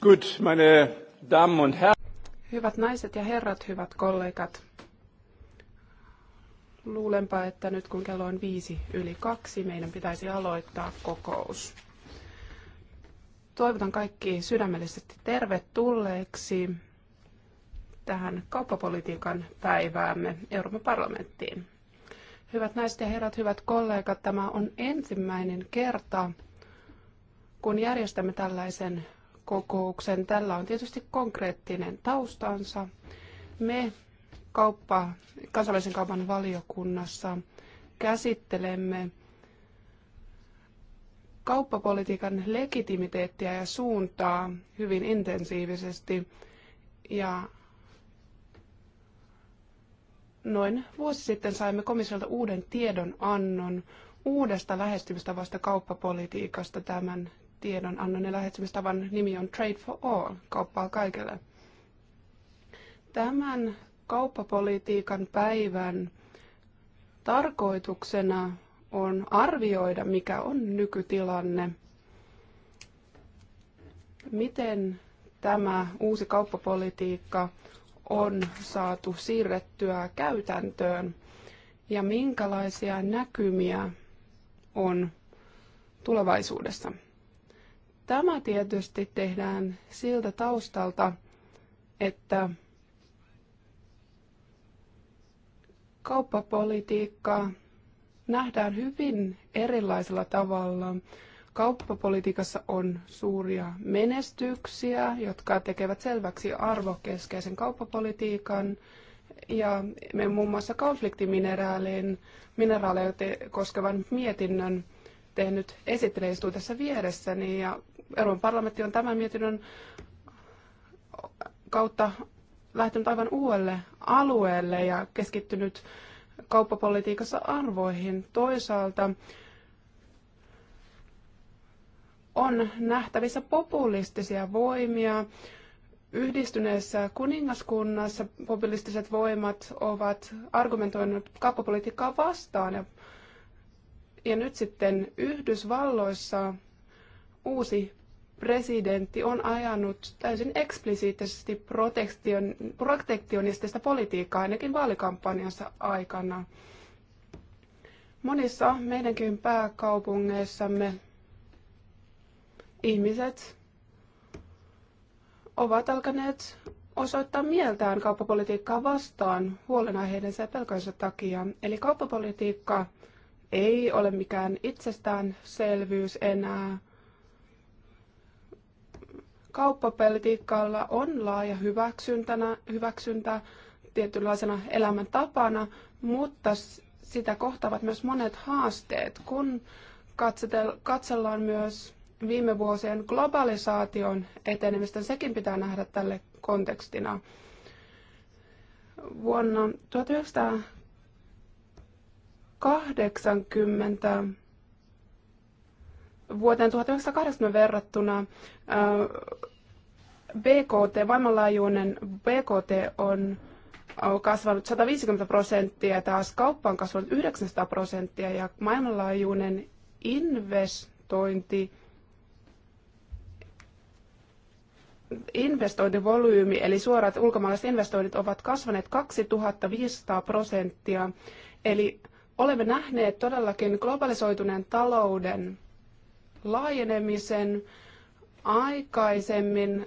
Good, meine Damen und Herren. Hyvät naiset ja herrat, hyvät kollegat. Luulenpa, että nyt kun kello on viisi yli kaksi, meidän pitäisi aloittaa kokous. Toivotan kaikki sydämellisesti tervetulleeksi tähän kauppapolitiikan päiväämme Euroopan parlamenttiin. Hyvät naiset ja herrat, hyvät kollegat, tämä on ensimmäinen kerta, kun järjestämme tällaisen kokouksen. Tällä on tietysti konkreettinen taustansa. Me kauppa, kansallisen kaupan valiokunnassa käsittelemme kauppapolitiikan legitimiteettiä ja suuntaa hyvin intensiivisesti. Ja noin vuosi sitten saimme komissiolta uuden tiedonannon uudesta lähestymistavasta kauppapolitiikasta tämän tiedonannon ja lähestymistavan nimi on Trade for All, kauppaa kaikille. Tämän kauppapolitiikan päivän tarkoituksena on arvioida, mikä on nykytilanne, miten tämä uusi kauppapolitiikka on saatu siirrettyä käytäntöön ja minkälaisia näkymiä on tulevaisuudessa. Tämä tietysti tehdään siltä taustalta, että kauppapolitiikka nähdään hyvin erilaisella tavalla. Kauppapolitiikassa on suuria menestyksiä, jotka tekevät selväksi arvokeskeisen kauppapolitiikan ja me muun muassa konfliktimineraalin mineraaleja koskevan mietinnön tehnyt esittelijä tässä vieressäni ja Euroopan parlamentti on tämän mietinnön kautta lähtenyt aivan uudelle alueelle ja keskittynyt kauppapolitiikassa arvoihin. Toisaalta on nähtävissä populistisia voimia. Yhdistyneessä kuningaskunnassa populistiset voimat ovat argumentoineet kauppapolitiikkaa vastaan. Ja, ja nyt sitten Yhdysvalloissa uusi presidentti on ajanut täysin eksplisiittisesti protektion, protektionistista politiikkaa ainakin vaalikampanjansa aikana. Monissa meidänkin pääkaupungeissamme ihmiset ovat alkaneet osoittaa mieltään kauppapolitiikkaa vastaan huolenaiheidensa ja pelkonsa takia. Eli kauppapolitiikka ei ole mikään itsestäänselvyys enää Kauppapolitiikalla on laaja hyväksyntä tietynlaisena elämäntapana, mutta sitä kohtavat myös monet haasteet, kun katsellaan myös viime vuosien globalisaation etenemistä. Sekin pitää nähdä tälle kontekstina. Vuonna 1980 vuoteen 1980 verrattuna BKT, maailmanlaajuinen BKT on kasvanut 150 prosenttia ja taas kauppa on kasvanut 900 prosenttia ja maailmanlaajuinen investointi investointivolyymi, eli suorat ulkomaalaiset investoinnit ovat kasvaneet 2500 prosenttia. Eli olemme nähneet todellakin globalisoituneen talouden laajenemisen. Aikaisemmin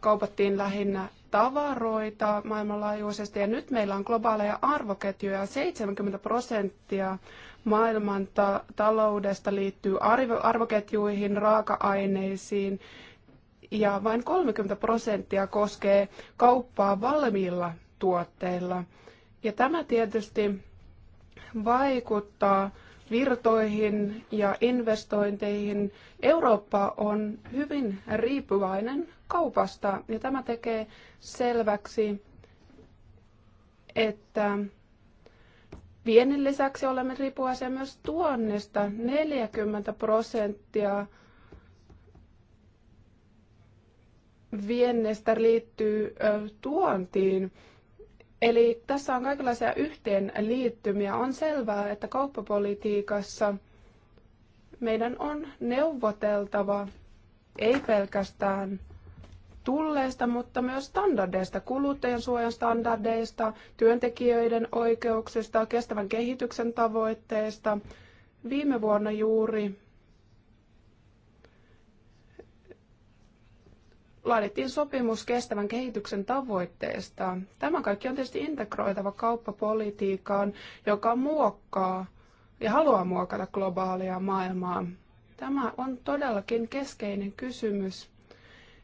kaupattiin lähinnä tavaroita maailmanlaajuisesti ja nyt meillä on globaaleja arvoketjuja. 70 prosenttia maailman ta- taloudesta liittyy arvo- arvoketjuihin, raaka-aineisiin ja vain 30 prosenttia koskee kauppaa valmiilla tuotteilla. Ja tämä tietysti vaikuttaa virtoihin ja investointeihin. Eurooppa on hyvin riippuvainen kaupasta ja tämä tekee selväksi, että viennin lisäksi olemme riippuvaisia myös tuonnista 40 prosenttia viennistä liittyy tuontiin. Eli tässä on kaikenlaisia yhteenliittymiä. On selvää, että kauppapolitiikassa meidän on neuvoteltava ei pelkästään tulleista, mutta myös standardeista, kuluttajan suojan standardeista, työntekijöiden oikeuksista, kestävän kehityksen tavoitteista. Viime vuonna juuri laadittiin sopimus kestävän kehityksen tavoitteesta. Tämä kaikki on tietysti integroitava kauppapolitiikkaan, joka muokkaa ja haluaa muokata globaalia maailmaa. Tämä on todellakin keskeinen kysymys,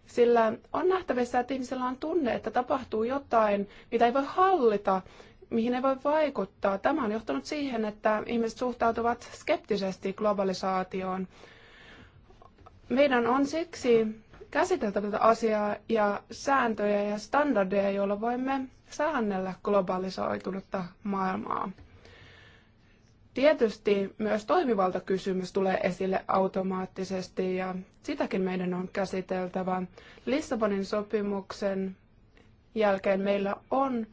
sillä on nähtävissä, että ihmisellä on tunne, että tapahtuu jotain, mitä ei voi hallita, mihin ei voi vaikuttaa. Tämä on johtanut siihen, että ihmiset suhtautuvat skeptisesti globalisaatioon. Meidän on siksi käsitellä tätä asiaa ja sääntöjä ja standardeja, joilla voimme säännellä globalisoitunutta maailmaa. Tietysti myös toimivaltakysymys tulee esille automaattisesti ja sitäkin meidän on käsiteltävä. Lissabonin sopimuksen jälkeen meillä on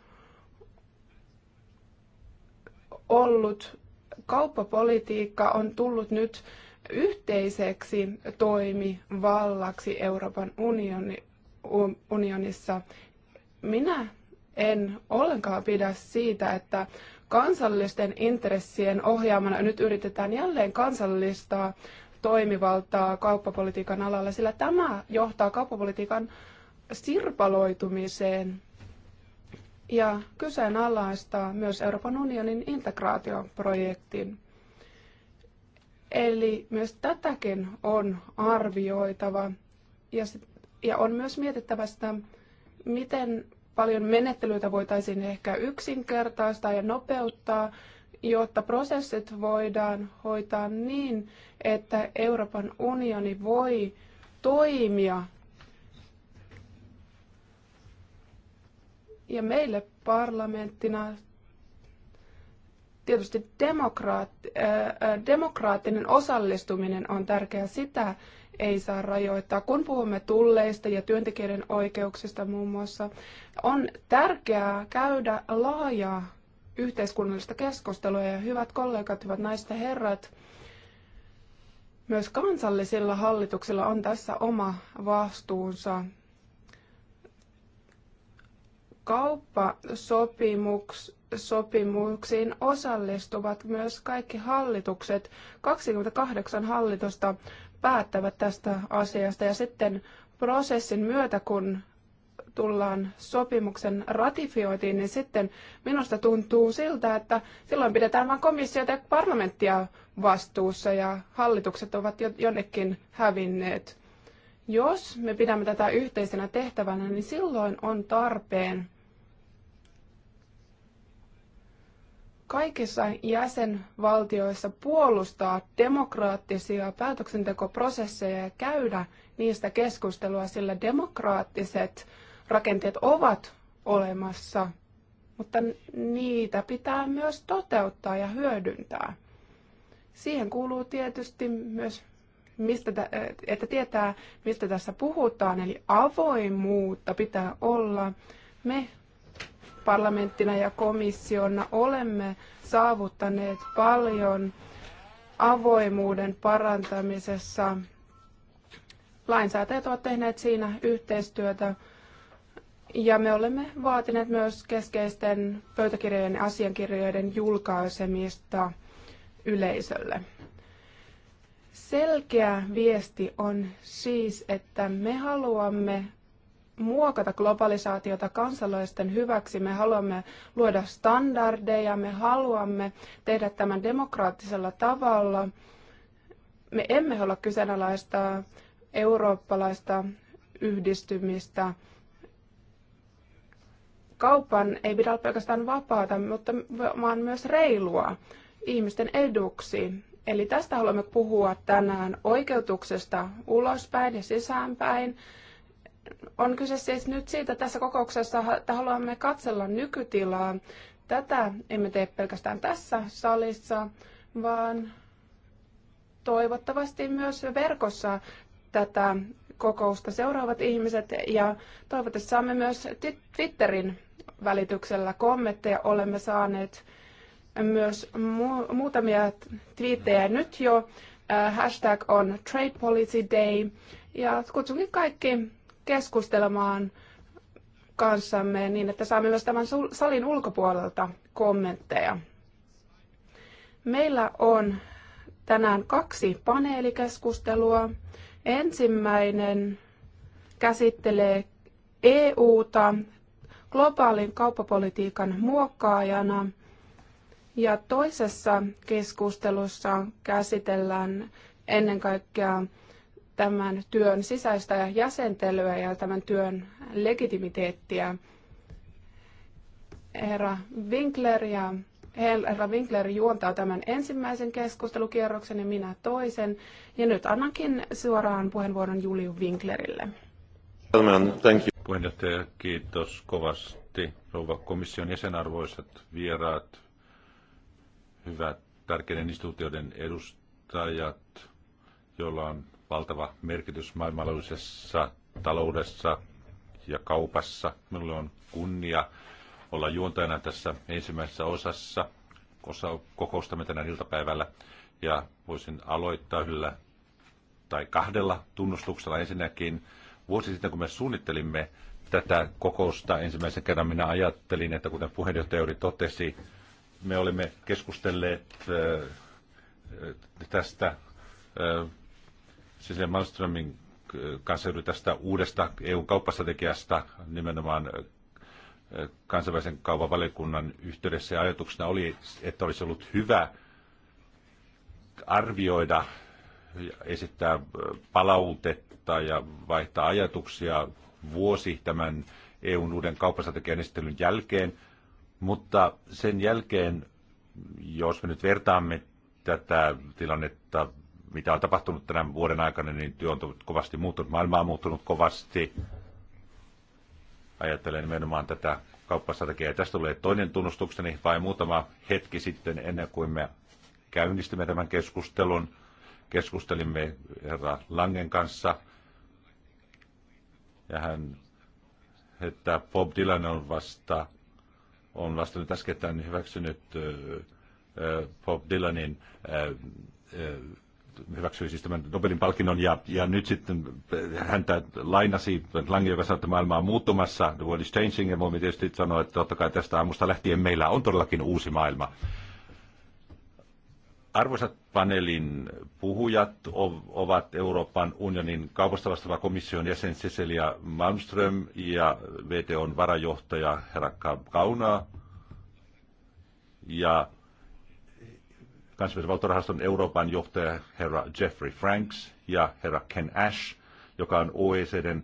ollut kauppapolitiikka on tullut nyt yhteiseksi toimivallaksi Euroopan unioni, unionissa. Minä en ollenkaan pidä siitä, että kansallisten intressien ohjaamana nyt yritetään jälleen kansallistaa toimivaltaa kauppapolitiikan alalla, sillä tämä johtaa kauppapolitiikan sirpaloitumiseen ja kyseenalaistaa myös Euroopan unionin integraatioprojektin. Eli myös tätäkin on arvioitava ja, sit, ja on myös mietittävä sitä, miten paljon menettelyitä voitaisiin ehkä yksinkertaistaa ja nopeuttaa, jotta prosessit voidaan hoitaa niin, että Euroopan unioni voi toimia. Ja meille parlamenttina tietysti demokraat, demokraattinen osallistuminen on tärkeää. Sitä ei saa rajoittaa. Kun puhumme tulleista ja työntekijöiden oikeuksista muun muassa, on tärkeää käydä laajaa yhteiskunnallista keskustelua. Ja hyvät kollegat, hyvät naiset ja herrat, myös kansallisilla hallituksilla on tässä oma vastuunsa. Kauppasopimuks, sopimuksiin osallistuvat myös kaikki hallitukset. 28 hallitusta päättävät tästä asiasta ja sitten prosessin myötä, kun tullaan sopimuksen ratifioitiin, niin sitten minusta tuntuu siltä, että silloin pidetään vain komissiota ja parlamenttia vastuussa ja hallitukset ovat jonnekin hävinneet. Jos me pidämme tätä yhteisenä tehtävänä, niin silloin on tarpeen kaikissa jäsenvaltioissa puolustaa demokraattisia päätöksentekoprosesseja ja käydä niistä keskustelua, sillä demokraattiset rakenteet ovat olemassa, mutta niitä pitää myös toteuttaa ja hyödyntää. Siihen kuuluu tietysti myös, mistä että tietää, mistä tässä puhutaan, eli avoimuutta pitää olla. Me parlamenttina ja komissiona olemme saavuttaneet paljon avoimuuden parantamisessa. Lainsäätäjät ovat tehneet siinä yhteistyötä ja me olemme vaatineet myös keskeisten pöytäkirjojen ja asiakirjojen julkaisemista yleisölle. Selkeä viesti on siis, että me haluamme muokata globalisaatiota kansalaisten hyväksi. Me haluamme luoda standardeja, me haluamme tehdä tämän demokraattisella tavalla. Me emme halua kyseenalaista eurooppalaista yhdistymistä. Kaupan ei pidä olla pelkästään vapaata, mutta vaan myös reilua ihmisten eduksi. Eli tästä haluamme puhua tänään oikeutuksesta ulospäin ja sisäänpäin on kyse siis nyt siitä tässä kokouksessa, että haluamme katsella nykytilaa. Tätä emme tee pelkästään tässä salissa, vaan toivottavasti myös verkossa tätä kokousta seuraavat ihmiset ja toivottavasti saamme myös Twitterin välityksellä kommentteja. Olemme saaneet myös mu- muutamia twiittejä nyt jo. Äh, hashtag on Trade Policy Day ja kutsunkin kaikki keskustelemaan kanssamme niin, että saamme myös tämän salin ulkopuolelta kommentteja. Meillä on tänään kaksi paneelikeskustelua. Ensimmäinen käsittelee EUta globaalin kauppapolitiikan muokkaajana ja toisessa keskustelussa käsitellään ennen kaikkea tämän työn sisäistä jäsentelyä ja tämän työn legitimiteettiä. Herra Winkler ja Herra Winkler juontaa tämän ensimmäisen keskustelukierroksen ja minä toisen. Ja nyt annankin suoraan puheenvuoron Julius Winklerille. Puheenjohtaja, kiitos kovasti. Rouva komission jäsenarvoisat vieraat, hyvät tärkeiden instituutioiden edustajat, joilla on valtava merkitys maailmanlaajuisessa taloudessa ja kaupassa. Minulle on kunnia olla juontajana tässä ensimmäisessä osassa osa kokoustamme tänään iltapäivällä. Ja voisin aloittaa yhdellä tai kahdella tunnustuksella ensinnäkin. Vuosi sitten, kun me suunnittelimme tätä kokousta ensimmäisen kerran, minä ajattelin, että kuten puheenjohtaja Jouri totesi, me olemme keskustelleet tästä Cecilia Malmströmin äh, kanssa tästä uudesta EU-kauppastrategiasta nimenomaan äh, kansainvälisen kaupan valiokunnan yhteydessä ja ajatuksena oli, että olisi ollut hyvä arvioida, esittää äh, palautetta ja vaihtaa ajatuksia vuosi tämän EUn uuden kauppastrategian esittelyn jälkeen, mutta sen jälkeen, jos me nyt vertaamme tätä tilannetta mitä on tapahtunut tänä vuoden aikana, niin työ on kovasti muuttunut, maailma on muuttunut kovasti. Ajattelen nimenomaan tätä kauppastrategiaa. tästä tulee toinen tunnustukseni vain muutama hetki sitten ennen kuin me käynnistimme tämän keskustelun. Keskustelimme herra Langen kanssa ja hän, että Bob Dylan on vasta, on vasta nyt äskettäin hyväksynyt Bob Dylanin hyväksyi siis tämän Nobelin palkinnon ja, ja nyt sitten häntä lainasi Lange, joka sanoi, että maailma on muuttumassa, the world is changing, ja voimme tietysti sanoa, että totta kai tästä aamusta lähtien meillä on todellakin uusi maailma. Arvoisat paneelin puhujat ovat Euroopan unionin kaupasta vastaava komission jäsen Cecilia Malmström ja VTOn varajohtaja herra Kaunaa. Ja kansainvälisen Euroopan johtaja herra Jeffrey Franks ja herra Ken Ash, joka on OECDn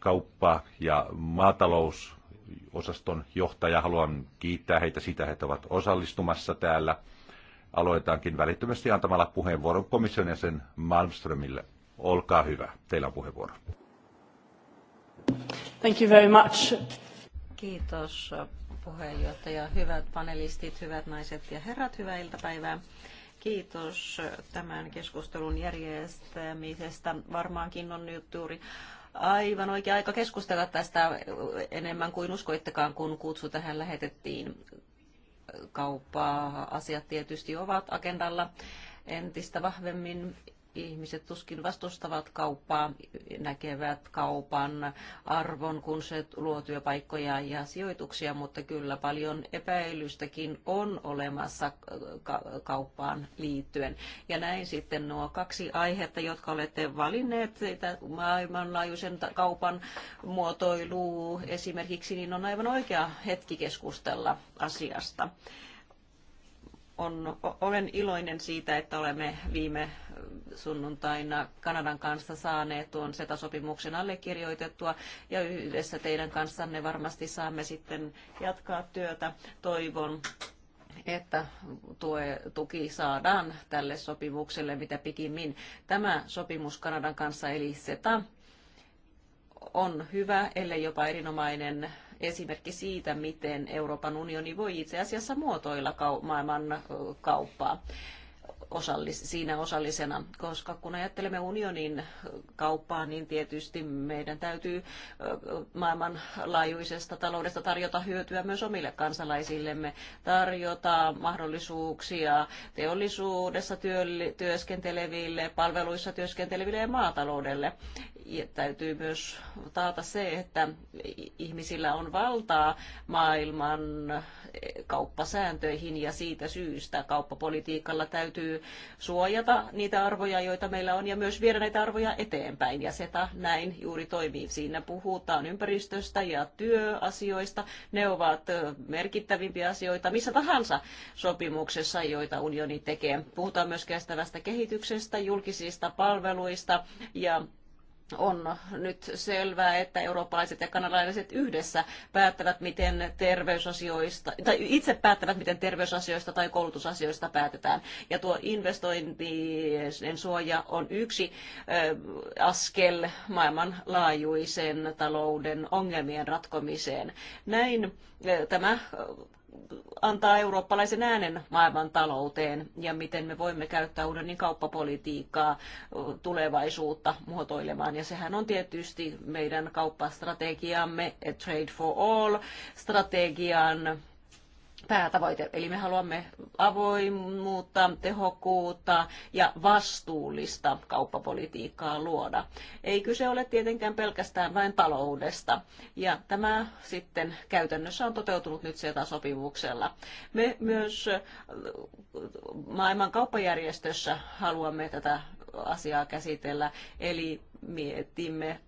kauppa- ja maatalousosaston johtaja. Haluan kiittää heitä siitä, että he ovat osallistumassa täällä. Aloitaankin välittömästi antamalla puheenvuoron komission jäsen Malmströmille. Olkaa hyvä, teillä on puheenvuoro. Thank you very much. Kiitos puheenjohtaja. Hyvät panelistit, hyvät naiset ja herrat, hyvää iltapäivää. Kiitos tämän keskustelun järjestämisestä. Varmaankin on nyt juuri Aivan oikea aika keskustella tästä enemmän kuin uskoittekaan, kun kutsu tähän lähetettiin. kauppa asiat tietysti ovat agendalla entistä vahvemmin ihmiset tuskin vastustavat kauppaa, näkevät kaupan arvon, kun se luo työpaikkoja ja sijoituksia, mutta kyllä paljon epäilystäkin on olemassa kauppaan liittyen. Ja näin sitten nuo kaksi aihetta, jotka olette valinneet, teitä maailmanlaajuisen kaupan muotoilu esimerkiksi, niin on aivan oikea hetki keskustella asiasta on, olen iloinen siitä, että olemme viime sunnuntaina Kanadan kanssa saaneet tuon SETA-sopimuksen allekirjoitettua ja yhdessä teidän kanssanne varmasti saamme sitten jatkaa työtä. Toivon, että tue, tuki saadaan tälle sopimukselle mitä pikimmin. Tämä sopimus Kanadan kanssa eli SETA on hyvä, ellei jopa erinomainen esimerkki siitä, miten Euroopan unioni voi itse asiassa muotoilla maailman kauppaa osallis, siinä osallisena, koska kun ajattelemme unionin kauppaa, niin tietysti meidän täytyy maailmanlaajuisesta taloudesta tarjota hyötyä myös omille kansalaisillemme, tarjota mahdollisuuksia teollisuudessa työskenteleville, palveluissa työskenteleville ja maataloudelle. Ja täytyy myös taata se, että ihmisillä on valtaa maailman kauppasääntöihin ja siitä syystä kauppapolitiikalla täytyy suojata niitä arvoja, joita meillä on ja myös viedä näitä arvoja eteenpäin ja SETA näin juuri toimii. Siinä puhutaan ympäristöstä ja työasioista. Ne ovat merkittävimpiä asioita missä tahansa sopimuksessa, joita unioni tekee. Puhutaan myös kestävästä kehityksestä, julkisista palveluista ja on nyt selvää, että eurooppalaiset ja kanadalaiset yhdessä päättävät, miten terveysasioista, tai itse päättävät, miten terveysasioista tai koulutusasioista päätetään. Ja tuo investointien suoja on yksi askel maailmanlaajuisen talouden ongelmien ratkomiseen. Näin tämä antaa eurooppalaisen äänen maailman talouteen ja miten me voimme käyttää unionin kauppapolitiikkaa tulevaisuutta muotoilemaan. Ja sehän on tietysti meidän kauppastrategiamme Trade for All strategian päätavoite. Eli me haluamme avoimuutta, tehokkuutta ja vastuullista kauppapolitiikkaa luoda. Ei kyse ole tietenkään pelkästään vain taloudesta. Ja tämä sitten käytännössä on toteutunut nyt sieltä sopimuksella Me myös maailman kauppajärjestössä haluamme tätä asiaa käsitellä. Eli mietimme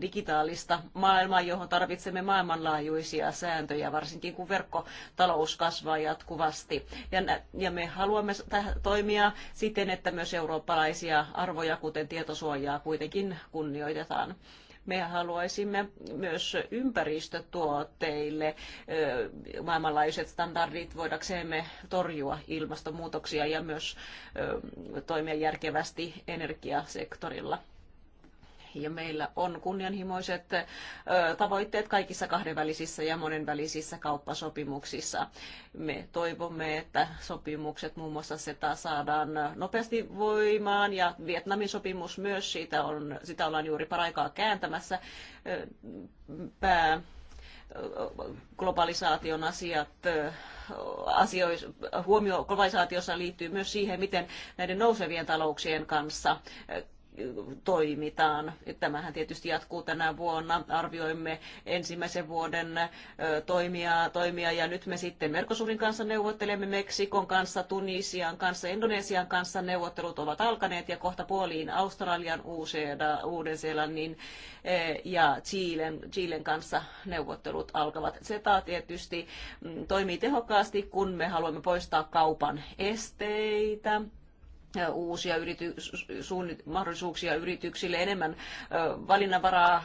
digitaalista maailmaa, johon tarvitsemme maailmanlaajuisia sääntöjä, varsinkin kun verkkotalous kasvaa jatkuvasti. Ja, ja me haluamme toimia siten, että myös eurooppalaisia arvoja, kuten tietosuojaa, kuitenkin kunnioitetaan. Me haluaisimme myös ympäristötuotteille maailmanlaajuiset standardit voidaksemme torjua ilmastonmuutoksia ja myös toimia järkevästi energiasektorilla ja meillä on kunnianhimoiset tavoitteet kaikissa kahdenvälisissä ja monenvälisissä kauppasopimuksissa. Me toivomme, että sopimukset muun muassa SETA saadaan nopeasti voimaan ja Vietnamin sopimus myös, siitä on, sitä ollaan juuri paraikaa kääntämässä pää globalisaation asiat, asiois, huomio globalisaatiossa liittyy myös siihen, miten näiden nousevien talouksien kanssa toimitaan. Tämähän tietysti jatkuu tänä vuonna. Arvioimme ensimmäisen vuoden toimia, toimia ja nyt me sitten Mercosurin kanssa neuvottelemme Meksikon kanssa, Tunisian kanssa, Indonesian kanssa. Neuvottelut ovat alkaneet ja kohta puoliin Australian, Uuden-Seelannin ja Chilen, Chilen kanssa neuvottelut alkavat. CETA tietysti mm, toimii tehokkaasti, kun me haluamme poistaa kaupan esteitä uusia mahdollisuuksia yrityksille, enemmän valinnanvaraa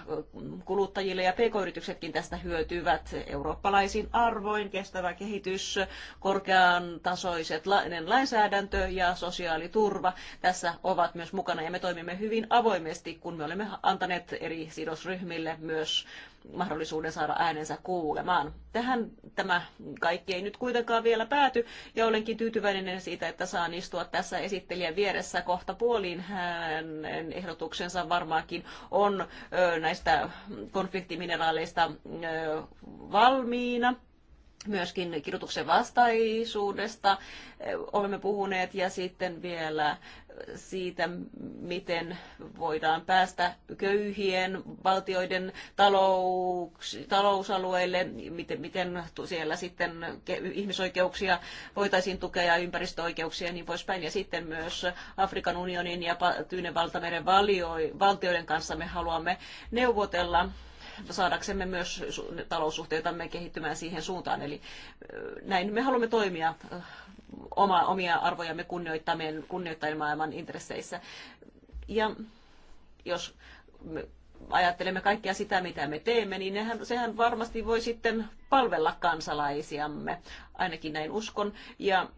kuluttajille ja pk-yrityksetkin tästä hyötyvät eurooppalaisin arvoin, kestävä kehitys, korkean tasoiset lainsäädäntö ja sosiaaliturva tässä ovat myös mukana ja me toimimme hyvin avoimesti, kun me olemme antaneet eri sidosryhmille myös mahdollisuuden saada äänensä kuulemaan. Tähän tämä kaikki ei nyt kuitenkaan vielä pääty ja olenkin tyytyväinen siitä, että saan istua tässä esittelijän vieressä kohta puoliin. Hänen ehdotuksensa varmaankin on näistä konfliktimineraaleista valmiina myöskin kidutuksen vastaisuudesta olemme puhuneet ja sitten vielä siitä, miten voidaan päästä köyhien valtioiden talous, talousalueille, miten, miten siellä sitten ihmisoikeuksia voitaisiin tukea ja ympäristöoikeuksia ja niin poispäin. Ja sitten myös Afrikan unionin ja Tyynen valtameren valtioiden kanssa me haluamme neuvotella saadaksemme myös taloussuhteitamme kehittymään siihen suuntaan. Eli näin me haluamme toimia oma, omia arvojamme kunnioittamien, kunnioittain maailman intresseissä. Ja jos me ajattelemme kaikkea sitä, mitä me teemme, niin nehän, sehän varmasti voi sitten palvella kansalaisiamme, ainakin näin uskon. Ja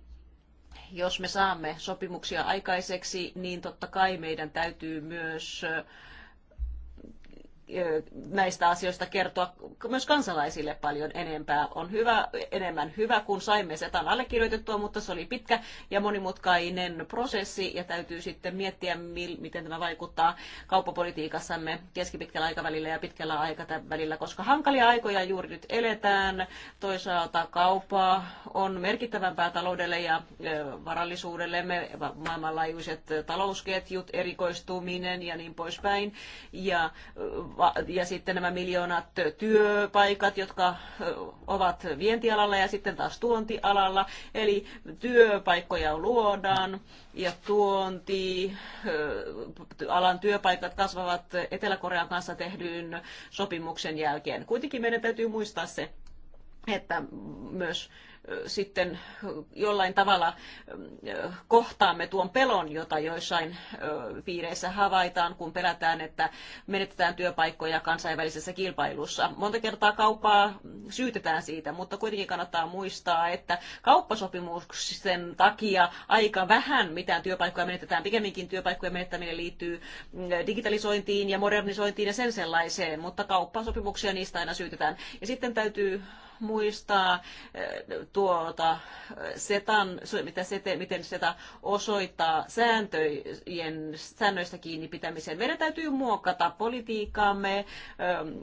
jos me saamme sopimuksia aikaiseksi, niin totta kai meidän täytyy myös näistä asioista kertoa myös kansalaisille paljon enempää. On hyvä, enemmän hyvä, kun saimme setan allekirjoitettua, mutta se oli pitkä ja monimutkainen prosessi ja täytyy sitten miettiä, miten tämä vaikuttaa kauppapolitiikassamme keskipitkällä aikavälillä ja pitkällä aikavälillä, koska hankalia aikoja juuri nyt eletään. Toisaalta kauppa on merkittävämpää taloudelle ja varallisuudelle me maailmanlaajuiset talousketjut, erikoistuminen ja niin poispäin. Ja ja sitten nämä miljoonat työpaikat, jotka ovat vientialalla ja sitten taas tuontialalla. Eli työpaikkoja luodaan ja tuonti, alan työpaikat kasvavat Etelä-Korean kanssa tehdyn sopimuksen jälkeen. Kuitenkin meidän täytyy muistaa se, että myös sitten jollain tavalla kohtaamme tuon pelon, jota joissain piireissä havaitaan, kun pelätään, että menetetään työpaikkoja kansainvälisessä kilpailussa. Monta kertaa kauppaa syytetään siitä, mutta kuitenkin kannattaa muistaa, että kauppasopimusten takia aika vähän mitään työpaikkoja menetetään. Pikemminkin työpaikkojen menettäminen liittyy mm, digitalisointiin ja modernisointiin ja sen sellaiseen, mutta kauppasopimuksia niistä aina syytetään. Ja sitten täytyy muistaa eh, tuota setan, mitä sete, miten seta osoittaa sääntöjen, säännöistä kiinni pitämiseen. Meidän täytyy muokata politiikkaamme, eh,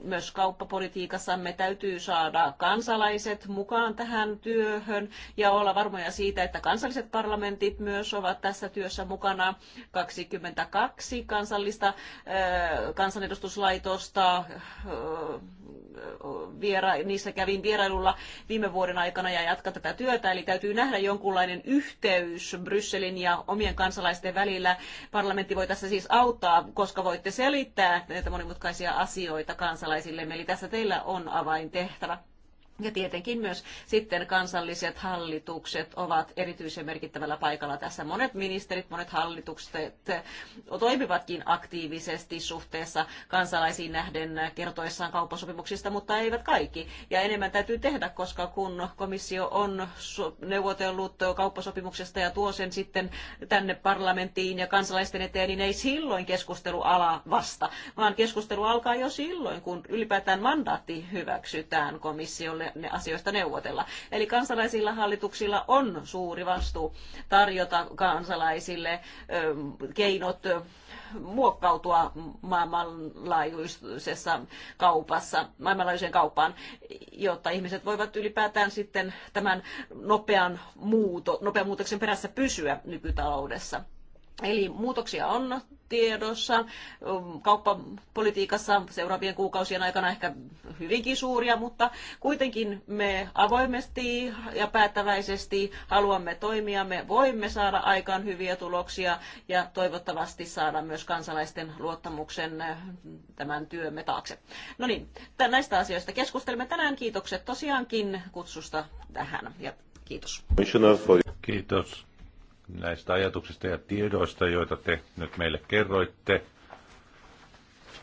myös kauppapolitiikassamme täytyy saada kansalaiset mukaan tähän työhön ja olla varmoja siitä, että kansalliset parlamentit myös ovat tässä työssä mukana. 22 kansallista eh, kansanedustuslaitosta viera, niissä kävin vierailulla viime vuoden aikana ja jatkan tätä työtä, eli täytyy nähdä jonkunlainen yhteys Brysselin ja omien kansalaisten välillä. Parlamentti voi tässä siis auttaa, koska voitte selittää näitä monimutkaisia asioita kansalaisille, eli tässä teillä on avaintehtävä. Ja tietenkin myös sitten kansalliset hallitukset ovat erityisen merkittävällä paikalla tässä. Monet ministerit, monet hallitukset toimivatkin aktiivisesti suhteessa kansalaisiin nähden kertoessaan kauppasopimuksista, mutta eivät kaikki. Ja enemmän täytyy tehdä, koska kun komissio on neuvotellut kauppasopimuksesta ja tuo sen sitten tänne parlamenttiin ja kansalaisten eteen, niin ei silloin keskustelu ala vasta, vaan keskustelu alkaa jo silloin, kun ylipäätään mandaatti hyväksytään komissiolle ne asioista neuvotella. Eli kansalaisilla hallituksilla on suuri vastuu tarjota kansalaisille keinot muokkautua maailmanlaajuisessa kaupassa, maailmanlaajuiseen kauppaan, jotta ihmiset voivat ylipäätään sitten tämän nopean, muuto, nopean muutoksen perässä pysyä nykytaloudessa. Eli muutoksia on tiedossa. Kauppapolitiikassa seuraavien kuukausien aikana ehkä hyvinkin suuria, mutta kuitenkin me avoimesti ja päättäväisesti haluamme toimia. Me voimme saada aikaan hyviä tuloksia ja toivottavasti saada myös kansalaisten luottamuksen tämän työmme taakse. No niin, näistä asioista keskustelemme tänään. Kiitokset tosiaankin kutsusta tähän ja kiitos. Kiitos näistä ajatuksista ja tiedoista, joita te nyt meille kerroitte.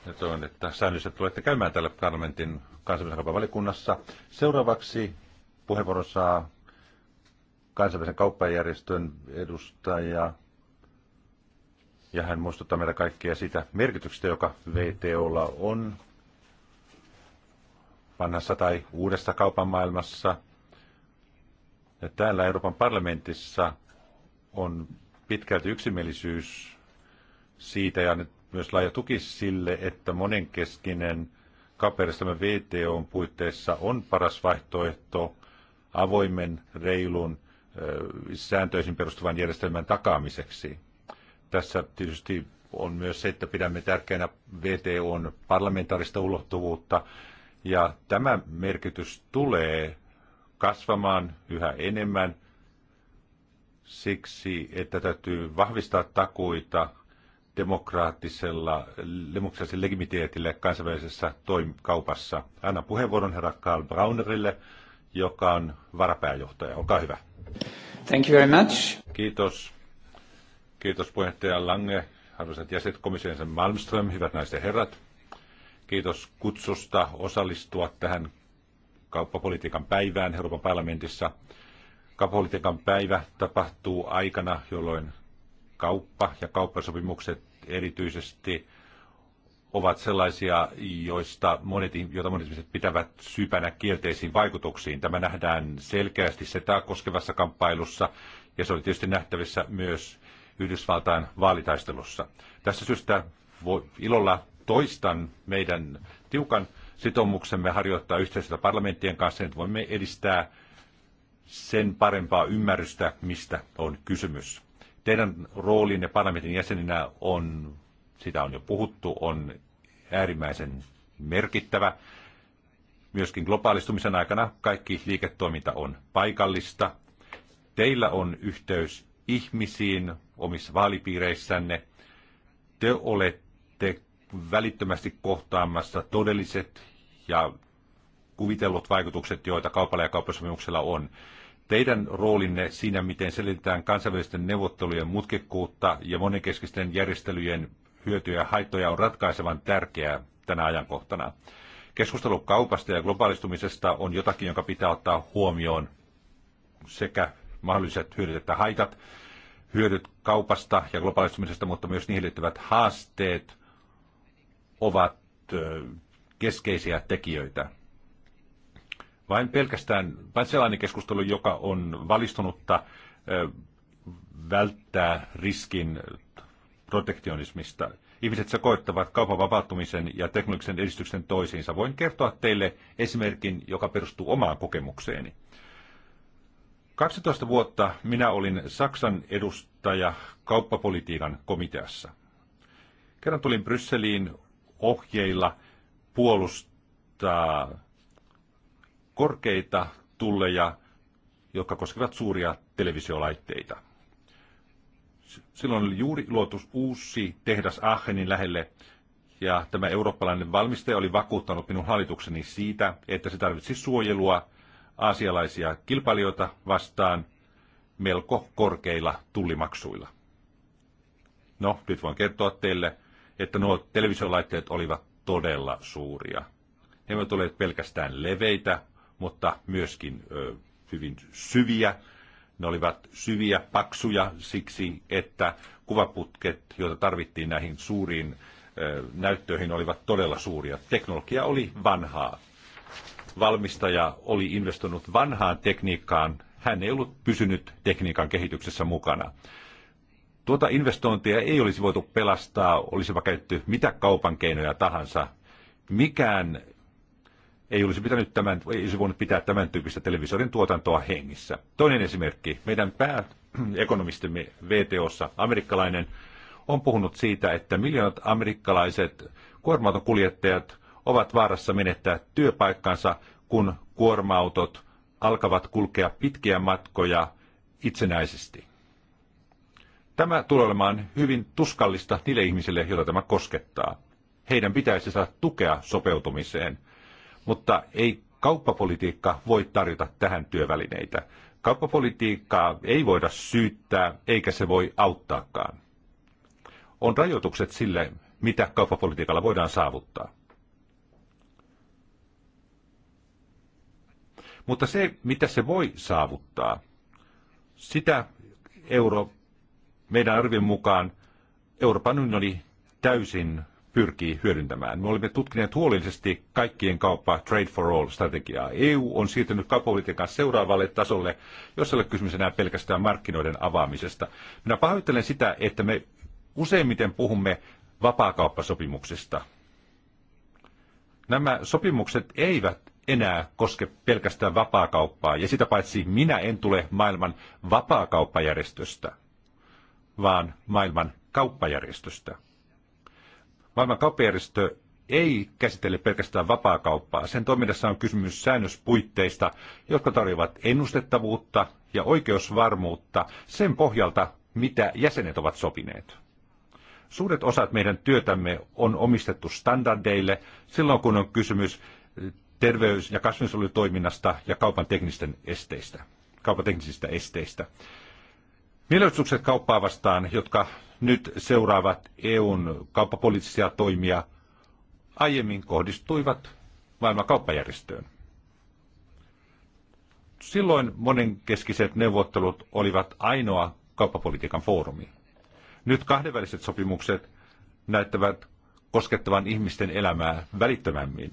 Ja toivon, että säännöllisesti tulette käymään täällä parlamentin kansainvälisen valikunnassa. Seuraavaksi puheenvuoron saa kansainvälisen kauppajärjestön edustaja. Ja hän muistuttaa meitä kaikkia sitä merkityksestä, joka VTOlla on vanhassa tai uudessa kaupan maailmassa. Ja täällä Euroopan parlamentissa on pitkälti yksimielisyys siitä ja nyt myös laaja tuki sille, että monenkeskinen kaperissamme VTOn puitteissa on paras vaihtoehto avoimen, reilun, sääntöisin perustuvan järjestelmän takaamiseksi. Tässä tietysti on myös se, että pidämme tärkeänä VTOn parlamentaarista ulottuvuutta, ja tämä merkitys tulee kasvamaan yhä enemmän siksi, että täytyy vahvistaa takuita demokraattisella, demokraattisella legitimiteetillä kansainvälisessä toimikaupassa. Anna puheenvuoron herra Karl Braunerille, joka on varapääjohtaja. Olkaa hyvä. Thank you very much. Kiitos. Kiitos puheenjohtaja Lange, arvoisat jäsenet, komission Malmström, hyvät naiset ja herrat. Kiitos kutsusta osallistua tähän kauppapolitiikan päivään Euroopan parlamentissa – Kapolitiikan päivä tapahtuu aikana, jolloin kauppa ja kauppasopimukset erityisesti ovat sellaisia, joista monet, joita monet ihmiset pitävät syypänä kielteisiin vaikutuksiin. Tämä nähdään selkeästi setaa koskevassa kamppailussa ja se oli tietysti nähtävissä myös Yhdysvaltain vaalitaistelussa. Tässä syystä ilolla toistan meidän tiukan sitoumuksemme harjoittaa yhteistyötä parlamenttien kanssa, niin että voimme edistää sen parempaa ymmärrystä, mistä on kysymys. Teidän roolinne parlamentin jäseninä on, sitä on jo puhuttu, on äärimmäisen merkittävä. Myöskin globaalistumisen aikana kaikki liiketoiminta on paikallista. Teillä on yhteys ihmisiin omissa vaalipiireissänne. Te olette välittömästi kohtaamassa todelliset ja kuvitellut vaikutukset, joita kaupalla ja kauppasopimuksella on. Teidän roolinne siinä, miten selitetään kansainvälisten neuvottelujen mutkikkuutta ja monenkeskisten järjestelyjen hyötyjä ja haittoja on ratkaisevan tärkeää tänä ajankohtana. Keskustelu kaupasta ja globaalistumisesta on jotakin, jonka pitää ottaa huomioon sekä mahdolliset hyödyt että haitat, hyödyt kaupasta ja globaalistumisesta, mutta myös niihin liittyvät haasteet ovat keskeisiä tekijöitä vain pelkästään vain sellainen keskustelu, joka on valistunutta välttää riskin protektionismista. Ihmiset sekoittavat kaupan vapautumisen ja teknologisen edistyksen toisiinsa. Voin kertoa teille esimerkin, joka perustuu omaan kokemukseeni. 12 vuotta minä olin Saksan edustaja kauppapolitiikan komiteassa. Kerran tulin Brysseliin ohjeilla puolustaa korkeita tulleja, jotka koskevat suuria televisiolaitteita. Silloin oli juuri luotu uusi tehdas Aachenin lähelle, ja tämä eurooppalainen valmistaja oli vakuuttanut minun hallitukseni siitä, että se tarvitsi suojelua aasialaisia kilpailijoita vastaan melko korkeilla tullimaksuilla. No, nyt voin kertoa teille, että nuo televisiolaitteet olivat todella suuria. Ne eivät olleet pelkästään leveitä, mutta myöskin hyvin syviä. Ne olivat syviä, paksuja siksi, että kuvaputket, joita tarvittiin näihin suuriin näyttöihin, olivat todella suuria. Teknologia oli vanhaa. Valmistaja oli investoinut vanhaan tekniikkaan. Hän ei ollut pysynyt tekniikan kehityksessä mukana. Tuota investointia ei olisi voitu pelastaa, olisi käytetty mitä kaupan keinoja tahansa. Mikään ei olisi, pitänyt tämän, ei olisi voinut pitää tämän tyyppistä televisorin tuotantoa hengissä. Toinen esimerkki. Meidän pääekonomistimme VTOssa, amerikkalainen, on puhunut siitä, että miljoonat amerikkalaiset kuorma kuljettajat ovat vaarassa menettää työpaikkansa, kun kuorma-autot alkavat kulkea pitkiä matkoja itsenäisesti. Tämä tulee olemaan hyvin tuskallista niille ihmisille, joita tämä koskettaa. Heidän pitäisi saada tukea sopeutumiseen – mutta ei kauppapolitiikka voi tarjota tähän työvälineitä. Kauppapolitiikkaa ei voida syyttää, eikä se voi auttaakaan. On rajoitukset sille, mitä kauppapolitiikalla voidaan saavuttaa. Mutta se, mitä se voi saavuttaa, sitä euro, meidän arvion mukaan Euroopan unioni täysin pyrkii hyödyntämään. Me olemme tutkineet huolellisesti kaikkien kauppaa Trade for All-strategiaa. EU on siirtynyt kauppapolitiikan seuraavalle tasolle, jossa ei ole kysymys enää pelkästään markkinoiden avaamisesta. Minä pahoittelen sitä, että me useimmiten puhumme vapaakauppasopimuksista. Nämä sopimukset eivät enää koske pelkästään vapaakauppaa, ja sitä paitsi minä en tule maailman vapaakauppajärjestöstä, vaan maailman kauppajärjestöstä. Maailman kauppajärjestö ei käsittele pelkästään vapaakauppaa. Sen toiminnassa on kysymys säännöspuitteista, jotka tarjoavat ennustettavuutta ja oikeusvarmuutta sen pohjalta, mitä jäsenet ovat sopineet. Suuret osat meidän työtämme on omistettu standardeille silloin, kun on kysymys terveys- ja kasvinsuojelutoiminnasta ja kaupan teknisten esteistä, kaupan teknisistä esteistä. Mielenosoitukset kauppaa vastaan, jotka nyt seuraavat EUn kauppapoliittisia toimia aiemmin kohdistuivat maailman kauppajärjestöön. Silloin monenkeskiset neuvottelut olivat ainoa kauppapolitiikan foorumi. Nyt kahdenväliset sopimukset näyttävät koskettavan ihmisten elämää välittömämmin.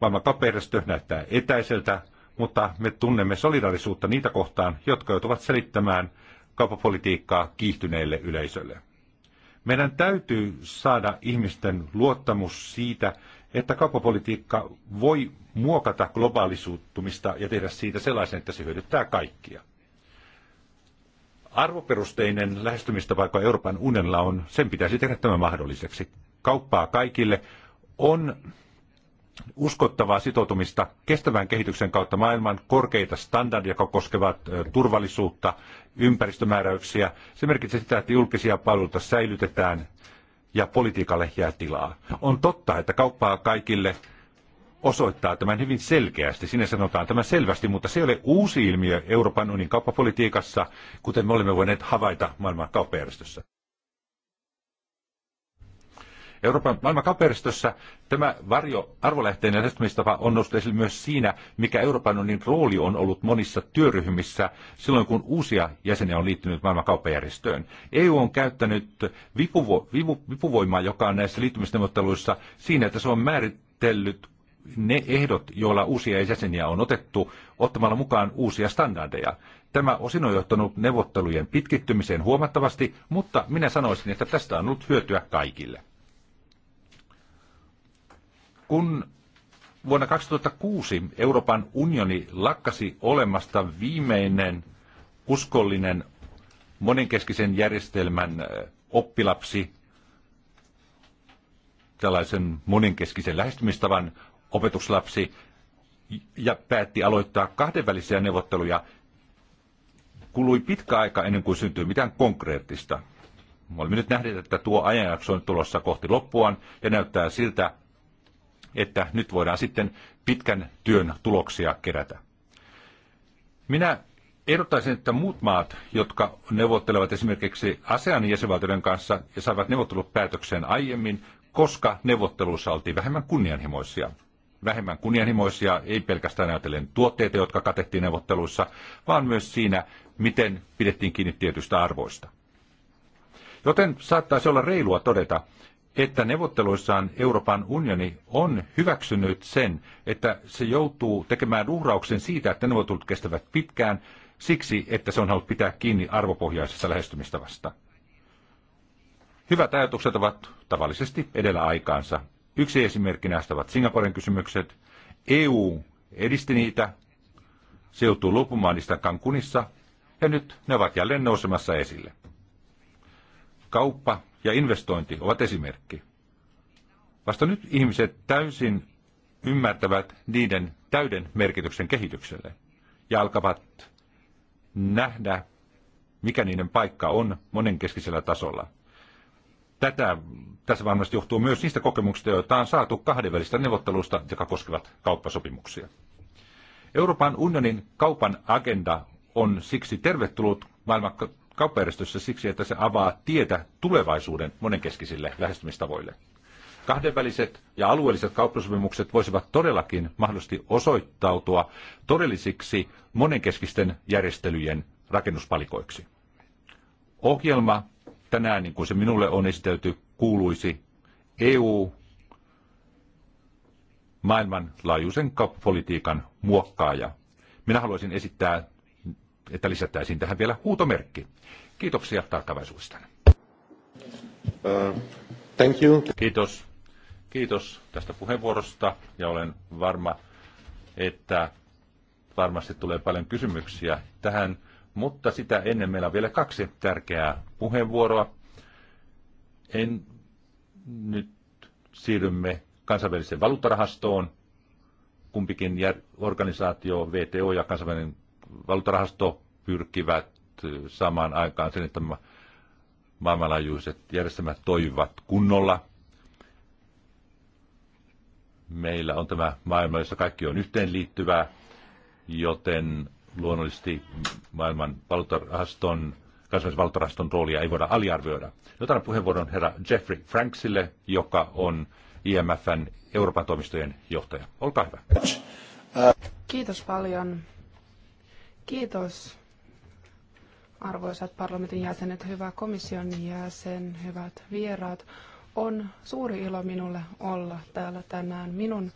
Maailman kauppajärjestö näyttää etäiseltä, mutta me tunnemme solidarisuutta niitä kohtaan, jotka joutuvat selittämään – kauppapolitiikkaa kiihtyneelle yleisölle. Meidän täytyy saada ihmisten luottamus siitä, että kauppapolitiikka voi muokata globaalisuuttumista ja tehdä siitä sellaisen, että se hyödyttää kaikkia. Arvoperusteinen lähestymistapa, joka Euroopan unella on, sen pitäisi tehdä tämä mahdolliseksi. Kauppaa kaikille on uskottavaa sitoutumista kestävän kehityksen kautta maailman korkeita standardeja, jotka koskevat turvallisuutta, ympäristömääräyksiä. Se merkitsee sitä, että julkisia palveluita säilytetään ja politiikalle jää tilaa. On totta, että kauppaa kaikille osoittaa tämän hyvin selkeästi. Sinne sanotaan tämä selvästi, mutta se ei ole uusi ilmiö Euroopan unionin kauppapolitiikassa, kuten me olemme voineet havaita maailman kauppajärjestössä. Euroopan maailmankaperistössä tämä varjo arvolähteinen lähestymistapa on noussut esille myös siinä, mikä Euroopan unionin rooli on ollut monissa työryhmissä silloin, kun uusia jäseniä on liittynyt kauppajärjestöön. EU on käyttänyt vipuvo, vipu, vipuvoimaa, joka on näissä liittymisneuvotteluissa siinä, että se on määritellyt ne ehdot, joilla uusia jäseniä on otettu, ottamalla mukaan uusia standardeja. Tämä osin on johtanut neuvottelujen pitkittymiseen huomattavasti, mutta minä sanoisin, että tästä on ollut hyötyä kaikille. Kun vuonna 2006 Euroopan unioni lakkasi olemasta viimeinen uskollinen monenkeskisen järjestelmän oppilapsi, tällaisen monenkeskisen lähestymistavan opetuslapsi, ja päätti aloittaa kahdenvälisiä neuvotteluja, kului pitkä aika ennen kuin syntyi mitään konkreettista. Me olemme nyt nähneet, että tuo ajanjakso on tulossa kohti loppuaan ja näyttää siltä, että nyt voidaan sitten pitkän työn tuloksia kerätä. Minä ehdottaisin, että muut maat, jotka neuvottelevat esimerkiksi ASEAN jäsenvaltioiden kanssa ja saivat neuvottelut päätökseen aiemmin, koska neuvotteluissa oltiin vähemmän kunnianhimoisia. Vähemmän kunnianhimoisia ei pelkästään ajatellen tuotteita, jotka katettiin neuvotteluissa, vaan myös siinä, miten pidettiin kiinni tietystä arvoista. Joten saattaisi olla reilua todeta, että neuvotteluissaan Euroopan unioni on hyväksynyt sen, että se joutuu tekemään uhrauksen siitä, että neuvottelut kestävät pitkään, siksi että se on halunnut pitää kiinni arvopohjaisessa lähestymistavasta. Hyvät ajatukset ovat tavallisesti edellä aikaansa. Yksi esimerkki näistä ovat Singaporen kysymykset. EU edisti niitä, se joutuu luopumaan niistä Cancunissa, ja nyt ne ovat jälleen nousemassa esille. Kauppa ja investointi ovat esimerkki. Vasta nyt ihmiset täysin ymmärtävät niiden täyden merkityksen kehitykselle ja alkavat nähdä, mikä niiden paikka on monenkeskisellä tasolla. Tätä tässä varmasti johtuu myös niistä kokemuksista, joita on saatu kahdenvälistä neuvottelusta, jotka koskevat kauppasopimuksia. Euroopan unionin kaupan agenda on siksi tervetullut maailman kauppajärjestössä siksi, että se avaa tietä tulevaisuuden monenkeskisille lähestymistavoille. Kahdenväliset ja alueelliset kauppasopimukset voisivat todellakin mahdollisesti osoittautua todellisiksi monenkeskisten järjestelyjen rakennuspalikoiksi. Ohjelma tänään, niin kuin se minulle on esitelty, kuuluisi EU maailmanlaajuisen kauppapolitiikan muokkaaja. Minä haluaisin esittää että lisättäisiin tähän vielä huutomerkki. Kiitoksia tarkkavaisuudestanne. Uh, thank you. Kiitos. Kiitos tästä puheenvuorosta ja olen varma, että varmasti tulee paljon kysymyksiä tähän, mutta sitä ennen meillä on vielä kaksi tärkeää puheenvuoroa. En nyt siirrymme kansainväliseen valuuttarahastoon. Kumpikin organisaatio, VTO ja kansainvälinen valuutarahasto pyrkivät samaan aikaan sen, että maailmanlaajuiset järjestelmät toimivat kunnolla. Meillä on tämä maailma, jossa kaikki on yhteenliittyvää, joten luonnollisesti maailman valuuttarahaston, kansainvälisen valuuttarahaston roolia ei voida aliarvioida. Otan puheenvuoron herra Jeffrey Franksille, joka on IMFn Euroopan toimistojen johtaja. Olkaa hyvä. Kiitos paljon. Kiitos arvoisat parlamentin jäsenet, hyvä komission jäsen, hyvät vieraat. On suuri ilo minulle olla täällä tänään. Minun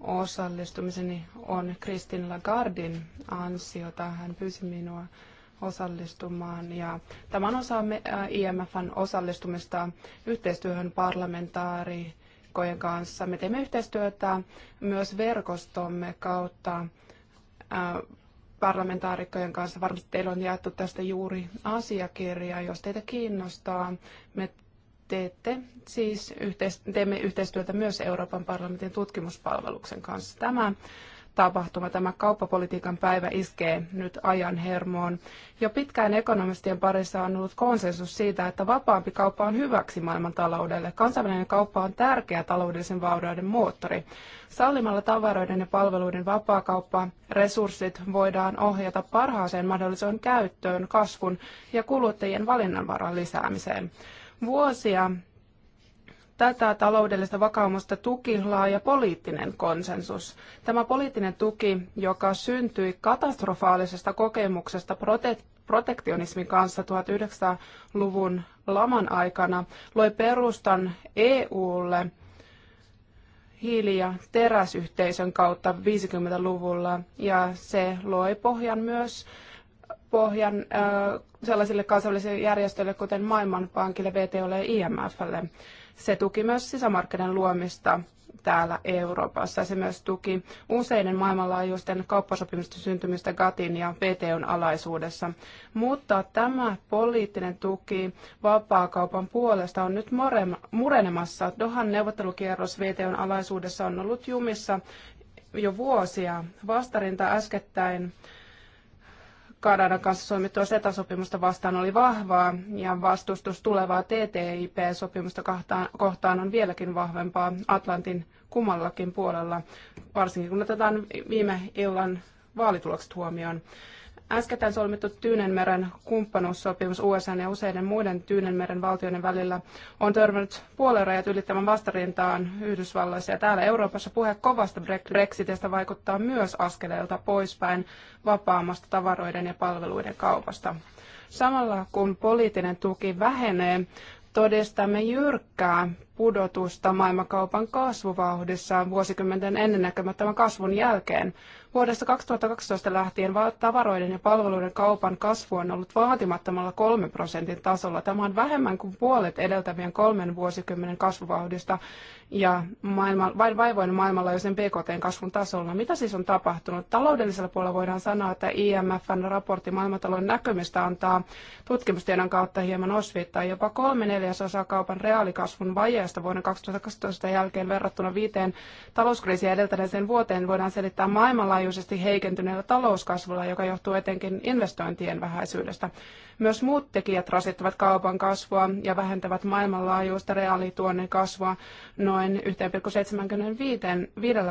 osallistumiseni on Kristin Lagardin ansiota. Hän pyysi minua osallistumaan. Ja tämä on osa äh, IMFn osallistumista yhteistyöhön parlamentaarikojen kanssa. Me teemme yhteistyötä myös verkostomme kautta äh, parlamentaarikkojen kanssa. Varmasti teillä on jaettu tästä juuri asiakirja, jos teitä kiinnostaa. Me teette siis yhteis- teemme yhteistyötä myös Euroopan parlamentin tutkimuspalveluksen kanssa. Tämä tapahtuma, tämä kauppapolitiikan päivä iskee nyt ajan hermoon. Jo pitkään ekonomistien parissa on ollut konsensus siitä, että vapaampi kauppa on hyväksi maailmantaloudelle. Kansainvälinen kauppa on tärkeä taloudellisen vaurauden moottori. Sallimalla tavaroiden ja palveluiden vapaakauppa resurssit voidaan ohjata parhaaseen mahdolliseen käyttöön, kasvun ja kuluttajien valinnanvaran lisäämiseen. Vuosia tätä taloudellista vakaumusta tuki laaja poliittinen konsensus. Tämä poliittinen tuki, joka syntyi katastrofaalisesta kokemuksesta prote- protektionismin kanssa 1900-luvun laman aikana, loi perustan EUlle hiili- ja teräsyhteisön kautta 50-luvulla ja se loi pohjan myös pohjan sellaisille kansainvälisille järjestöille, kuten Maailmanpankille, VTOlle ja IMFlle. Se tuki myös sisämarkkinan luomista täällä Euroopassa. Se myös tuki useiden maailmanlaajuisten kauppasopimusten syntymistä GATin ja VTOn alaisuudessa. Mutta tämä poliittinen tuki vapaakaupan puolesta on nyt murenemassa. Dohan neuvottelukierros VTOn alaisuudessa on ollut jumissa jo vuosia. Vastarinta äskettäin Kanadan kanssa solmittua SETA-sopimusta vastaan oli vahvaa ja vastustus tulevaa TTIP-sopimusta kohtaan on vieläkin vahvempaa Atlantin kummallakin puolella, varsinkin kun otetaan viime illan e vaalitulokset huomioon. Äskettäin solmittu Tyynenmeren kumppanuussopimus USA ja useiden muiden Tyynenmeren valtioiden välillä on törmännyt puoluerajat ylittävän vastarintaan Yhdysvalloissa ja täällä Euroopassa puhe kovasta Brexitistä vaikuttaa myös askeleelta poispäin vapaammasta tavaroiden ja palveluiden kaupasta. Samalla kun poliittinen tuki vähenee, todistamme jyrkkää pudotusta maailmankaupan kasvuvauhdissa vuosikymmenten ennennäkemättömän kasvun jälkeen. Vuodesta 2012 lähtien tavaroiden ja palveluiden kaupan kasvu on ollut vaatimattomalla 3 prosentin tasolla. Tämä on vähemmän kuin puolet edeltävien kolmen vuosikymmenen kasvuvauhdista ja maailma, vain vaivoin sen BKT-kasvun tasolla. Mitä siis on tapahtunut? Taloudellisella puolella voidaan sanoa, että IMFn raportti maailmantalouden näkymistä antaa tutkimustiedon kautta hieman osviittaa jopa kolme neljäsosaa kaupan reaalikasvun vajeesta vuoden 2012 jälkeen verrattuna viiteen talouskriisiä edeltäneeseen vuoteen voidaan selittää maailmalla maailmanlaajuisesti heikentyneellä talouskasvulla, joka johtuu etenkin investointien vähäisyydestä. Myös muut tekijät rasittavat kaupan kasvua ja vähentävät maailmanlaajuista reaalituonnin kasvua noin 1,75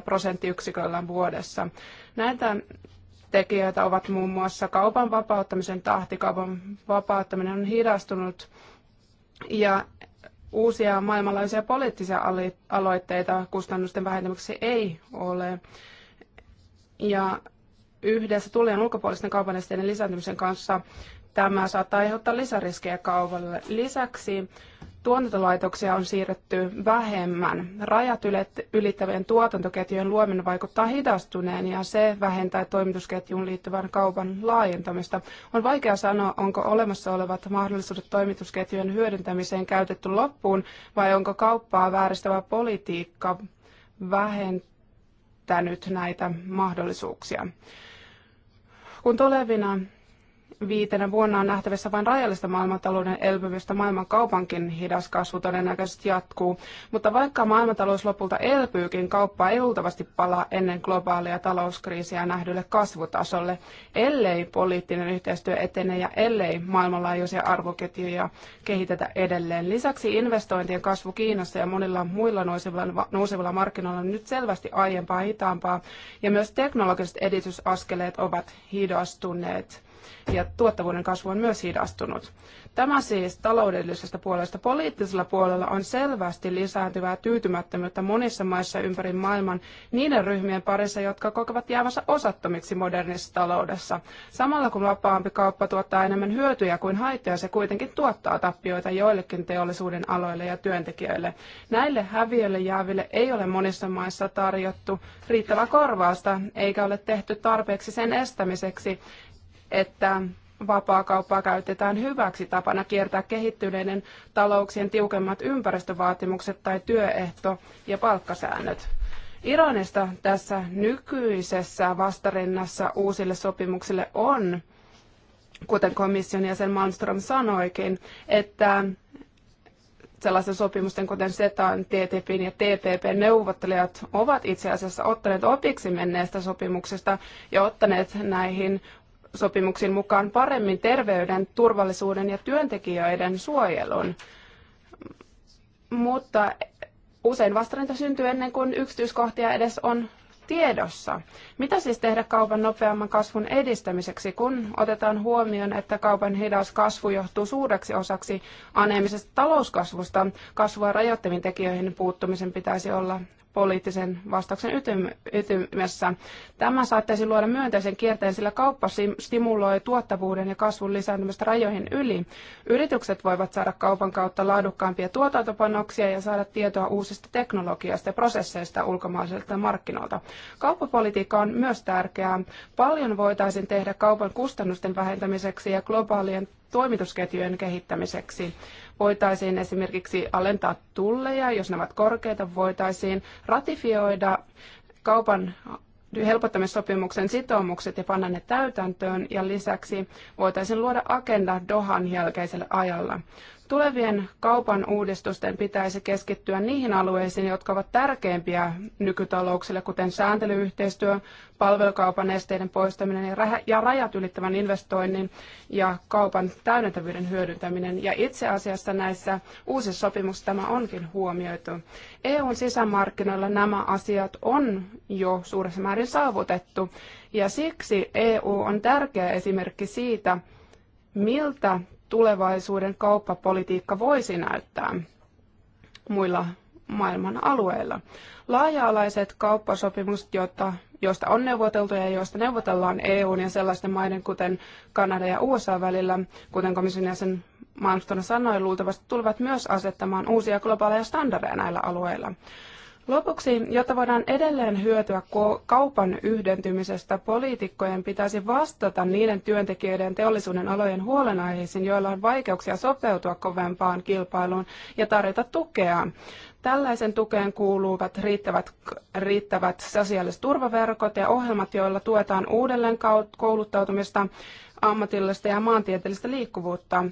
prosenttiyksiköllä vuodessa. Näitä tekijöitä ovat muun muassa kaupan vapauttamisen tahti. Kaupan vapauttaminen on hidastunut ja uusia maailmanlaisia poliittisia aloitteita kustannusten vähentämiseksi ei ole. Ja yhdessä tullien ulkopuolisten kaupanesteiden lisääntymisen kanssa tämä saattaa aiheuttaa lisäriskejä kaupalle. Lisäksi tuotantolaitoksia on siirretty vähemmän. Rajat ylittävien tuotantoketjujen luominen vaikuttaa hidastuneen ja se vähentää toimitusketjuun liittyvän kaupan laajentamista. On vaikea sanoa, onko olemassa olevat mahdollisuudet toimitusketjujen hyödyntämiseen käytetty loppuun vai onko kauppaa vääristävä politiikka vähentää käyttänyt näitä mahdollisuuksia. Kun tulevina viitenä vuonna on nähtävissä vain rajallista maailmantalouden elpymistä. Maailmankaupankin hidas kasvu todennäköisesti jatkuu. Mutta vaikka maailmantalous lopulta elpyykin, kauppa ei luultavasti palaa ennen globaalia talouskriisiä nähdylle kasvutasolle, ellei poliittinen yhteistyö etene ja ellei maailmanlaajuisia arvoketjuja kehitetä edelleen. Lisäksi investointien kasvu Kiinassa ja monilla muilla nousevilla, nousevilla markkinoilla on nyt selvästi aiempaa hitaampaa ja myös teknologiset edistysaskeleet ovat hidastuneet ja tuottavuuden kasvu on myös hidastunut. Tämä siis taloudellisesta puolesta. Poliittisella puolella on selvästi lisääntyvää tyytymättömyyttä monissa maissa ympäri maailman niiden ryhmien parissa, jotka kokevat jäävänsä osattomiksi modernissa taloudessa. Samalla kun vapaampi kauppa tuottaa enemmän hyötyjä kuin haittoja, se kuitenkin tuottaa tappioita joillekin teollisuuden aloille ja työntekijöille. Näille häviöille jääville ei ole monissa maissa tarjottu riittävää korvausta, eikä ole tehty tarpeeksi sen estämiseksi että vapaakauppaa käytetään hyväksi tapana kiertää kehittyneiden talouksien tiukemmat ympäristövaatimukset tai työehto- ja palkkasäännöt. Ironista tässä nykyisessä vastarinnassa uusille sopimuksille on, kuten komission jäsen Malmström sanoikin, että sellaisen sopimusten kuten SETAn, TTPin ja tpp neuvottelijat ovat itse asiassa ottaneet opiksi menneestä sopimuksesta ja ottaneet näihin sopimuksen mukaan paremmin terveyden, turvallisuuden ja työntekijöiden suojelun. Mutta usein vastarinta syntyy ennen kuin yksityiskohtia edes on tiedossa. Mitä siis tehdä kaupan nopeamman kasvun edistämiseksi, kun otetaan huomioon, että kaupan hidas kasvu johtuu suureksi osaksi aneemisesta talouskasvusta? Kasvua rajoittaviin tekijöihin puuttumisen pitäisi olla poliittisen vastauksen ytimessä. Tämä saattaisi luoda myönteisen kierteen, sillä kauppa stimuloi tuottavuuden ja kasvun lisääntymistä rajoihin yli. Yritykset voivat saada kaupan kautta laadukkaampia tuotantopanoksia ja saada tietoa uusista teknologiasta ja prosesseista ulkomaisilta markkinoilta. Kauppapolitiikka on myös tärkeää. Paljon voitaisiin tehdä kaupan kustannusten vähentämiseksi ja globaalien toimitusketjujen kehittämiseksi voitaisiin esimerkiksi alentaa tulleja, jos ne ovat korkeita, voitaisiin ratifioida kaupan helpottamissopimuksen sitoumukset ja panna ne täytäntöön ja lisäksi voitaisiin luoda agenda Dohan jälkeiselle ajalla. Tulevien kaupan uudistusten pitäisi keskittyä niihin alueisiin, jotka ovat tärkeimpiä nykytalouksille, kuten sääntelyyhteistyö, palvelukaupan esteiden poistaminen ja rajat ylittävän investoinnin ja kaupan täydentävyyden hyödyntäminen. Ja itse asiassa näissä uusissa sopimuksissa tämä onkin huomioitu. EUn sisämarkkinoilla nämä asiat on jo suuressa määrin saavutettu, ja siksi EU on tärkeä esimerkki siitä, miltä tulevaisuuden kauppapolitiikka voisi näyttää muilla maailman alueilla. Laaja-alaiset kauppasopimukset, joita, joista on neuvoteltu ja joista neuvotellaan EUn ja sellaisten maiden kuten Kanada ja USA välillä, kuten komission jäsen Malmström sanoi, luultavasti tulevat myös asettamaan uusia globaaleja standardeja näillä alueilla. Lopuksi, jotta voidaan edelleen hyötyä kaupan yhdentymisestä, poliitikkojen pitäisi vastata niiden työntekijöiden teollisuuden alojen huolenaiheisiin, joilla on vaikeuksia sopeutua kovempaan kilpailuun ja tarjota tukea. Tällaisen tukeen kuuluvat riittävät, riittävät sosiaaliset turvaverkot ja ohjelmat, joilla tuetaan uudelleen kouluttautumista, ammatillista ja maantieteellistä liikkuvuutta.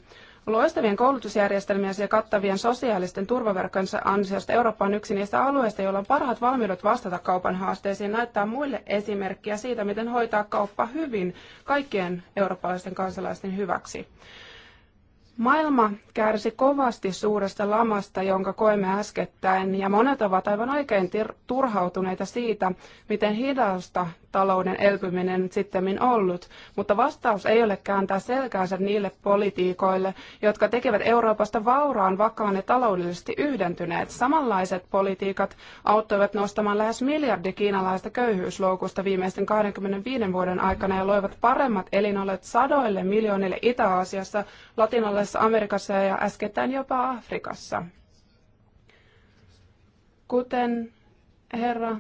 Loistavien koulutusjärjestelmien ja kattavien sosiaalisten turvaverkkojensa ansiosta Eurooppa on yksi niistä alueista, joilla on parhaat valmiudet vastata kaupan haasteisiin, näyttää muille esimerkkiä siitä, miten hoitaa kauppa hyvin kaikkien eurooppalaisten kansalaisten hyväksi. Maailma kärsi kovasti suuresta lamasta, jonka koimme äskettäin, ja monet ovat aivan oikein turhautuneita siitä, miten hidasta talouden elpyminen sitten ollut, mutta vastaus ei ole kääntää selkäänsä niille politiikoille, jotka tekevät Euroopasta vauraan, vakaan ja taloudellisesti yhdentyneet. Samanlaiset politiikat auttoivat nostamaan lähes miljardi kiinalaista köyhyysloukusta viimeisten 25 vuoden aikana ja loivat paremmat elinolot sadoille miljoonille Itä-Aasiassa, Latinalaisessa Amerikassa ja äskettäin jopa Afrikassa. Kuten herra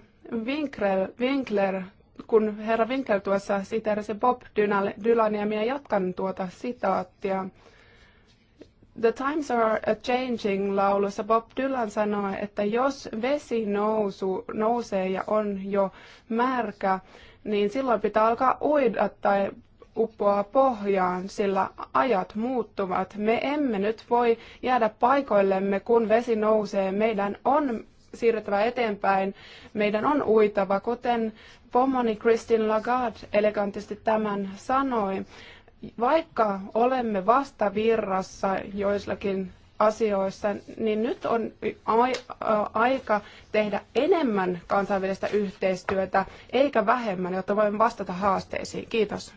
Winkler, Winkler kun herra Winkel tuossa siteerasi Bob Dylania, minä jatkan tuota sitaattia. The times are a changing laulussa Bob Dylan sanoi, että jos vesi nousu, nousee ja on jo märkä, niin silloin pitää alkaa uida tai uppoa pohjaan, sillä ajat muuttuvat. Me emme nyt voi jäädä paikoillemme, kun vesi nousee. Meidän on siirrettävä eteenpäin, meidän on uitava, kuten pomoni Christine Lagarde elegantisti tämän sanoi. Vaikka olemme vastavirrassa joissakin asioissa, niin nyt on aika tehdä enemmän kansainvälistä yhteistyötä, eikä vähemmän, jotta voimme vastata haasteisiin. Kiitos.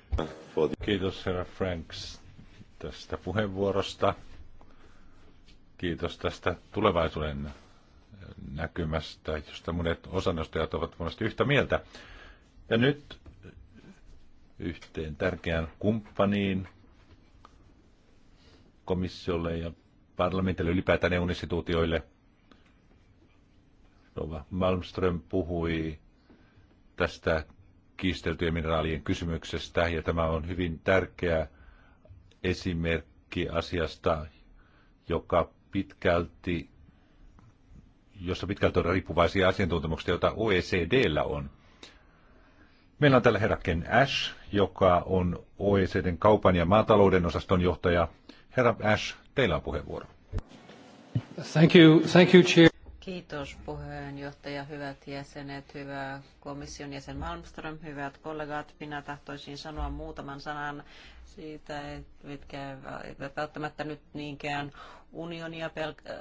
Kiitos herra Franks tästä puheenvuorosta. Kiitos tästä tulevaisuuden näkymästä, josta monet osanostajat ovat monesti yhtä mieltä. Ja nyt yhteen tärkeään kumppaniin komissiolle ja parlamentille ylipäätään EU-instituutioille. Rova Malmström puhui tästä kiisteltyjen mineraalien kysymyksestä, ja tämä on hyvin tärkeä esimerkki asiasta, joka pitkälti jossa pitkälti on riippuvaisia asiantuntemuksia, joita OECDllä on. Meillä on herra Ken Ash, joka on OECDn kaupan ja maatalouden osaston johtaja. Herra Ash, teillä on puheenvuoro. Thank you, thank you, chair. Kiitos puheenjohtaja, hyvät jäsenet, hyvä komission jäsen Malmström, hyvät kollegat. Minä tahtoisin sanoa muutaman sanan siitä, mitkä välttämättä nyt niinkään unionia pelk- äh,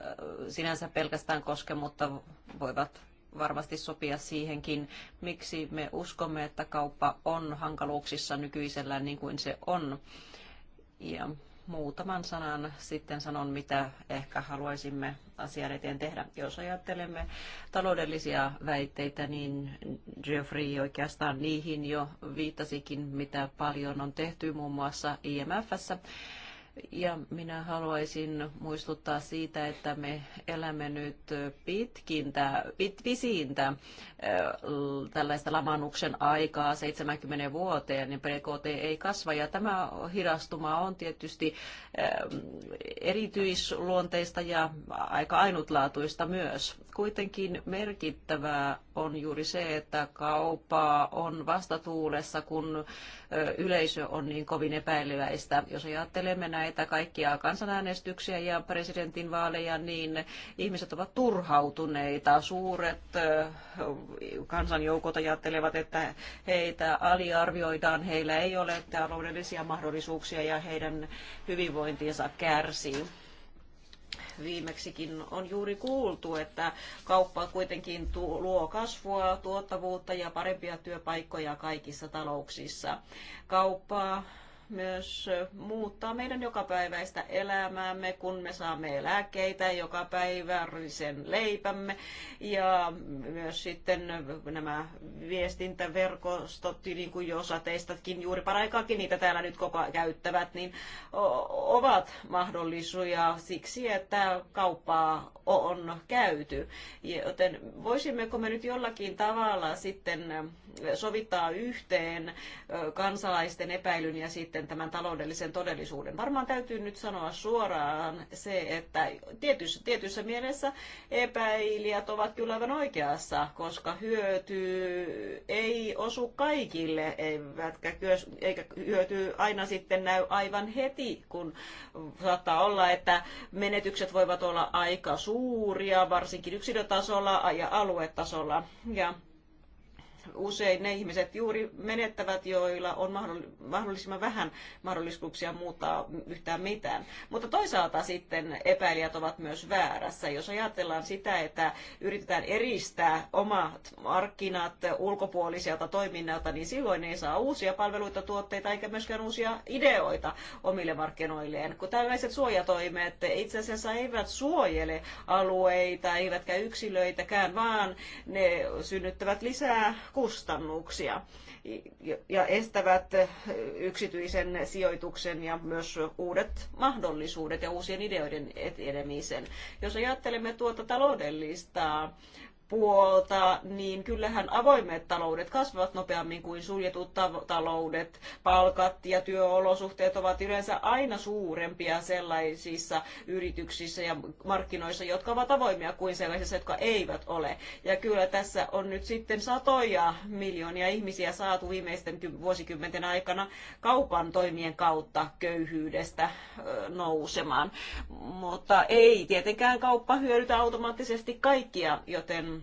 sinänsä pelkästään koske, mutta voivat varmasti sopia siihenkin, miksi me uskomme, että kauppa on hankaluuksissa nykyisellään niin kuin se on. Ja muutaman sanan sitten sanon, mitä ehkä haluaisimme asian eteen tehdä. Jos ajattelemme taloudellisia väitteitä, niin Geoffrey oikeastaan niihin jo viittasikin, mitä paljon on tehty muun muassa IMFssä ja minä haluaisin muistuttaa siitä, että me elämme nyt pitkintä, pit, pisintä äh, tällaista lamannuksen aikaa 70 vuoteen, niin PKT ei kasva. Ja tämä hidastuma on tietysti äh, erityisluonteista ja aika ainutlaatuista myös. Kuitenkin merkittävää on juuri se, että kauppa on vastatuulessa, kun yleisö on niin kovin epäilyväistä. Jos ajattelemme näitä kaikkia kansanäänestyksiä ja presidentinvaaleja, niin ihmiset ovat turhautuneita. Suuret kansanjoukot ajattelevat, että heitä aliarvioidaan, heillä ei ole taloudellisia mahdollisuuksia ja heidän hyvinvointinsa kärsii viimeksikin on juuri kuultu, että kauppa kuitenkin luo kasvua, tuottavuutta ja parempia työpaikkoja kaikissa talouksissa. Kauppaa myös muuttaa meidän jokapäiväistä elämäämme, kun me saamme eläkkeitä joka sen leipämme ja myös sitten nämä viestintäverkostot, niin kuin osa teistäkin juuri paraikaakin niitä täällä nyt koko käyttävät, niin ovat mahdollisuja siksi, että kauppaa on käyty. Joten voisimmeko me nyt jollakin tavalla sitten sovittaa yhteen kansalaisten epäilyn ja sitten tämän taloudellisen todellisuuden. Varmaan täytyy nyt sanoa suoraan se, että tietyssä, tietyssä mielessä epäilijät ovat kyllä aivan oikeassa, koska hyöty ei osu kaikille, eivätkä, eikä hyöty aina sitten näy aivan heti, kun saattaa olla, että menetykset voivat olla aika suuria, varsinkin yksilötasolla ja aluetasolla. Ja usein ne ihmiset juuri menettävät, joilla on mahdollisimman vähän mahdollisuuksia muuttaa yhtään mitään. Mutta toisaalta sitten epäilijät ovat myös väärässä. Jos ajatellaan sitä, että yritetään eristää omat markkinat ulkopuolisilta toiminnalta, niin silloin ei saa uusia palveluita, tuotteita eikä myöskään uusia ideoita omille markkinoilleen. Kun tällaiset suojatoimet itse asiassa eivät suojele alueita eivätkä yksilöitäkään, vaan ne synnyttävät lisää kustannuksia ja estävät yksityisen sijoituksen ja myös uudet mahdollisuudet ja uusien ideoiden etenemisen. Jos ajattelemme tuota taloudellista puolta, niin kyllähän avoimet taloudet kasvavat nopeammin kuin suljetut taloudet. Palkat ja työolosuhteet ovat yleensä aina suurempia sellaisissa yrityksissä ja markkinoissa, jotka ovat avoimia kuin sellaisissa, jotka eivät ole. Ja kyllä tässä on nyt sitten satoja miljoonia ihmisiä saatu viimeisten vuosikymmenten aikana kaupan toimien kautta köyhyydestä nousemaan. Mutta ei tietenkään kauppa hyödytä automaattisesti kaikkia, joten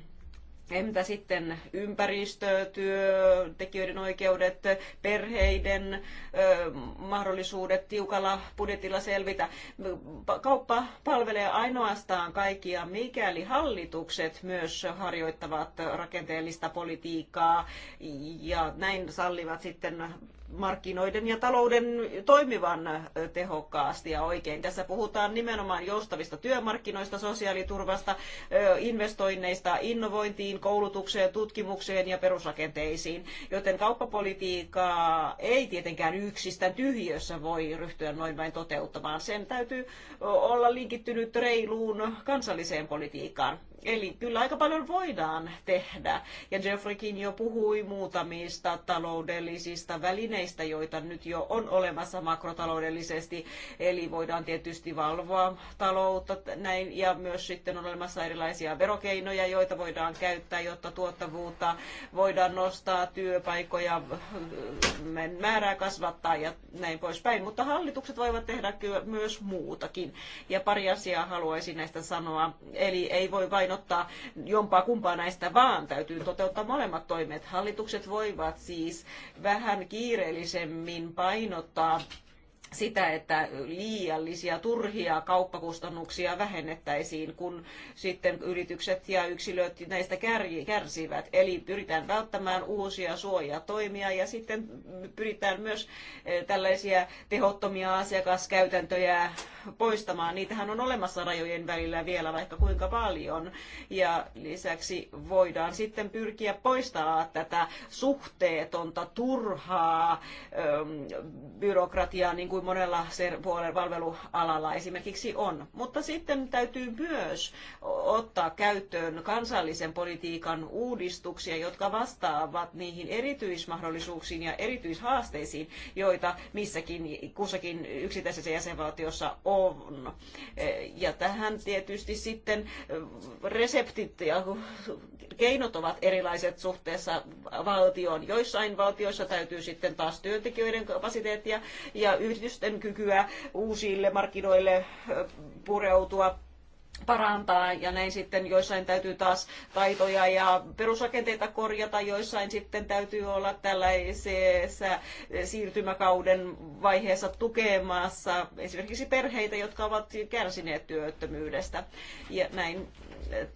Entä sitten ympäristö, työntekijöiden oikeudet, perheiden ö, mahdollisuudet tiukalla budjetilla selvitä? Kauppa palvelee ainoastaan kaikkia, mikäli hallitukset myös harjoittavat rakenteellista politiikkaa ja näin sallivat sitten markkinoiden ja talouden toimivan tehokkaasti ja oikein. Tässä puhutaan nimenomaan joustavista työmarkkinoista, sosiaaliturvasta, investoinneista, innovointiin, koulutukseen, tutkimukseen ja perusrakenteisiin. Joten kauppapolitiikkaa ei tietenkään yksistä tyhjössä voi ryhtyä noin vain toteuttamaan. Sen täytyy olla linkittynyt reiluun kansalliseen politiikkaan. Eli kyllä aika paljon voidaan tehdä. Ja Jeffreykin jo puhui muutamista taloudellisista välineistä, joita nyt jo on olemassa makrotaloudellisesti. Eli voidaan tietysti valvoa taloutta näin. Ja myös sitten on olemassa erilaisia verokeinoja, joita voidaan käyttää, jotta tuottavuutta voidaan nostaa, työpaikkoja mm, määrää kasvattaa ja näin poispäin. Mutta hallitukset voivat tehdä myös muutakin. Ja pari asiaa haluaisin näistä sanoa. Eli ei voi vain painottaa jompaa kumpaa näistä, vaan täytyy toteuttaa molemmat toimet. Hallitukset voivat siis vähän kiireellisemmin painottaa sitä, että liiallisia turhia kauppakustannuksia vähennettäisiin, kun sitten yritykset ja yksilöt näistä kärsivät. Eli pyritään välttämään uusia suojatoimia ja sitten pyritään myös eh, tällaisia tehottomia asiakaskäytäntöjä poistamaan. Niitähän on olemassa rajojen välillä vielä vaikka kuinka paljon. Ja lisäksi voidaan sitten pyrkiä poistamaan tätä suhteetonta, turhaa byrokratiaa, niin kuin monella palvelualalla esimerkiksi on. Mutta sitten täytyy myös ottaa käyttöön kansallisen politiikan uudistuksia, jotka vastaavat niihin erityismahdollisuuksiin ja erityishaasteisiin, joita missäkin kussakin yksittäisessä jäsenvaltiossa on on. E, ja tähän tietysti sitten e, reseptit ja keinot ovat erilaiset suhteessa valtioon. Joissain valtioissa täytyy sitten taas työntekijöiden kapasiteettia ja yritysten kykyä uusille markkinoille e, pureutua parantaa ja näin sitten joissain täytyy taas taitoja ja perusrakenteita korjata, joissain sitten täytyy olla tällaisessa siirtymäkauden vaiheessa tukemassa esimerkiksi perheitä, jotka ovat kärsineet työttömyydestä. Ja näin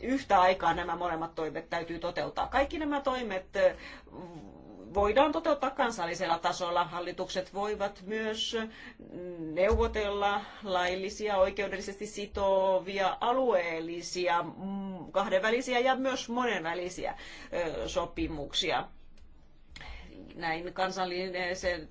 yhtä aikaa nämä molemmat toimet täytyy toteuttaa. Kaikki nämä toimet voidaan toteuttaa kansallisella tasolla. Hallitukset voivat myös neuvotella laillisia, oikeudellisesti sitovia, alueellisia, mm, kahdenvälisiä ja myös monenvälisiä sopimuksia näin kansalliset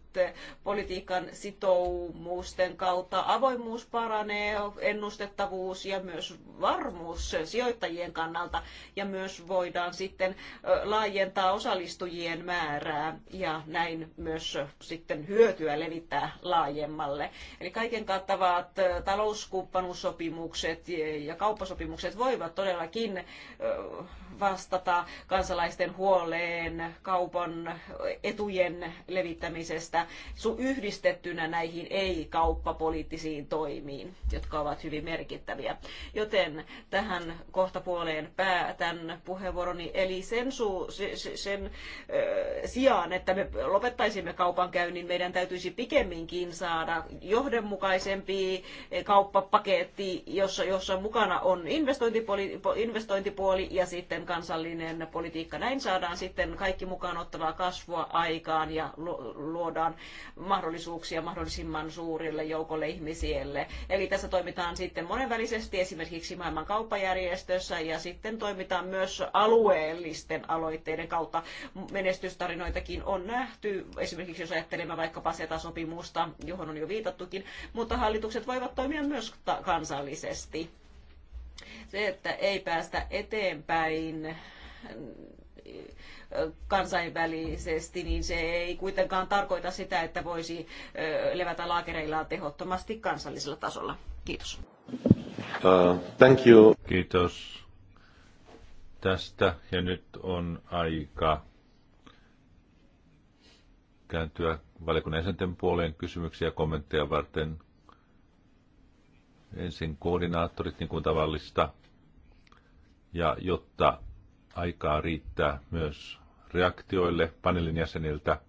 politiikan sitoumusten kautta avoimuus paranee, ennustettavuus ja myös varmuus sijoittajien kannalta ja myös voidaan sitten laajentaa osallistujien määrää ja näin myös sitten hyötyä levittää laajemmalle. Eli kaiken kattavat talouskumppanuussopimukset ja kauppasopimukset voivat todellakin vastata kansalaisten huoleen kaupan etujen levittämisestä yhdistettynä näihin ei-kauppapoliittisiin toimiin, jotka ovat hyvin merkittäviä. Joten tähän kohtapuoleen päätän puheenvuoroni. Eli sen, su- sen sijaan, että me lopettaisimme kaupankäynnin, meidän täytyisi pikemminkin saada johdonmukaisempi kauppapaketti, jossa, jossa mukana on investointipuoli, investointipuoli ja sitten vastuullinen kansallinen politiikka. Näin saadaan sitten kaikki mukaan ottavaa kasvua aikaan ja luodaan mahdollisuuksia mahdollisimman suurille joukolle ihmisille. Eli tässä toimitaan sitten monenvälisesti esimerkiksi maailman kauppajärjestössä ja sitten toimitaan myös alueellisten aloitteiden kautta. Menestystarinoitakin on nähty, esimerkiksi jos ajattelemme vaikkapa ceta sopimusta johon on jo viitattukin, mutta hallitukset voivat toimia myös kansallisesti se, että ei päästä eteenpäin kansainvälisesti, niin se ei kuitenkaan tarkoita sitä, että voisi levätä laakereillaan tehottomasti kansallisella tasolla. Kiitos. Uh, thank you. Kiitos tästä. Ja nyt on aika kääntyä valiokunnan jäsenten puoleen kysymyksiä ja kommentteja varten ensin koordinaattorit niin kuin tavallista, ja jotta aikaa riittää myös reaktioille paneelin jäseniltä,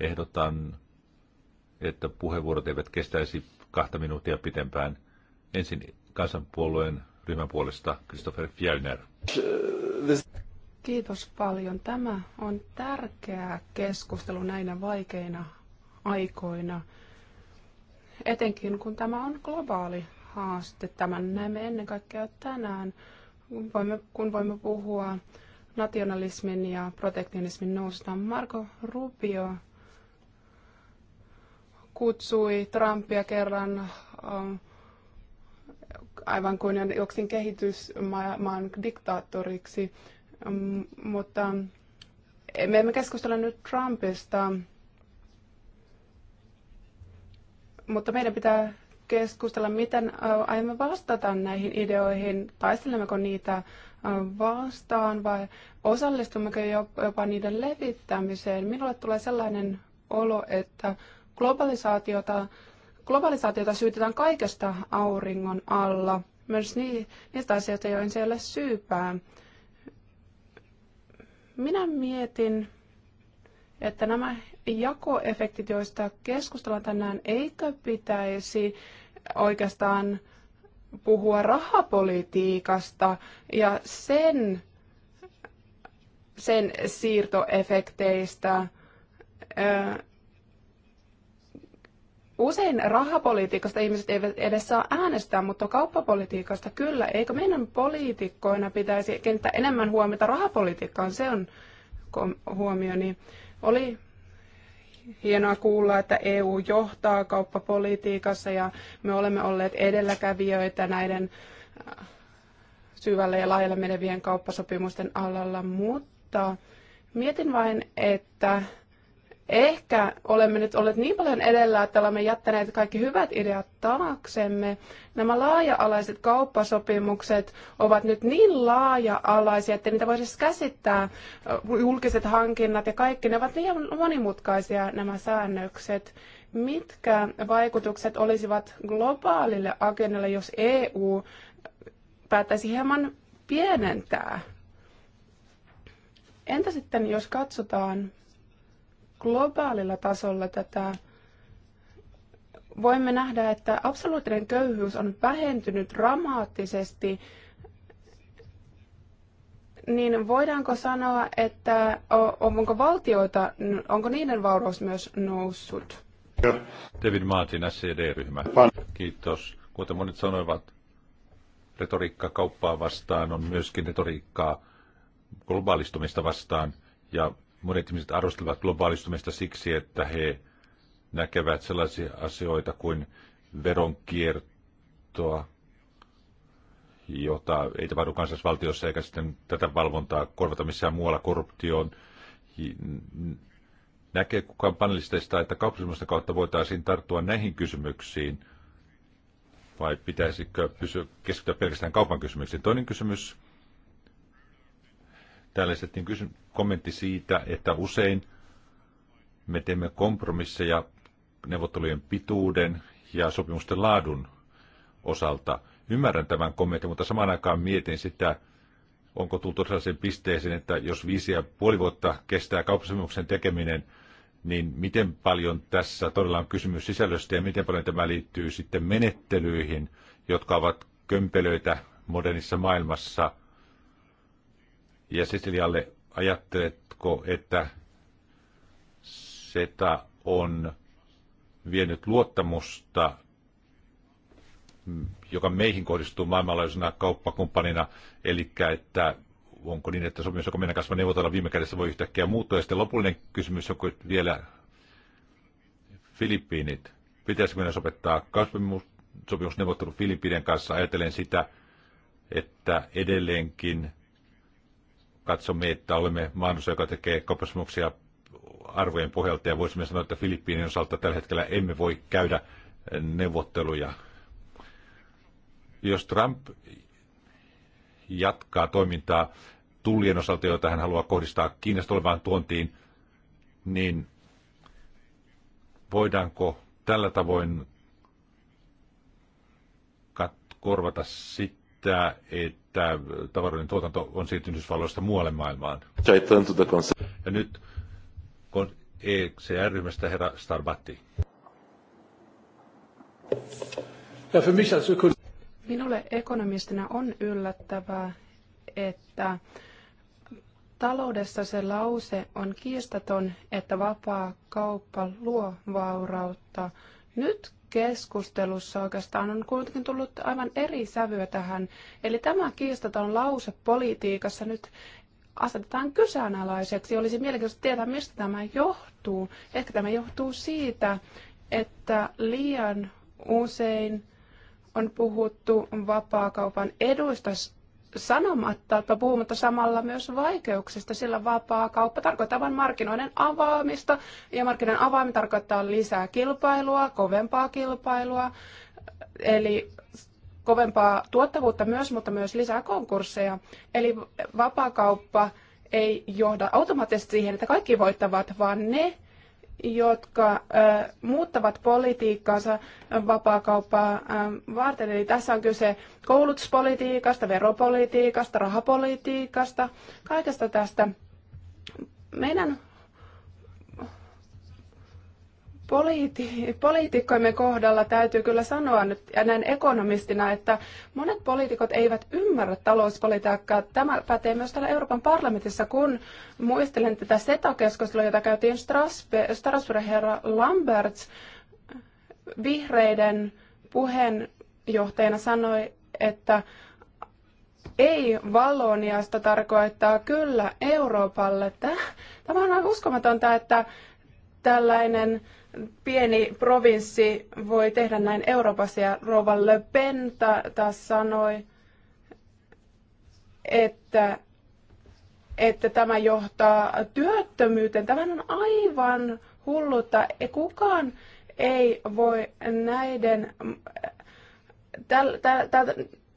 ehdotan, että puheenvuorot eivät kestäisi kahta minuuttia pitempään. Ensin kansanpuolueen ryhmän puolesta Christopher Fjellner. Kiitos paljon. Tämä on tärkeä keskustelu näinä vaikeina aikoina etenkin kun tämä on globaali haaste. Tämän näemme ennen kaikkea tänään, kun voimme, kun voimme puhua nationalismin ja protektionismin nousta. Marco Rubio kutsui Trumpia kerran ähm, aivan kuin joksin kehitysmaan diktaattoriksi, mm, mutta me emme keskustele nyt Trumpista. mutta meidän pitää keskustella, miten aiemme vastata näihin ideoihin, taistelemmeko niitä vastaan vai osallistummeko jopa niiden levittämiseen. Minulle tulee sellainen olo, että globalisaatiota, globalisaatiota syytetään kaikesta auringon alla, myös niistä asioista, joihin se ei ole syypää. Minä mietin, että nämä jakoefektit, joista keskustellaan tänään, eikö pitäisi oikeastaan puhua rahapolitiikasta ja sen, sen siirtoefekteistä. Usein rahapolitiikasta ihmiset eivät edes saa äänestää, mutta kauppapolitiikasta kyllä. Eikö meidän poliitikkoina pitäisi kenttää enemmän huomiota rahapolitiikkaan? Se on huomioni. Oli hienoa kuulla, että EU johtaa kauppapolitiikassa ja me olemme olleet edelläkävijöitä näiden äh, syvälle ja laajalle menevien kauppasopimusten alalla, mutta mietin vain, että ehkä olemme nyt olleet niin paljon edellä, että olemme jättäneet kaikki hyvät ideat taaksemme. Nämä laaja-alaiset kauppasopimukset ovat nyt niin laaja-alaisia, että niitä voisi käsittää. Julkiset hankinnat ja kaikki, ne ovat niin monimutkaisia nämä säännökset. Mitkä vaikutukset olisivat globaalille agendalle, jos EU päättäisi hieman pienentää? Entä sitten, jos katsotaan globaalilla tasolla tätä, voimme nähdä, että absoluuttinen köyhyys on vähentynyt dramaattisesti, niin voidaanko sanoa, että onko valtioita, onko niiden vauraus myös noussut? David Maatin, SCD-ryhmä. Kiitos. Kuten monet sanoivat, retoriikka kauppaa vastaan on myöskin retoriikkaa globaalistumista vastaan. Ja Monet ihmiset arvostelevat globaalistumista siksi, että he näkevät sellaisia asioita kuin veronkiertoa, jota ei tapahdu kansallisvaltiossa eikä sitten tätä valvontaa korvata missään muualla korruptioon. Näkee kukaan panelisteista, että kaupallisuuden kautta voitaisiin tarttua näihin kysymyksiin, vai pitäisikö pysyä, keskittyä pelkästään kaupan kysymyksiin? Toinen kysymys Täällä esitettiin kysy- kommentti siitä, että usein me teemme kompromisseja neuvottelujen pituuden ja sopimusten laadun osalta. Ymmärrän tämän kommentin, mutta samaan aikaan mietin sitä, onko tultu sellaiseen pisteeseen, että jos viisi ja puoli vuotta kestää kauppasopimuksen tekeminen, niin miten paljon tässä todella on kysymys sisällöstä ja miten paljon tämä liittyy sitten menettelyihin, jotka ovat kömpelöitä modernissa maailmassa, ja Sisilialle ajatteletko, että SETA on vienyt luottamusta, joka meihin kohdistuu maailmanlaajuisena kauppakumppanina, eli että onko niin, että sopimus, joka meidän kanssa neuvotella viime kädessä, voi yhtäkkiä muuttua. Ja sitten lopullinen kysymys, onko vielä Filippiinit. Pitäisikö meidän sopettaa kauppasopimusneuvottelu Filippiiden kanssa, ajatellen sitä, että edelleenkin katsomme, että olemme maanosa, joka tekee kopasmuksia arvojen pohjalta, ja voisimme sanoa, että Filippiinien osalta tällä hetkellä emme voi käydä neuvotteluja. Jos Trump jatkaa toimintaa tullien osalta, joita hän haluaa kohdistaa Kiinasta olevaan tuontiin, niin voidaanko tällä tavoin korvata sit, sitä, että tavaroiden tuotanto on siirtynyt Yhdysvalloista muualle maailmaan. Ja nyt on ECR-ryhmästä herra Starbatti. Minulle ekonomistina on yllättävää, että taloudessa se lause on kiistaton, että vapaa kauppa luo vaurautta. Nyt keskustelussa oikeastaan on kuitenkin tullut aivan eri sävyä tähän. Eli tämä kiistaton lause politiikassa nyt asetetaan kyseenalaiseksi. Olisi mielenkiintoista tietää, mistä tämä johtuu. Ehkä tämä johtuu siitä, että liian usein on puhuttu vapaakaupan eduista sanomatta tai puhumatta samalla myös vaikeuksista, sillä vapaa kauppa tarkoittaa vain markkinoiden avaamista, ja markkinoiden avaaminen tarkoittaa lisää kilpailua, kovempaa kilpailua, eli kovempaa tuottavuutta myös, mutta myös lisää konkursseja. Eli vapaakauppa ei johda automaattisesti siihen, että kaikki voittavat, vaan ne, jotka muuttavat politiikkaansa vapaakauppaa varten. Eli tässä on kyse koulutuspolitiikasta, veropolitiikasta, rahapolitiikasta, kaikesta tästä. Meidän poliiti, poliitikkoimme kohdalla täytyy kyllä sanoa nyt ja näin ekonomistina, että monet poliitikot eivät ymmärrä talouspolitiikkaa. Tämä pätee myös täällä Euroopan parlamentissa, kun muistelen tätä SETA-keskustelua, jota käytiin Strasbourg herra Lamberts vihreiden puheenjohtajana sanoi, että ei Valloniasta tarkoittaa kyllä Euroopalle. Tämä on uskomatonta, että tällainen pieni provinssi voi tehdä näin Euroopassa. Ja Rova Le Pen taas sanoi, että, että tämä johtaa työttömyyteen. Tämä on aivan hullutta. E, kukaan ei voi näiden mm, täl, täl, täl,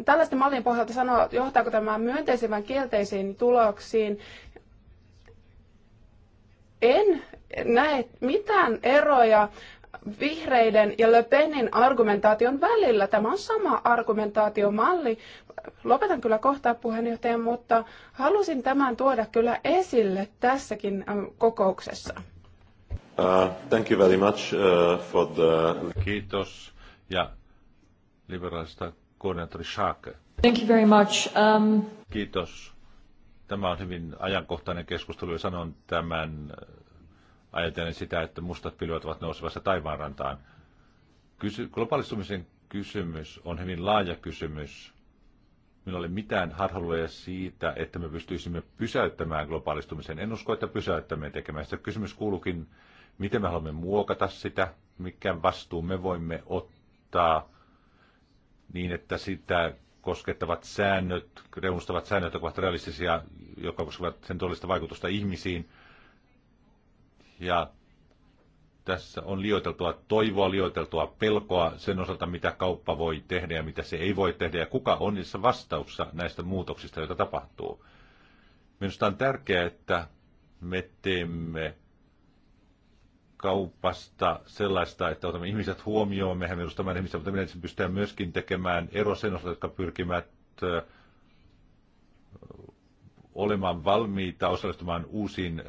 tällaisten mallien pohjalta sanoa, johtaako tämä myönteisiin vai kielteisiin tuloksiin. En näe mitään eroja vihreiden ja Le Penin argumentaation välillä. Tämä on sama argumentaatiomalli. Lopetan kyllä kohta puheenjohtaja, mutta halusin tämän tuoda kyllä esille tässäkin ähm, kokouksessa. Uh, thank you very much uh, for the... Kiitos. Ja liberaalista koordinaattori Schaake. Thank you very much. Um... Kiitos. Tämä on hyvin ajankohtainen keskustelu ja sanon tämän äh, ajatellen sitä, että mustat pilvet ovat nousevassa taivaanrantaan. Kysy- globaalistumisen kysymys on hyvin laaja kysymys. Minulla ei ole mitään harhaluja siitä, että me pystyisimme pysäyttämään globaalistumisen. En usko, että pysäyttämme tekemään sitä. Kysymys kuuluukin, miten me haluamme muokata sitä, mikä vastuu me voimme ottaa niin, että sitä koskettavat säännöt, reunustavat säännöt ovat realistisia, jotka koskevat sen todellista vaikutusta ihmisiin. Ja tässä on liioiteltua toivoa, liioiteltua pelkoa sen osalta, mitä kauppa voi tehdä ja mitä se ei voi tehdä, ja kuka on niissä vastauksissa näistä muutoksista, joita tapahtuu. Minusta on tärkeää, että me teemme kaupasta sellaista, että otamme ihmiset huomioon, mehän edustamme ihmisiä, mutta meidän pystytään myöskin tekemään ero sen osalta, jotka pyrkivät olemaan valmiita osallistumaan uusiin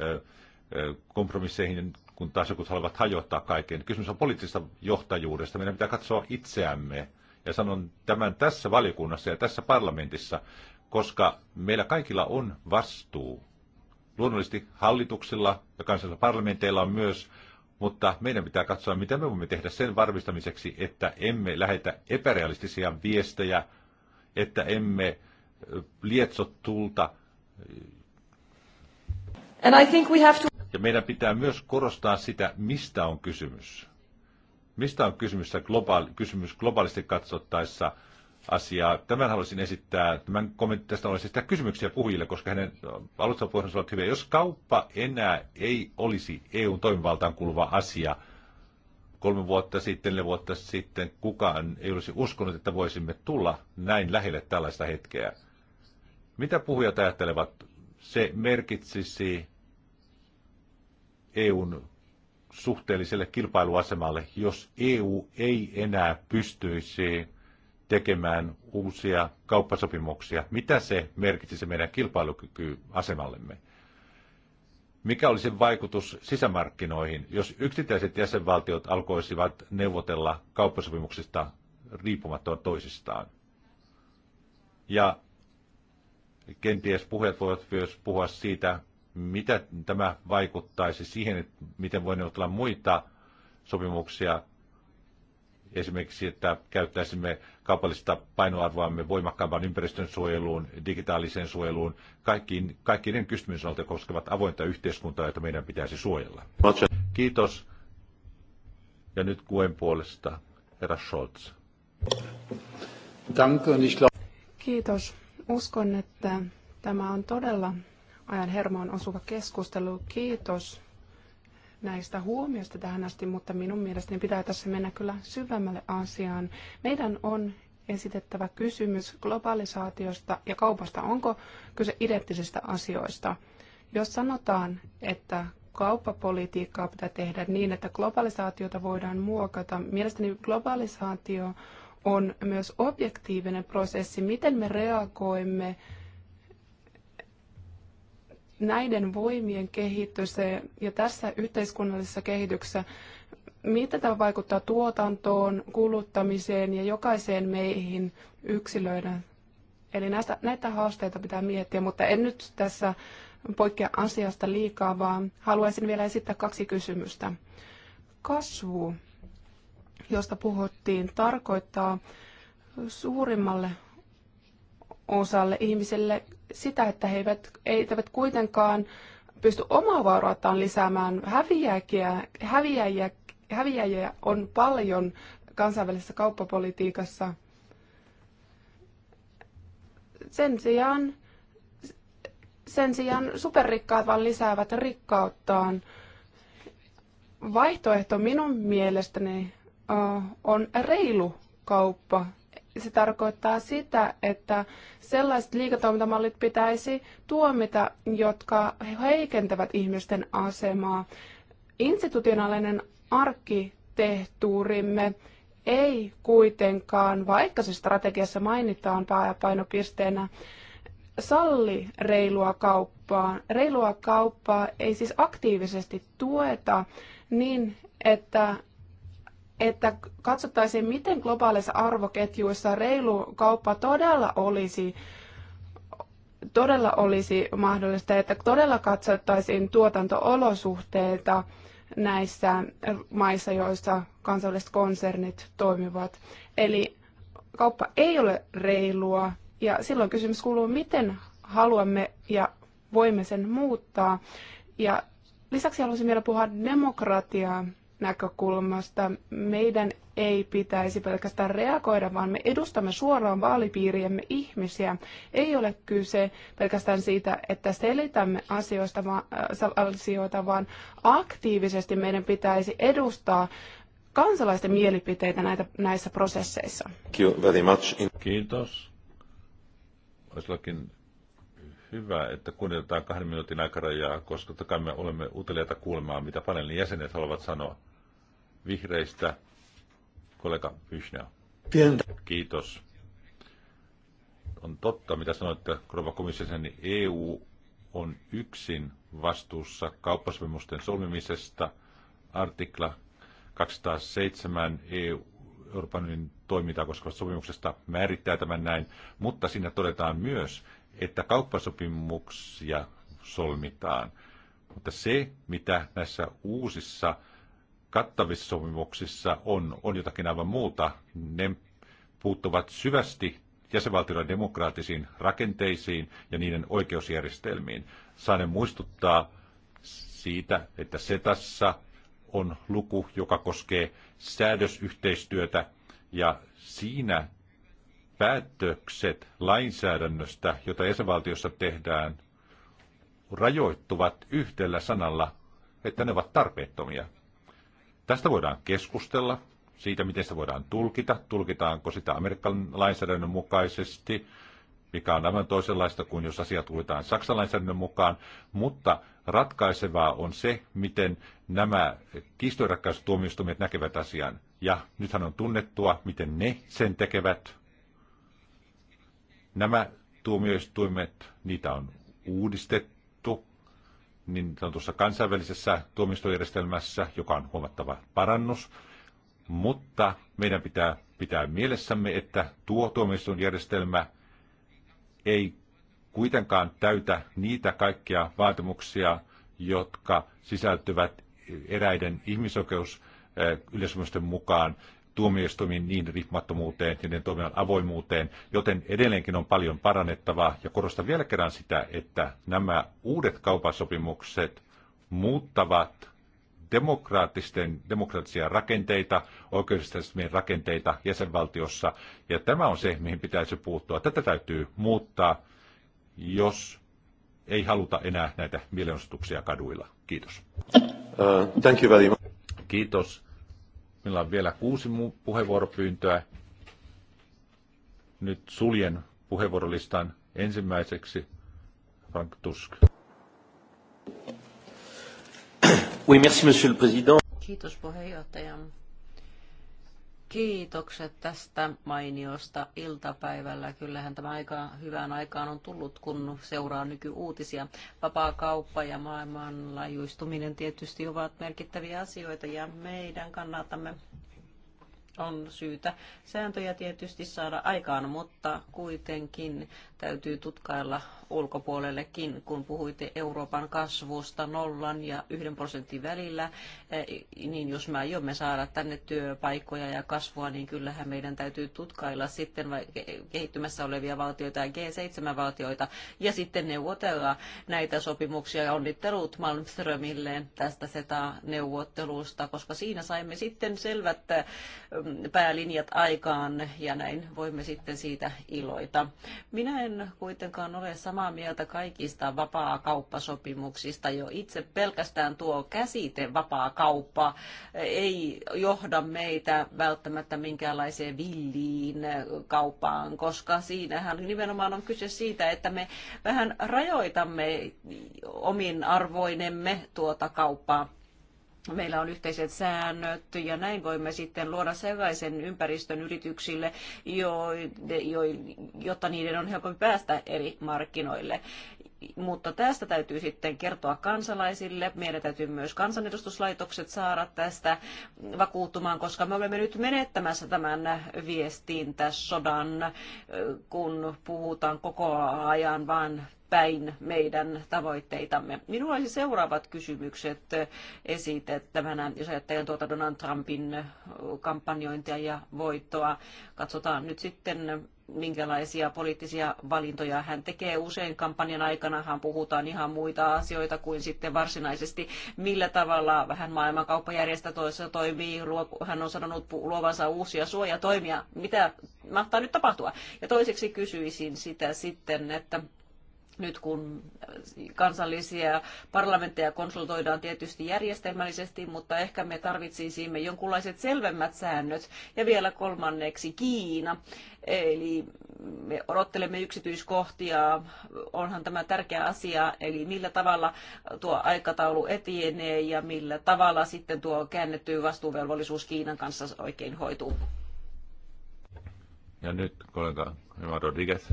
kompromisseihin, kun taas jotkut haluavat hajottaa kaiken. Kysymys on poliittisesta johtajuudesta. Meidän pitää katsoa itseämme. Ja sanon tämän tässä valiokunnassa ja tässä parlamentissa, koska meillä kaikilla on vastuu. Luonnollisesti hallituksilla ja kansallisilla parlamenteilla on myös mutta meidän pitää katsoa, mitä me voimme tehdä sen varmistamiseksi, että emme lähetä epärealistisia viestejä, että emme lietso tulta. And I think we have to... Ja meidän pitää myös korostaa sitä, mistä on kysymys. Mistä on kysymys, globaali, kysymys globaalisti katsottaessa – asiaa. Tämän haluaisin esittää, tämän kommentin tästä olisi esittää kysymyksiä puhujille, koska hänen alustapuheensa ovat hyviä. Jos kauppa enää ei olisi EUn toimivaltaan kuuluva asia, kolme vuotta sitten, neljä vuotta sitten, kukaan ei olisi uskonut, että voisimme tulla näin lähelle tällaista hetkeä. Mitä puhujat ajattelevat? Se merkitsisi EUn suhteelliselle kilpailuasemalle, jos EU ei enää pystyisi tekemään uusia kauppasopimuksia. Mitä se merkitsisi meidän kilpailukykyasemallemme? Mikä olisi vaikutus sisämarkkinoihin, jos yksittäiset jäsenvaltiot alkoisivat neuvotella kauppasopimuksista riippumatta toisistaan? Ja kenties puhujat voivat myös puhua siitä, mitä tämä vaikuttaisi siihen, että miten voi neuvotella muita sopimuksia, esimerkiksi, että käyttäisimme kaupallista painoarvoamme voimakkaampaan ympäristön suojeluun, digitaaliseen suojeluun, kaikkiin, kaikkiin ne kysymys, jotka koskevat avointa yhteiskuntaa, jota meidän pitäisi suojella. Kiitos. Ja nyt kuen puolesta herra Scholz. Kiitos. Uskon, että tämä on todella ajan hermoon osuva keskustelu. Kiitos näistä huomioista tähän asti, mutta minun mielestäni pitää tässä mennä kyllä syvemmälle asiaan. Meidän on esitettävä kysymys globalisaatiosta ja kaupasta. Onko kyse identtisistä asioista? Jos sanotaan, että kauppapolitiikkaa pitää tehdä niin, että globalisaatiota voidaan muokata, mielestäni globalisaatio on myös objektiivinen prosessi, miten me reagoimme näiden voimien kehitys ja tässä yhteiskunnallisessa kehityksessä, mitä tämä vaikuttaa tuotantoon, kuluttamiseen ja jokaiseen meihin yksilöinä. Eli näistä, näitä haasteita pitää miettiä, mutta en nyt tässä poikkea asiasta liikaa, vaan haluaisin vielä esittää kaksi kysymystä. Kasvu, josta puhuttiin, tarkoittaa suurimmalle osalle ihmisille sitä, että he eivät, eivät kuitenkaan pysty omaa vaurauttaan lisäämään. Häviäjiä, häviäjiä, häviäjiä on paljon kansainvälisessä kauppapolitiikassa. Sen sijaan, sen sijaan superrikkaat vaan lisäävät rikkauttaan. Vaihtoehto minun mielestäni on reilu kauppa se tarkoittaa sitä, että sellaiset liiketoimintamallit pitäisi tuomita, jotka heikentävät ihmisten asemaa. Institutionaalinen arkkitehtuurimme ei kuitenkaan, vaikka se strategiassa mainitaan pääpainopisteenä, salli reilua kauppaa. Reilua kauppaa ei siis aktiivisesti tueta niin, että että katsottaisiin, miten globaaleissa arvoketjuissa reilu kauppa todella olisi todella olisi mahdollista, että todella katsottaisiin tuotantoolosuhteita näissä maissa, joissa kansalliset konsernit toimivat. Eli kauppa ei ole reilua ja silloin kysymys kuuluu, miten haluamme ja voimme sen muuttaa. Ja lisäksi haluaisin vielä puhua demokratiaa näkökulmasta meidän ei pitäisi pelkästään reagoida, vaan me edustamme suoraan vaalipiiriemme ihmisiä. Ei ole kyse pelkästään siitä, että selitämme asioista, äh, asioita, vaan aktiivisesti meidän pitäisi edustaa kansalaisten mielipiteitä näitä, näissä prosesseissa. Kiitos. Olisi lakin hyvä, että kunnioitetaan kahden minuutin aikarajaa, koska totta kai me olemme uteliaita kuulemaan, mitä paneelin jäsenet haluavat sanoa. Vihreistä kollega Pyschner. Kiitos. On totta, mitä sanoitte, Krova komissiossa, niin EU on yksin vastuussa kauppasopimusten solmimisesta. Artikla 207 EU, Euroopan unionin toimintaa koskevasta sopimuksesta määrittää tämän näin, mutta siinä todetaan myös, että kauppasopimuksia solmitaan. Mutta se, mitä näissä uusissa kattavissa sopimuksissa on, on jotakin aivan muuta. Ne puuttuvat syvästi jäsenvaltioiden demokraattisiin rakenteisiin ja niiden oikeusjärjestelmiin. ne muistuttaa siitä, että SETassa on luku, joka koskee säädösyhteistyötä ja siinä päätökset lainsäädännöstä, jota jäsenvaltiossa tehdään, rajoittuvat yhdellä sanalla, että ne ovat tarpeettomia. Tästä voidaan keskustella, siitä miten sitä voidaan tulkita, tulkitaanko sitä Amerikan lainsäädännön mukaisesti, mikä on aivan toisenlaista kuin jos asiat tulkitaan Saksan lainsäädännön mukaan, mutta ratkaisevaa on se, miten nämä kiistoratkaisutuomioistuimet näkevät asian. Ja nythän on tunnettua, miten ne sen tekevät. Nämä tuomioistuimet, niitä on uudistettu niin sanotussa kansainvälisessä tuomistojärjestelmässä, joka on huomattava parannus, mutta meidän pitää pitää mielessämme, että tuo tuomioistuinjärjestelmä ei kuitenkaan täytä niitä kaikkia vaatimuksia, jotka sisältyvät eräiden ihmisoikeus eh, mukaan tuomioistuimien niin riippumattomuuteen, niiden toiminnan avoimuuteen, joten edelleenkin on paljon parannettavaa. Ja korostan vielä kerran sitä, että nämä uudet kaupasopimukset muuttavat demokraattisten, demokraattisia rakenteita, oikeudellisten rakenteita jäsenvaltiossa. Ja tämä on se, mihin pitäisi puuttua. Tätä täytyy muuttaa, jos ei haluta enää näitä mielenosoituksia kaduilla. Kiitos. Uh, thank you very much. Kiitos. Meillä on vielä kuusi puheenvuoropyyntöä. Nyt suljen puheenvuorolistan ensimmäiseksi Frank Tusk. Oui, merci, monsieur le président. Kiitos puheenjohtaja. Kiitokset tästä mainiosta iltapäivällä. Kyllähän tämä aika hyvään aikaan on tullut, kun seuraa nykyuutisia. Vapaa kauppa ja maailmanlaajuistuminen tietysti ovat merkittäviä asioita ja meidän kannatamme on syytä sääntöjä tietysti saada aikaan, mutta kuitenkin täytyy tutkailla ulkopuolellekin, kun puhuitte Euroopan kasvusta nollan ja yhden prosentin välillä, e, niin jos me aiomme saada tänne työpaikkoja ja kasvua, niin kyllähän meidän täytyy tutkailla sitten kehittymässä olevia valtioita ja G7-valtioita ja sitten neuvotella näitä sopimuksia ja onnittelut Malmströmille tästä SETA-neuvottelusta, koska siinä saimme sitten selvät e, päälinjat aikaan ja näin voimme sitten siitä iloita. Minä en en kuitenkaan ole samaa mieltä kaikista vapaa-kauppasopimuksista. Jo itse pelkästään tuo käsite vapaa-kauppa ei johda meitä välttämättä minkäänlaiseen villiin kauppaan, koska siinähän nimenomaan on kyse siitä, että me vähän rajoitamme omin arvoinemme tuota kauppaa meillä on yhteiset säännöt ja näin voimme sitten luoda sellaisen ympäristön yrityksille, jo, jo, jotta niiden on helpompi päästä eri markkinoille mutta tästä täytyy sitten kertoa kansalaisille. Meidän täytyy myös kansanedustuslaitokset saada tästä vakuuttumaan, koska me olemme nyt menettämässä tämän viestintäsodan, kun puhutaan koko ajan vain päin meidän tavoitteitamme. Minulla olisi seuraavat kysymykset esitettävänä, jos ajattelen tuota Donald Trumpin kampanjointia ja voittoa. Katsotaan nyt sitten minkälaisia poliittisia valintoja hän tekee. Usein kampanjan aikana, hän puhutaan ihan muita asioita kuin sitten varsinaisesti, millä tavalla vähän maailmankauppajärjestö toisessa toimii. Hän on sanonut luovansa uusia suojatoimia. Mitä mahtaa nyt tapahtua? Ja toiseksi kysyisin sitä sitten, että nyt kun kansallisia parlamentteja konsultoidaan tietysti järjestelmällisesti, mutta ehkä me tarvitsisimme jonkunlaiset selvemmät säännöt. Ja vielä kolmanneksi Kiina. Eli me odottelemme yksityiskohtia. Onhan tämä tärkeä asia, eli millä tavalla tuo aikataulu etenee ja millä tavalla sitten tuo käännetty vastuuvelvollisuus Kiinan kanssa oikein hoituu. Ja nyt kollega Rodriguez.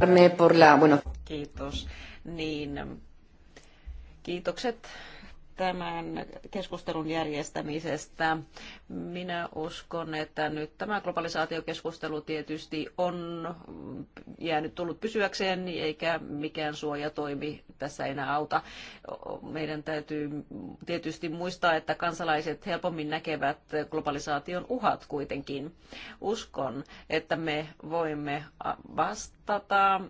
Kiitos. Niin, kiitokset tämän keskustelun järjestämisestä. Minä uskon, että nyt tämä globalisaatiokeskustelu tietysti on jäänyt tullut pysyäkseen, eikä mikään suoja toimi tässä enää auta. Meidän täytyy tietysti muistaa, että kansalaiset helpommin näkevät globalisaation uhat kuitenkin. Uskon, että me voimme vastata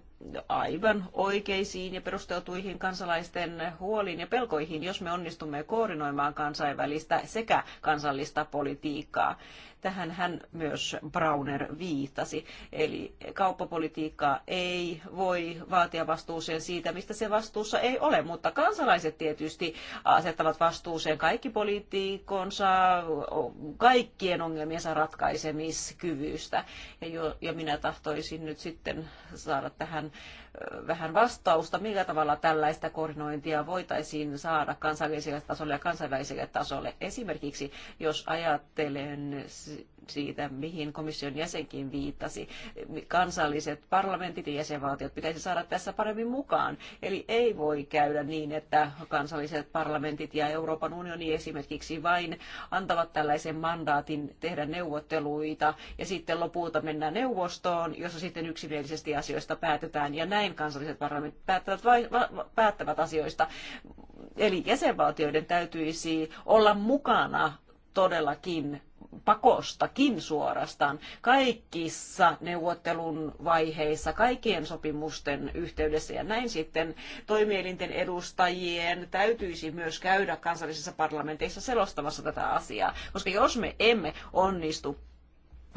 aivan oikeisiin ja perusteltuihin kansalaisten huoliin ja pelkoihin, jos me onnistumme koordinoimaan kansainvälistä sekä kansallista politiikkaa. Tähän hän myös Brauner viitasi, Eli kauppapolitiikka ei voi vaatia vastuuseen siitä, mistä se vastuussa ei ole, mutta kansalaiset tietysti asettavat vastuuseen kaikki politiikonsa, kaikkien ongelmiensa ratkaisemiskyvystä. Ja, jo, ja minä tahtoisin nyt sitten saada tähän vähän vastausta, millä tavalla tällaista koordinointia voitaisiin saada kansalliselle tasolle ja kansainväliselle tasolle. Esimerkiksi jos ajattelen siitä, mihin komission jäsenkin viittasi. Kansalliset parlamentit ja jäsenvaltiot pitäisi saada tässä paremmin mukaan. Eli ei voi käydä niin, että kansalliset parlamentit ja Euroopan unioni esimerkiksi vain antavat tällaisen mandaatin tehdä neuvotteluita ja sitten lopulta mennään neuvostoon, jossa sitten yksimielisesti asioista päätetään ja näin kansalliset parlamentit päättävät, vain, päättävät asioista. Eli jäsenvaltioiden täytyisi olla mukana todellakin pakostakin suorastaan kaikissa neuvottelun vaiheissa, kaikkien sopimusten yhteydessä. Ja näin sitten toimielinten edustajien täytyisi myös käydä kansallisissa parlamenteissa selostamassa tätä asiaa, koska jos me emme onnistu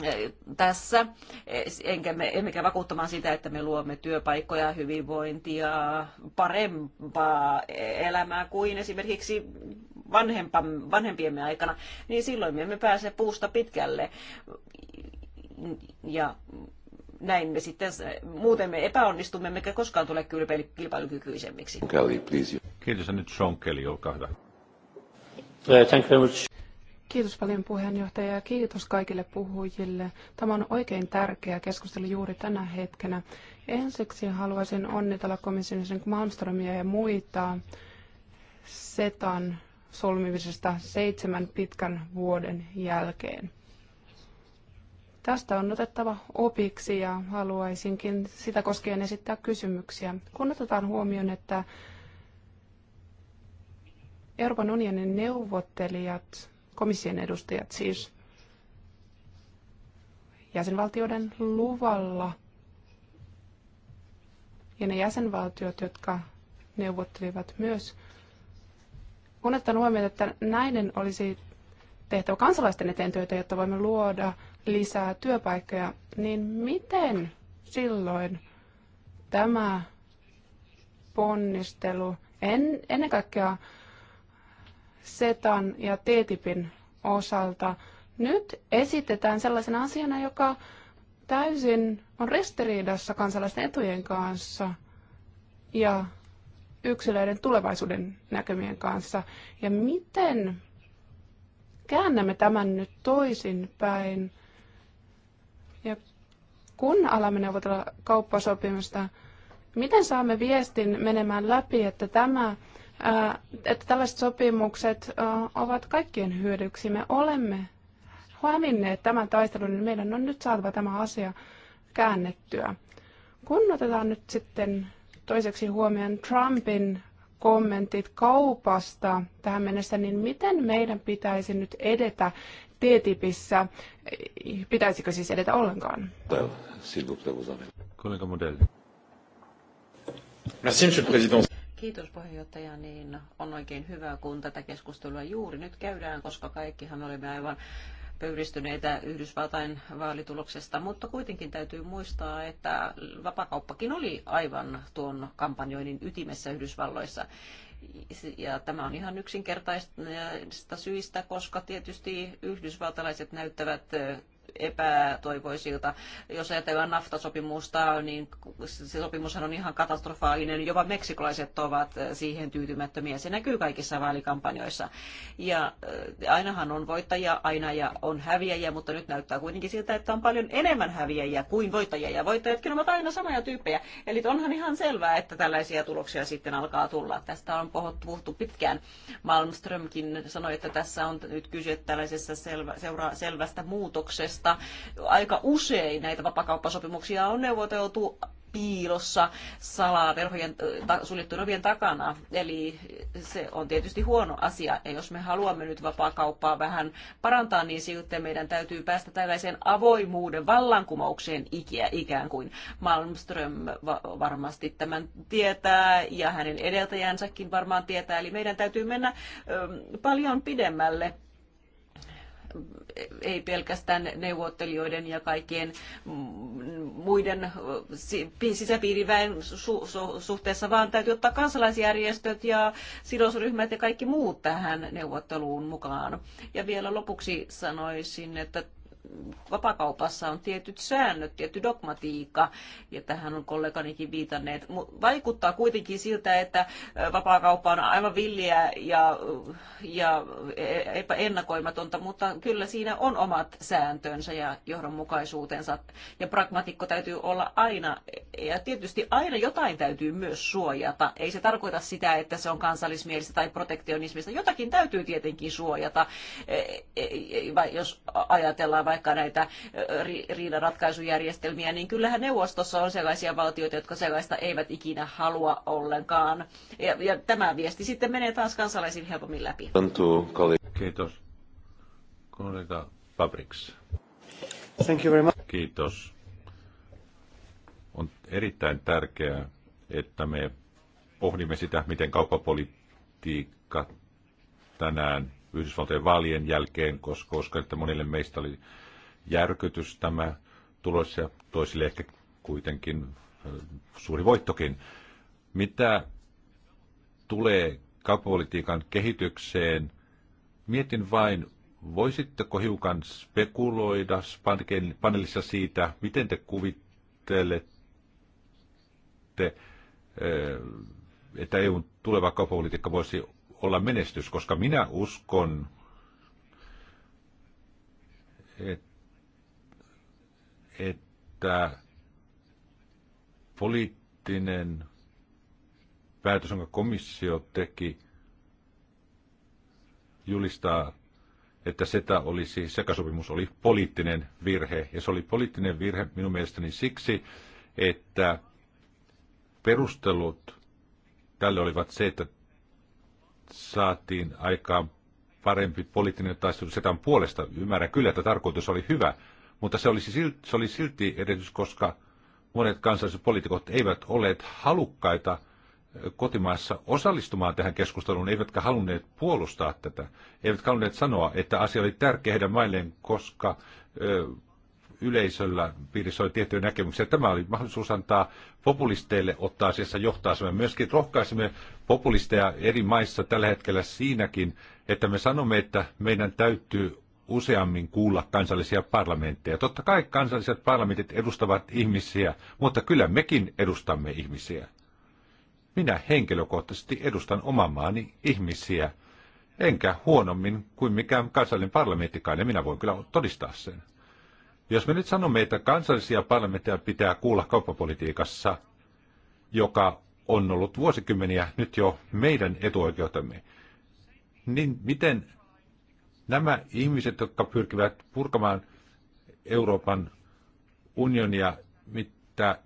eh, tässä, eh, enkä me, emmekä vakuuttamaan sitä, että me luomme työpaikkoja, hyvinvointia, parempaa elämää kuin esimerkiksi vanhempiemme aikana, niin silloin me emme pääse puusta pitkälle. Ja näin me sitten, muuten me epäonnistumme, emmekä koskaan tule kilpailukykyisemmiksi. Kelly, please. Kiitos nyt Sean Kelly, olkaa hyvä. Thank you very much. Kiitos paljon puheenjohtaja ja kiitos kaikille puhujille. Tämä on oikein tärkeä keskustelu juuri tänä hetkenä. Ensiksi haluaisin onnitella komission Malmströmiä ja muita SETAn solmimisesta seitsemän pitkän vuoden jälkeen. Tästä on otettava opiksi ja haluaisinkin sitä koskien esittää kysymyksiä. Kun otetaan huomioon, että Euroopan unionin neuvottelijat, komission edustajat siis, jäsenvaltioiden luvalla ja ne jäsenvaltiot, jotka neuvottelivat myös on ottanut huomioon, että näiden olisi tehtävä kansalaisten eteen työtä, jotta voimme luoda lisää työpaikkoja, niin miten silloin tämä ponnistelu, en, ennen kaikkea SETAN ja TTIPin osalta, nyt esitetään sellaisena asiana, joka täysin on ristiriidassa kansalaisten etujen kanssa ja yksilöiden tulevaisuuden näkymien kanssa. Ja miten käännämme tämän nyt toisinpäin? Ja kun alamme neuvotella kauppasopimusta, miten saamme viestin menemään läpi, että, tämä, että tällaiset sopimukset ovat kaikkien hyödyksi? Me olemme hävinneet tämän taistelun, niin meidän on nyt saatava tämä asia käännettyä. Kun otetaan nyt sitten toiseksi huomioon Trumpin kommentit kaupasta tähän mennessä, niin miten meidän pitäisi nyt edetä TTIPissä? Pitäisikö siis edetä ollenkaan? Kollega Modelli. Kiitos puheenjohtaja, niin on oikein hyvä, kun tätä keskustelua juuri nyt käydään, koska kaikkihan olemme aivan pöyristyneitä Yhdysvaltain vaalituloksesta, mutta kuitenkin täytyy muistaa, että vapakauppakin oli aivan tuon kampanjoinnin ytimessä Yhdysvalloissa. Ja tämä on ihan yksinkertaista syistä, koska tietysti yhdysvaltalaiset näyttävät epätoivoisilta. Jos ajatellaan naftasopimusta, niin se sopimushan on ihan katastrofaalinen. Jopa meksikolaiset ovat siihen tyytymättömiä. Se näkyy kaikissa vaalikampanjoissa. Ja ainahan on voittajia, aina ja on häviäjiä, mutta nyt näyttää kuitenkin siltä, että on paljon enemmän häviäjiä kuin voittajia. Ja voittajatkin ovat aina samoja tyyppejä. Eli onhan ihan selvää, että tällaisia tuloksia sitten alkaa tulla. Tästä on puhuttu pitkään. Malmströmkin sanoi, että tässä on nyt kyse tällaisessa selvä, seura, selvästä muutoksesta puolesta. Aika usein näitä vapakauppasopimuksia on neuvoteltu piilossa salaverhojen äh, suljettujen ovien takana. Eli se on tietysti huono asia. Ja jos me haluamme nyt vapaakauppaa vähän parantaa, niin sitten meidän täytyy päästä tällaiseen avoimuuden vallankumoukseen ikiä, ikään kuin. Malmström varmasti tämän tietää ja hänen edeltäjänsäkin varmaan tietää. Eli meidän täytyy mennä paljon pidemmälle ei pelkästään neuvottelijoiden ja kaikkien muiden sisäpiiriväen suhteessa, vaan täytyy ottaa kansalaisjärjestöt ja sidosryhmät ja kaikki muut tähän neuvotteluun mukaan. Ja vielä lopuksi sanoisin, että vapakaupassa on tietyt säännöt, tietty dogmatiikka, ja tähän on kolleganikin viitanneet. Vaikuttaa kuitenkin siltä, että vapakauppa on aivan villiä ja, ja epäennakoimatonta, mutta kyllä siinä on omat sääntönsä ja johdonmukaisuutensa, ja pragmatikko täytyy olla aina, ja tietysti aina jotain täytyy myös suojata. Ei se tarkoita sitä, että se on kansallismielistä tai protektionismista. Jotakin täytyy tietenkin suojata, e-, e-, e-, jos ajatellaan vaikka näitä riidanratkaisujärjestelmiä, niin kyllähän neuvostossa on sellaisia valtioita, jotka sellaista eivät ikinä halua ollenkaan. Ja, ja tämä viesti sitten menee taas kansalaisiin helpommin läpi. Kiitos. Kollega Fabriks. Thank you very much. Kiitos. On erittäin tärkeää, että me pohdimme sitä, miten kauppapolitiikka tänään Yhdysvaltojen vaalien jälkeen, koska uskon, että monille meistä oli järkytys tämä tulos ja toisille ehkä kuitenkin äh, suuri voittokin. Mitä tulee kauppapolitiikan kehitykseen, mietin vain, voisitteko hiukan spekuloida paneelissa siitä, miten te kuvittelette, äh, että EUn tuleva kauppapolitiikka voisi olla menestys, koska minä uskon, että että poliittinen päätös, jonka komissio teki, julistaa, että SETA olisi, sekasopimus oli poliittinen virhe. Ja se oli poliittinen virhe minun mielestäni siksi, että perustelut tälle olivat se, että saatiin aikaan parempi poliittinen taistelu SETAn puolesta. Ymmärrän kyllä, että tarkoitus oli hyvä, mutta se olisi silti, se oli silti edellytys, koska monet kansalliset poliitikot eivät olleet halukkaita kotimaassa osallistumaan tähän keskusteluun, eivätkä halunneet puolustaa tätä, eivätkä halunneet sanoa, että asia oli tärkeä heidän mailleen, koska ö, yleisöllä piirissä oli tiettyjä näkemyksiä. Tämä oli mahdollisuus antaa populisteille ottaa asiassa johtaa. Me myöskin rohkaisimme populisteja eri maissa tällä hetkellä siinäkin, että me sanomme, että meidän täytyy useammin kuulla kansallisia parlamentteja. Totta kai kansalliset parlamentit edustavat ihmisiä, mutta kyllä mekin edustamme ihmisiä. Minä henkilökohtaisesti edustan oman maani ihmisiä, enkä huonommin kuin mikään kansallinen parlamenttikaan, ja minä voin kyllä todistaa sen. Jos me nyt sanomme, että kansallisia parlamentteja pitää kuulla kauppapolitiikassa, joka on ollut vuosikymmeniä nyt jo meidän etuoikeutemme, niin miten Nämä ihmiset, jotka pyrkivät purkamaan Euroopan unionia, mitä...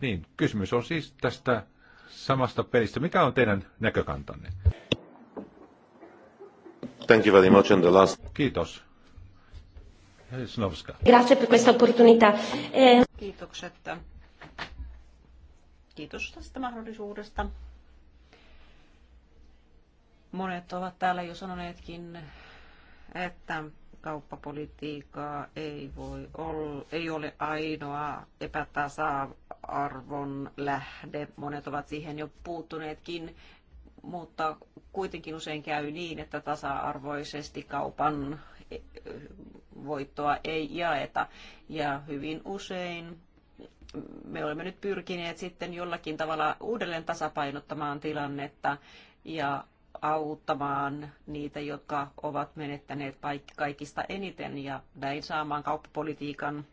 Niin, kysymys on siis tästä samasta pelistä. Mikä on teidän näkökantanne? Thank you very much. the last... Kiitos. Grazie per questa opportunità. Eh, Kiitokset. Kiitos tästä mahdollisuudesta Monet ovat täällä jo sanoneetkin, että kauppapolitiikkaa ei, voi olla, ei ole ainoa epätasa-arvon lähde. Monet ovat siihen jo puuttuneetkin, mutta kuitenkin usein käy niin, että tasa-arvoisesti kaupan e, voittoa ei jaeta. Ja hyvin usein me olemme nyt pyrkineet sitten jollakin tavalla uudelleen tasapainottamaan tilannetta ja auttamaan niitä, jotka ovat menettäneet kaikista eniten ja näin saamaan kauppapolitiikan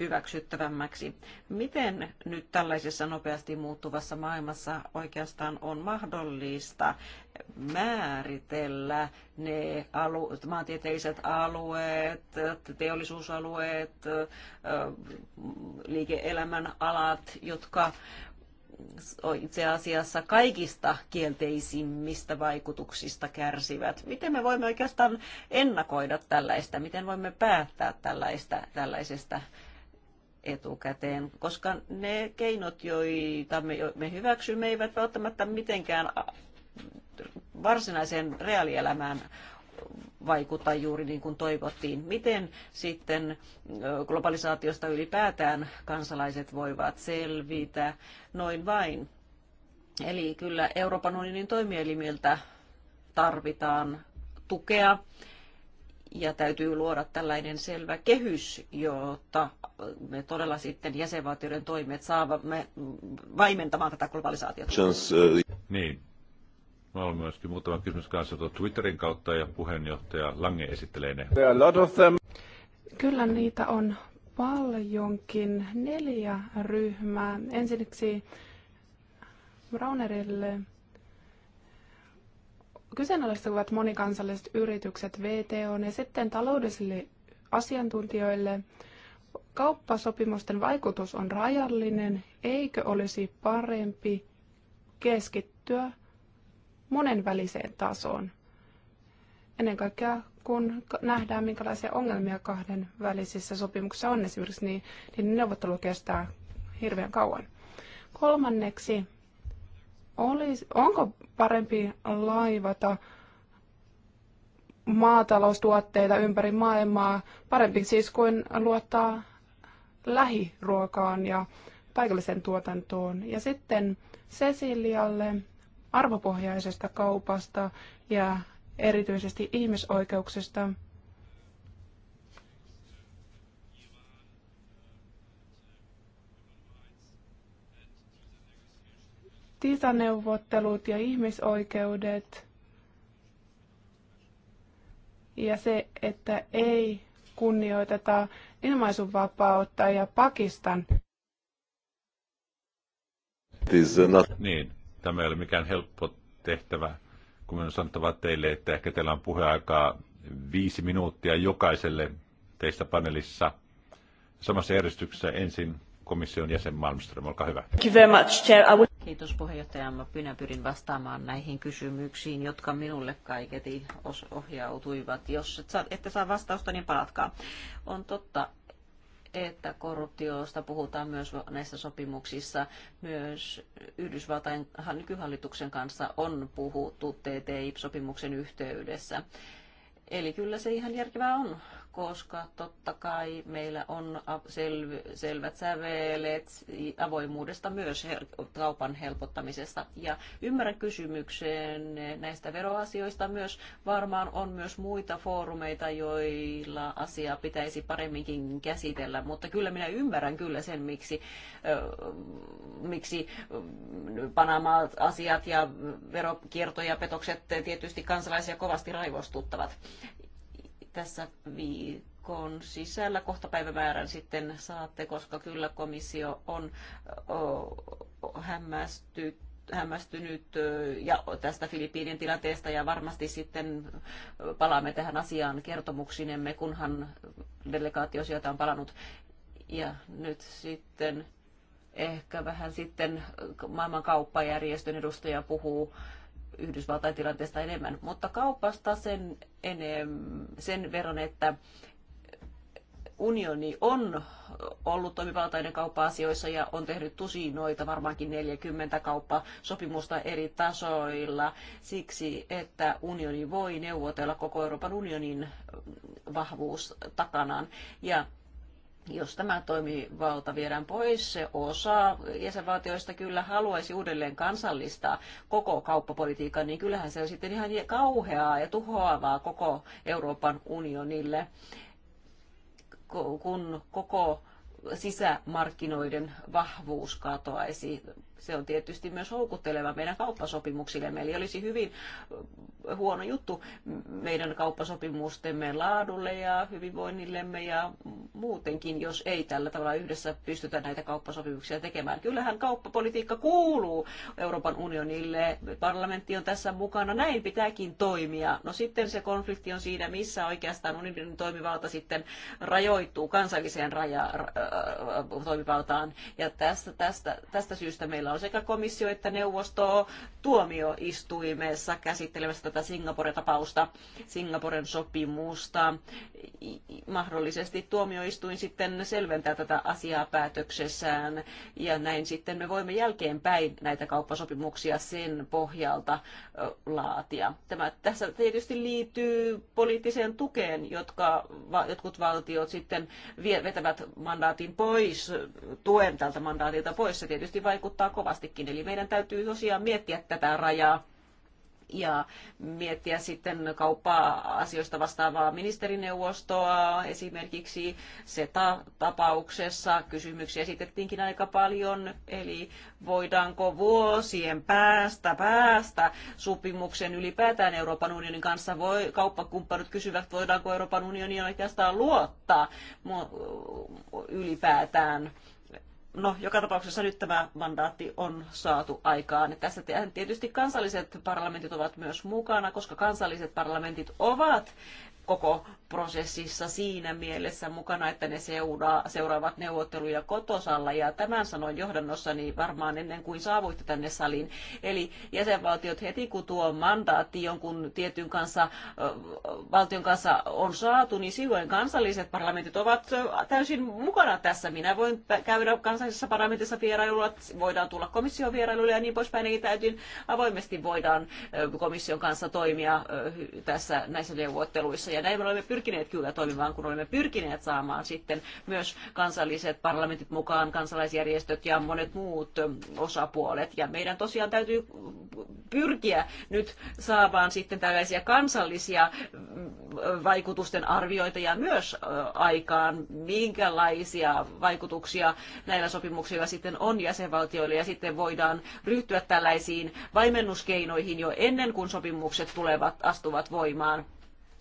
hyväksyttävämmäksi. Miten nyt tällaisessa nopeasti muuttuvassa maailmassa oikeastaan on mahdollista määritellä ne alu- maantieteelliset alueet, teollisuusalueet, liike-elämän alat, jotka itse asiassa kaikista kielteisimmistä vaikutuksista kärsivät. Miten me voimme oikeastaan ennakoida tällaista? Miten voimme päättää tällaista, tällaisesta etukäteen, koska ne keinot, joita me, me hyväksymme, eivät välttämättä mitenkään varsinaiseen reaalielämään vaikuta juuri niin kuin toivottiin. Miten sitten globalisaatiosta ylipäätään kansalaiset voivat selvitä noin vain? Eli kyllä Euroopan unionin toimielimiltä tarvitaan tukea ja täytyy luoda tällainen selvä kehys, jotta me todella sitten jäsenvaltioiden toimet saavat me vaimentamaan tätä globalisaatiota. Niin, Mä on myöskin muutama kysymys kanssa Twitterin kautta ja puheenjohtaja Lange esittelee ne. Kyllä niitä on paljonkin. Neljä ryhmää. Ensinnäksi Braunerille kyseenalaistavat monikansalliset yritykset VTO ja sitten taloudellisille asiantuntijoille kauppasopimusten vaikutus on rajallinen, eikö olisi parempi keskittyä monenväliseen tasoon. Ennen kaikkea kun nähdään, minkälaisia ongelmia kahden välisissä sopimuksissa on esimerkiksi, niin, niin neuvottelu kestää hirveän kauan. Kolmanneksi, olisi, onko parempi laivata maataloustuotteita ympäri maailmaa, parempi siis kuin luottaa lähiruokaan ja paikalliseen tuotantoon. Ja sitten Cecilialle arvopohjaisesta kaupasta ja erityisesti ihmisoikeuksista. TISA-neuvottelut ja ihmisoikeudet ja se, että ei kunnioiteta ilmaisunvapautta ja Pakistan. Niin, Tämä ei ole mikään helppo tehtävä, kun on sanottava teille, että ehkä teillä on puheaikaa viisi minuuttia jokaiselle teistä panelissa. Samassa järjestyksessä ensin komission jäsen Malmström, olkaa hyvä. Kiitos puheenjohtaja. Mä minä pyrin vastaamaan näihin kysymyksiin, jotka minulle kaiketi ohjautuivat. Jos ette saa vastausta, niin palatkaa. On totta, että korruptiosta puhutaan myös näissä sopimuksissa. Myös Yhdysvaltain nykyhallituksen kanssa on puhuttu TTIP-sopimuksen yhteydessä. Eli kyllä se ihan järkevää on koska totta kai meillä on sel- selvät sävelet avoimuudesta myös her- kaupan helpottamisesta. Ja ymmärrän kysymykseen näistä veroasioista myös. Varmaan on myös muita foorumeita, joilla asiaa pitäisi paremminkin käsitellä, mutta kyllä minä ymmärrän kyllä sen, miksi, miksi Panama-asiat ja verokierto ja petokset tietysti kansalaisia kovasti raivostuttavat tässä viikon sisällä kohtapäivämäärän sitten saatte, koska kyllä komissio on hämmästyt hämmästynyt ja tästä Filippiinien tilanteesta ja varmasti sitten palaamme tähän asiaan kertomuksinemme, kunhan delegaatio sieltä on palannut. Ja nyt sitten ehkä vähän sitten maailmankauppajärjestön edustaja puhuu Yhdysvaltain tilanteesta enemmän, mutta kaupasta sen, enem, sen verran, että unioni on ollut toimivaltainen kauppa-asioissa ja on tehnyt noita, varmaankin 40 kauppasopimusta eri tasoilla, siksi että unioni voi neuvotella koko Euroopan unionin vahvuus takanaan. Ja jos tämä toimivalta viedään pois, se osa jäsenvaltioista kyllä haluaisi uudelleen kansallistaa koko kauppapolitiikan, niin kyllähän se on sitten ihan kauheaa ja tuhoavaa koko Euroopan unionille, kun koko sisämarkkinoiden vahvuus katoaisi se on tietysti myös houkutteleva meidän kauppasopimuksille. Eli olisi hyvin äh, huono juttu meidän kauppasopimustemme laadulle ja hyvinvoinnillemme ja muutenkin, jos ei tällä tavalla yhdessä pystytä näitä kauppasopimuksia tekemään. Kyllähän kauppapolitiikka kuuluu Euroopan unionille. Parlamentti on tässä mukana. Näin pitääkin toimia. No sitten se konflikti on siinä, missä oikeastaan unionin toimivalta sitten rajoittuu kansalliseen raja, äh, äh, toimivaltaan. Ja tästä, tästä, tästä syystä meillä on sekä komissio että neuvosto tuomioistuimessa käsittelemässä tätä Singapore-tapausta, Singaporen sopimusta. Mahdollisesti tuomioistuin sitten selventää tätä asiaa päätöksessään ja näin sitten me voimme jälkeenpäin näitä kauppasopimuksia sen pohjalta laatia. Tämä tässä tietysti liittyy poliittiseen tukeen, jotka jotkut valtiot sitten vetävät mandaatin pois, tuen tältä mandaatilta pois. Se tietysti vaikuttaa kovastikin. Eli meidän täytyy tosiaan miettiä tätä rajaa ja miettiä sitten kauppaa asioista vastaavaa ministerineuvostoa esimerkiksi SETA-tapauksessa. Kysymyksiä esitettiinkin aika paljon, eli voidaanko vuosien päästä päästä sopimuksen ylipäätään Euroopan unionin kanssa. Voi, kauppakumppanit kysyvät, voidaanko Euroopan unionin oikeastaan luottaa ylipäätään No, joka tapauksessa nyt tämä mandaatti on saatu aikaan. Tässä tietysti kansalliset parlamentit ovat myös mukana, koska kansalliset parlamentit ovat koko prosessissa siinä mielessä mukana, että ne seuraa, seuraavat neuvotteluja kotosalla. Ja tämän sanoin johdannossani varmaan ennen kuin saavuitte tänne saliin. Eli jäsenvaltiot heti kun tuo mandaatti jonkun tietyn kanssa, valtion kanssa on saatu, niin silloin kansalliset parlamentit ovat täysin mukana tässä. Minä voin käydä kansallisessa parlamentissa vierailulla, voidaan tulla komission vierailulle ja niin poispäin. Eli täytyy avoimesti voidaan komission kanssa toimia tässä näissä neuvotteluissa kansalaisia. Näin me olemme pyrkineet kyllä toimimaan, kun olemme pyrkineet saamaan sitten myös kansalliset parlamentit mukaan, kansalaisjärjestöt ja monet muut osapuolet. Ja meidän tosiaan täytyy pyrkiä nyt saamaan sitten tällaisia kansallisia mm, vaikutusten arvioita ja myös aikaan, minkälaisia vaikutuksia näillä sopimuksilla sitten on jäsenvaltioille ja sitten voidaan ryhtyä tällaisiin vaimennuskeinoihin jo ennen kuin sopimukset tulevat, astuvat voimaan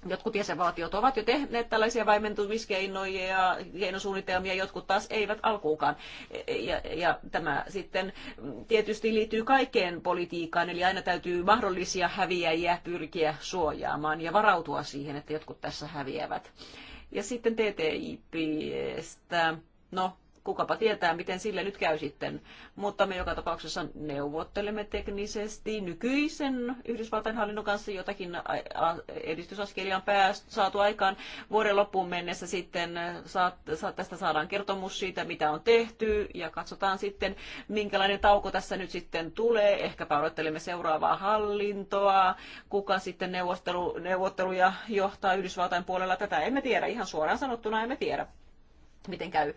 Jotkut jäsenvaltiot ovat jo tehneet tällaisia vaimentumiskeinoja ja keinosuunnitelmia, jotkut taas eivät alkuunkaan. Ja, ja tämä sitten tietysti liittyy kaikkeen politiikkaan, eli aina täytyy mahdollisia häviäjiä pyrkiä suojaamaan ja varautua siihen, että jotkut tässä häviävät. Ja sitten TTIPstä. No, kukapa tietää, miten sille nyt käy sitten. Mutta me joka tapauksessa neuvottelemme teknisesti nykyisen Yhdysvaltain hallinnon kanssa jotakin edistysaskelia on pääst, saatu aikaan. Vuoden loppuun mennessä sitten saat, saat, tästä saadaan kertomus siitä, mitä on tehty ja katsotaan sitten, minkälainen tauko tässä nyt sitten tulee. Ehkäpä odottelemme seuraavaa hallintoa, kuka sitten neuvottelu, neuvotteluja johtaa Yhdysvaltain puolella. Tätä emme tiedä, ihan suoraan sanottuna emme tiedä miten käy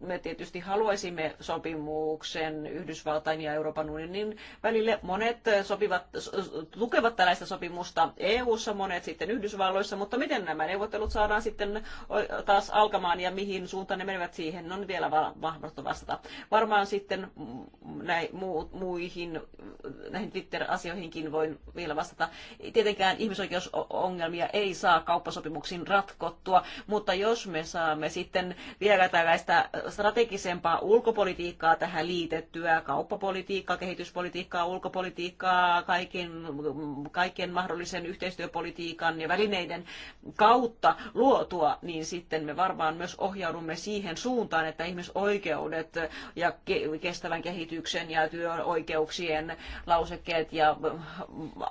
me tietysti haluaisimme sopimuksen Yhdysvaltain ja Euroopan unionin välille. Monet sopivat, tukevat tällaista sopimusta EU-ssa, monet sitten Yhdysvalloissa, mutta miten nämä neuvottelut saadaan sitten taas alkamaan ja mihin suuntaan ne menevät siihen, on vielä vahvasti vastata. Varmaan sitten näin, muu, muihin näihin Twitter-asioihinkin voin vielä vastata. Tietenkään ihmisoikeusongelmia ei saa kauppasopimuksiin ratkottua, mutta jos me saamme sitten vielä vielä tällaista strategisempaa ulkopolitiikkaa tähän liitettyä, kauppapolitiikkaa, kehityspolitiikkaa, ulkopolitiikkaa, kaiken, kaiken mahdollisen yhteistyöpolitiikan ja välineiden kautta luotua, niin sitten me varmaan myös ohjaudumme siihen suuntaan, että ihmisoikeudet ja kestävän kehityksen ja työoikeuksien lausekkeet ja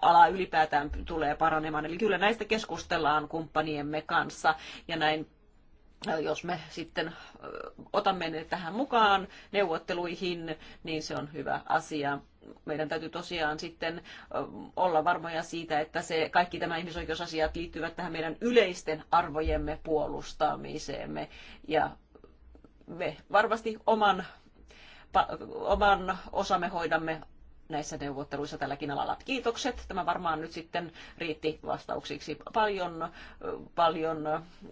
ala ylipäätään tulee paranemaan. Eli kyllä näistä keskustellaan kumppaniemme kanssa ja näin jos me sitten otamme ne tähän mukaan neuvotteluihin, niin se on hyvä asia. Meidän täytyy tosiaan sitten olla varmoja siitä, että se, kaikki tämä ihmisoikeusasiat liittyvät tähän meidän yleisten arvojemme puolustamiseemme. Ja me varmasti oman oman osamme hoidamme näissä neuvotteluissa tälläkin alalla. Kiitokset. Tämä varmaan nyt sitten riitti vastauksiksi. Paljon, paljon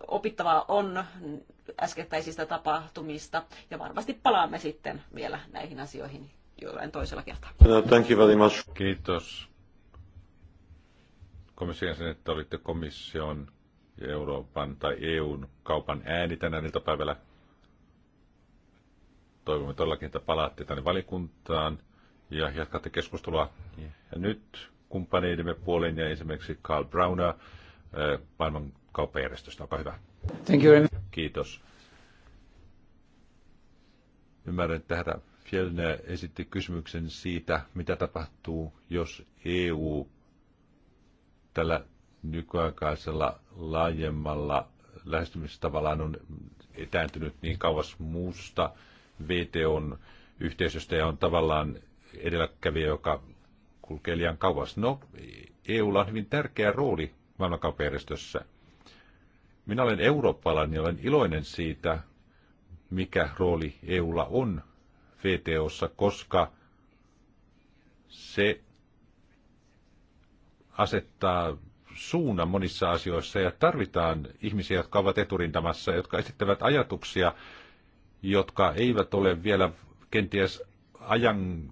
opittavaa on äskettäisistä tapahtumista ja varmasti palaamme sitten vielä näihin asioihin jollain toisella kertaa. Uh, thank you very much. Kiitos komission sen, että olitte komission ja Euroopan tai EUn kaupan ääni tänään iltapäivällä. Toivomme todellakin, että palaatte tänne valikuntaan ja jatkatte keskustelua. Ja nyt kumppaneidemme puolen ja esimerkiksi Karl Browner eh, maailman kauppajärjestöstä. Olkaa hyvä. Thank you. Kiitos. Ymmärrän, että herra Fjellner esitti kysymyksen siitä, mitä tapahtuu, jos EU tällä nykyaikaisella laajemmalla lähestymistavallaan on etääntynyt niin kauas muusta VTOn yhteisöstä ja on tavallaan edelläkävijä, joka kulkee liian kauas. No, EUlla on hyvin tärkeä rooli maailmankauppajärjestössä. Minä olen eurooppalainen ja olen iloinen siitä, mikä rooli EUlla on VTOssa, koska se asettaa suunnan monissa asioissa ja tarvitaan ihmisiä, jotka ovat eturintamassa, jotka esittävät ajatuksia, jotka eivät ole vielä kenties ajan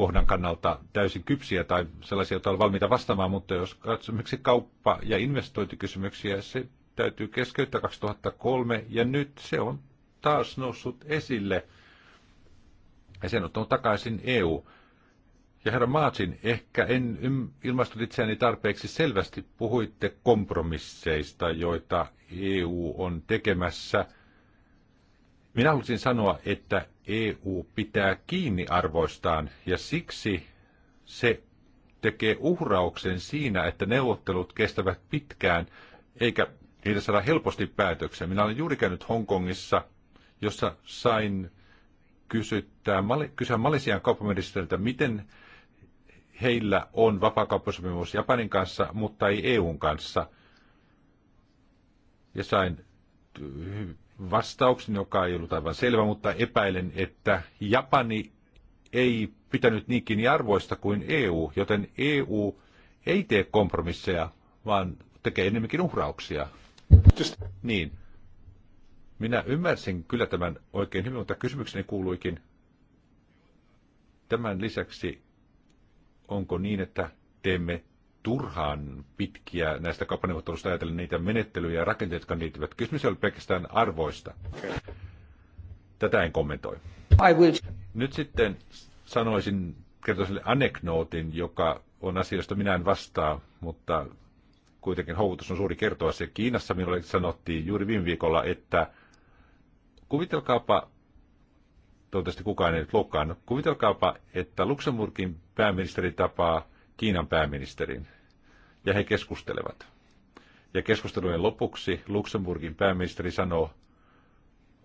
kohdan kannalta täysin kypsiä tai sellaisia, joita on valmiita vastaamaan, mutta jos katsomme miksi kauppa- ja investointikysymyksiä, se täytyy keskeyttää 2003 ja nyt se on taas noussut esille ja sen on takaisin EU. Ja herra Maatsin, ehkä en ilmaistut itseäni tarpeeksi selvästi. Puhuitte kompromisseista, joita EU on tekemässä – minä haluaisin sanoa, että EU pitää kiinni arvoistaan ja siksi se tekee uhrauksen siinä, että neuvottelut kestävät pitkään eikä niitä saada helposti päätöksiä. Minä olen juuri käynyt Hongkongissa, jossa sain kysyttää, kysyä Malesian kauppaministeriltä, miten heillä on vapaakauppasopimus Japanin kanssa, mutta ei EUn kanssa. Ja sain vastauksen, joka ei ollut aivan selvä, mutta epäilen, että Japani ei pitänyt niinkin arvoista kuin EU, joten EU ei tee kompromisseja, vaan tekee enemmänkin uhrauksia. Niin. Minä ymmärsin kyllä tämän oikein hyvin, mutta kysymykseni kuuluikin tämän lisäksi, onko niin, että teemme turhaan pitkiä näistä kauppaneuvotteluista ajatellen niitä menettelyjä ja rakenteita, jotka liittyvät. Kysymys oli pelkästään arvoista. Tätä en kommentoi. I will. Nyt sitten sanoisin, kertoisin aneknootin, joka on asia, josta minä en vastaa, mutta kuitenkin houkutus on suuri kertoa se. Kiinassa minulle sanottiin juuri viime viikolla, että kuvitelkaapa, toivottavasti kukaan ei nyt loukkaan, kuvitelkaapa, että Luxemburgin pääministeri tapaa Kiinan pääministerin, ja he keskustelevat. Ja keskustelujen lopuksi Luxemburgin pääministeri sanoo,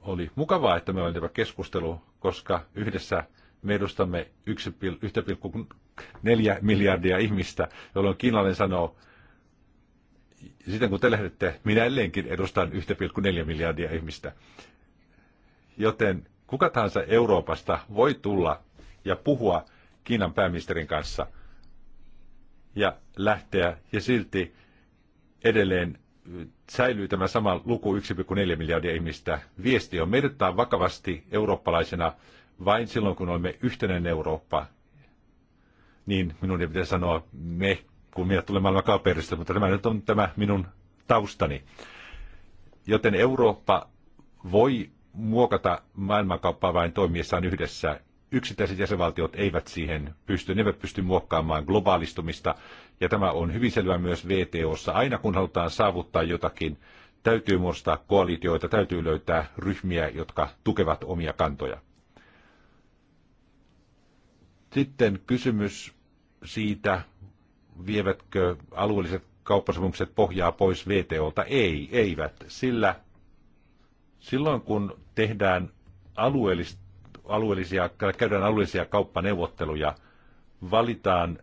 oli mukavaa, että me olemme tämä keskustelu, koska yhdessä me edustamme 1,4 miljardia ihmistä, jolloin kiinalainen sanoo, sitten kun te lähdette, minä edelleenkin edustan 1,4 miljardia ihmistä. Joten kuka tahansa Euroopasta voi tulla ja puhua Kiinan pääministerin kanssa – ja lähteä, ja silti edelleen säilyy tämä sama luku 1,4 miljardia ihmistä. Viesti on meidättää vakavasti eurooppalaisena vain silloin, kun olemme yhtenäinen Eurooppa. Niin minun ei pitäisi sanoa me, kun minä tulen maailman mutta tämä nyt on tämä minun taustani. Joten Eurooppa voi muokata maailmankauppaa vain toimiessaan yhdessä yksittäiset jäsenvaltiot eivät siihen pysty, ne eivät pysty muokkaamaan globaalistumista, ja tämä on hyvin selvää myös VTOssa. Aina kun halutaan saavuttaa jotakin, täytyy muodostaa koalitioita, täytyy löytää ryhmiä, jotka tukevat omia kantoja. Sitten kysymys siitä, vievätkö alueelliset kauppasopimukset pohjaa pois VTOlta? Ei, eivät, sillä silloin kun tehdään alueellista alueellisia, käydään alueellisia kauppaneuvotteluja, valitaan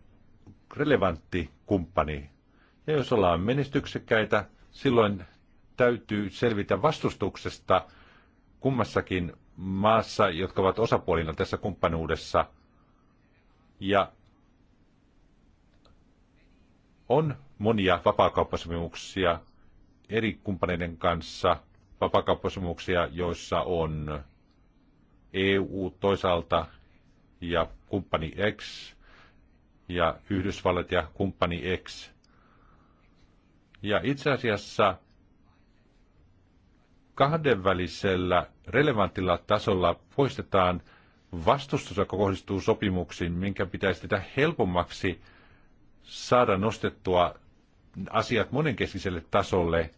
relevantti kumppani. Ja jos ollaan menestyksekkäitä, silloin täytyy selvitä vastustuksesta kummassakin maassa, jotka ovat osapuolina tässä kumppanuudessa. Ja on monia vapaakauppasopimuksia eri kumppaneiden kanssa, vapaakauppasopimuksia, joissa on EU toisaalta ja kumppani X ja Yhdysvallat ja kumppani X. Ja itse asiassa kahdenvälisellä relevantilla tasolla poistetaan vastustus, joka kohdistuu sopimuksiin, minkä pitäisi tehdä helpommaksi saada nostettua asiat monenkeskiselle tasolle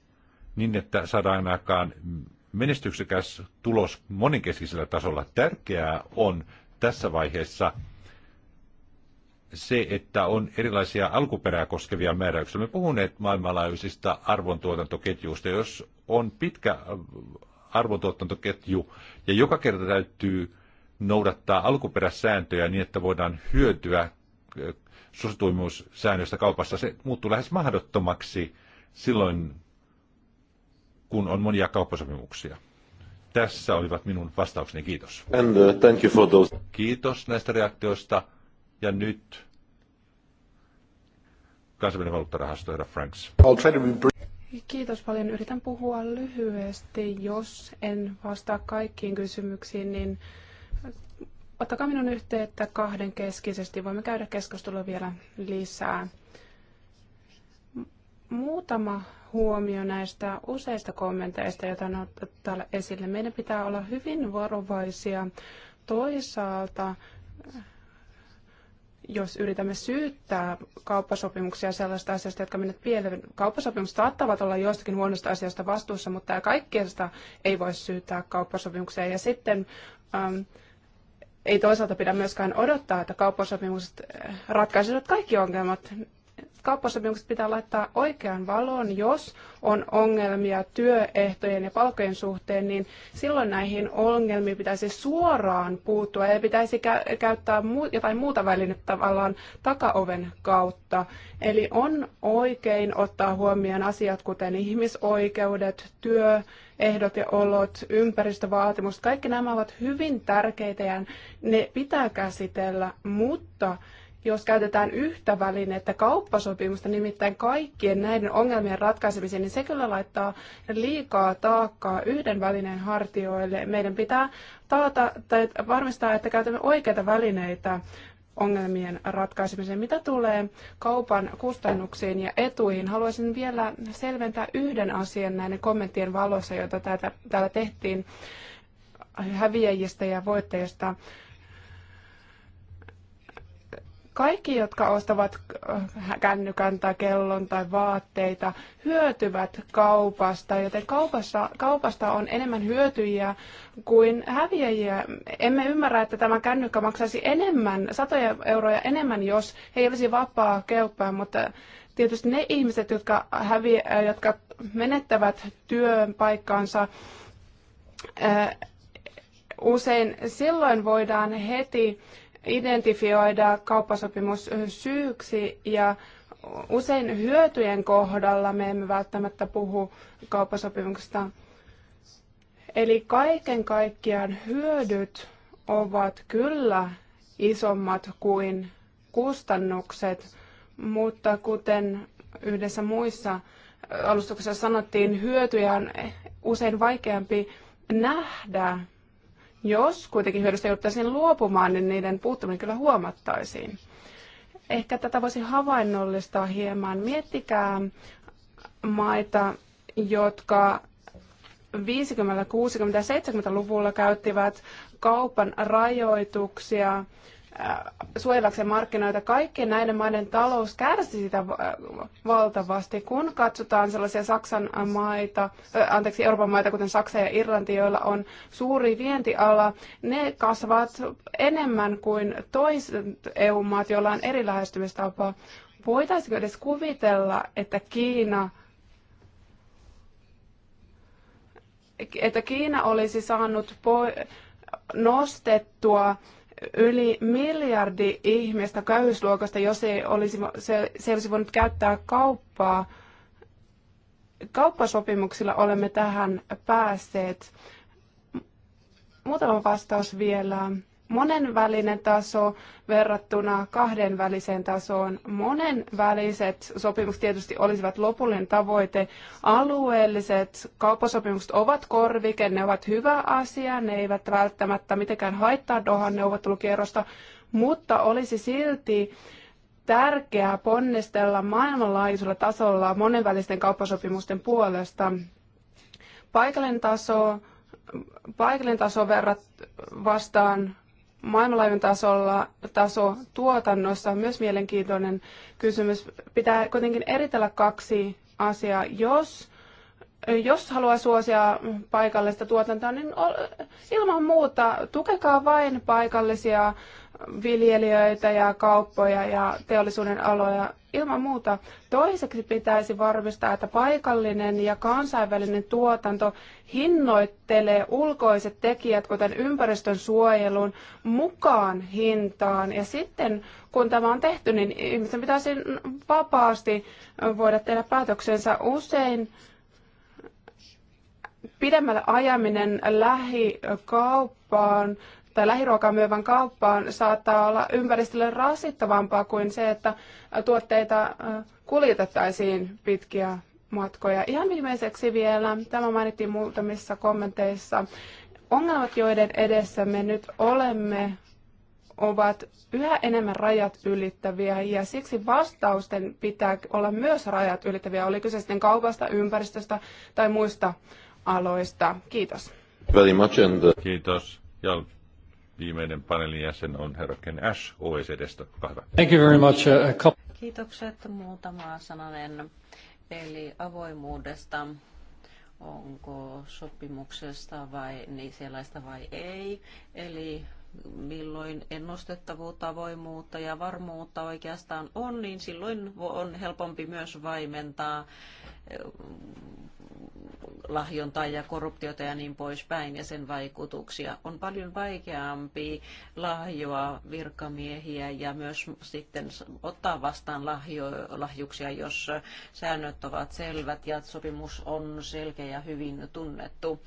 niin, että saadaan ainakaan menestyksekäs tulos monikeskisellä tasolla. Tärkeää on tässä vaiheessa se, että on erilaisia alkuperää koskevia määräyksiä. Me puhuneet maailmanlaajuisista arvontuotantoketjuista. Jos on pitkä arvontuotantoketju ja joka kerta täytyy noudattaa alkuperäsääntöjä niin, että voidaan hyötyä eh, suosituimuussäännöistä kaupassa, se muuttuu lähes mahdottomaksi. Silloin kun on monia kauppasopimuksia. Tässä olivat minun vastaukseni. Kiitos. And, uh, thank you for those. Kiitos näistä reaktioista. Ja nyt kansainvälinen valuuttarahasto, herra Franks. I'll try to be Kiitos paljon. Yritän puhua lyhyesti. Jos en vastaa kaikkiin kysymyksiin, niin ottakaa minun yhteyttä kahden keskisesti. Voimme käydä keskustelua vielä lisää. Muutama huomio näistä useista kommenteista, joita on otettu täällä esille. Meidän pitää olla hyvin varovaisia toisaalta, jos yritämme syyttää kauppasopimuksia sellaista asiasta, jotka menet pieleen. Kauppasopimukset saattavat olla jostakin huonosta asiasta vastuussa, mutta kaikkeesta ei voi syyttää kauppasopimuksia. Ja sitten ähm, ei toisaalta pidä myöskään odottaa, että kauppasopimukset ratkaisivat kaikki ongelmat kauppasopimukset pitää laittaa oikeaan valoon, jos on ongelmia työehtojen ja palkojen suhteen, niin silloin näihin ongelmiin pitäisi suoraan puuttua ja pitäisi kä- käyttää mu- jotain muuta välinettä tavallaan takaoven kautta. Eli on oikein ottaa huomioon asiat kuten ihmisoikeudet, työ, ehdot ja olot, ympäristövaatimukset, kaikki nämä ovat hyvin tärkeitä ja ne pitää käsitellä, mutta jos käytetään yhtä välinettä kauppasopimusta, nimittäin kaikkien näiden ongelmien ratkaisemiseen, niin se kyllä laittaa liikaa taakkaa yhden välineen hartioille. Meidän pitää taata tai varmistaa, että käytämme oikeita välineitä ongelmien ratkaisemiseen. Mitä tulee kaupan kustannuksiin ja etuihin, haluaisin vielä selventää yhden asian näiden kommenttien valossa, joita täällä tehtiin häviäjistä ja voittajista. Kaikki, jotka ostavat äh, kännykän tai kellon tai vaatteita, hyötyvät kaupasta, joten kaupassa, kaupasta on enemmän hyötyjiä kuin häviäjiä. Emme ymmärrä, että tämä kännykkä maksaisi enemmän, satoja euroja enemmän, jos he ei olisi vapaa keuppaa, mutta tietysti ne ihmiset, jotka, hävi, jotka menettävät paikkaansa, äh, usein silloin voidaan heti identifioida kauppasopimus syyksi ja usein hyötyjen kohdalla me emme välttämättä puhu kauppasopimuksesta. Eli kaiken kaikkiaan hyödyt ovat kyllä isommat kuin kustannukset, mutta kuten yhdessä muissa alustuksessa sanottiin, hyötyjä on usein vaikeampi nähdä jos kuitenkin hyödystä jouduttaisiin luopumaan, niin niiden puuttuminen kyllä huomattaisiin. Ehkä tätä voisi havainnollistaa hieman. Miettikää maita, jotka 50, 60 ja 70-luvulla käyttivät kaupan rajoituksia Äh, suojellakseen markkinoita. Kaikkien näiden maiden talous kärsi sitä äh, valtavasti, kun katsotaan sellaisia Saksan maita, anteeksi, Euroopan maita, kuten Saksa ja Irlanti, joilla on suuri vientiala. Ne kasvavat enemmän kuin toiset EU-maat, joilla on eri lähestymistapa. Voitaisiko edes kuvitella, että Kiina että Kiina olisi saanut nostettua yli miljardi ihmistä köyhyysluokasta, jos ei olisi, se, se olisi voinut käyttää kauppaa. Kauppasopimuksilla olemme tähän päässeet. Muutama vastaus vielä monenvälinen taso verrattuna kahdenväliseen tasoon. Monenväliset sopimukset tietysti olisivat lopullinen tavoite. Alueelliset kauppasopimukset ovat korvike, ne ovat hyvä asia, ne eivät välttämättä mitenkään haittaa Dohan neuvottelukierrosta, mutta olisi silti tärkeää ponnistella maailmanlaajuisella tasolla monenvälisten kauppasopimusten puolesta. Paikallinen taso, paikallinen taso verrat, vastaan maailmanlaajuisen tasolla, taso tuotannossa on myös mielenkiintoinen kysymys. Pitää kuitenkin eritellä kaksi asiaa. Jos jos haluaa suosia paikallista tuotantoa, niin ilman muuta tukekaa vain paikallisia viljelijöitä ja kauppoja ja teollisuuden aloja. Ilman muuta toiseksi pitäisi varmistaa, että paikallinen ja kansainvälinen tuotanto hinnoittelee ulkoiset tekijät, kuten ympäristön suojelun, mukaan hintaan. Ja sitten kun tämä on tehty, niin ihmisten pitäisi vapaasti voida tehdä päätöksensä usein pidemmälle ajaminen lähikauppaan tai lähiruokaa myyvän kauppaan saattaa olla ympäristölle rasittavampaa kuin se, että tuotteita äh, kuljetettaisiin pitkiä matkoja. Ihan viimeiseksi vielä, tämä mainittiin muutamissa kommenteissa, ongelmat, joiden edessä me nyt olemme, ovat yhä enemmän rajat ylittäviä ja siksi vastausten pitää olla myös rajat ylittäviä, oli kyse sitten kaupasta, ympäristöstä tai muista aloista. Kiitos. Very much and, uh, Kiitos. Ja viimeinen paneelin jäsen on herra Ken Ash OECDstä. Thank you very much. Uh, Kiitokset. Muutama sananen. Eli avoimuudesta onko sopimuksesta vai niin sellaista vai ei. Eli milloin ennustettavuutta, avoimuutta ja varmuutta oikeastaan on, niin silloin on helpompi myös vaimentaa eh, lahjontaa ja korruptiota ja niin poispäin ja sen vaikutuksia. On paljon vaikeampi lahjoa virkamiehiä ja myös sitten ottaa vastaan lahjo, lahjuksia, jos säännöt ovat selvät ja sopimus on selkeä ja hyvin tunnettu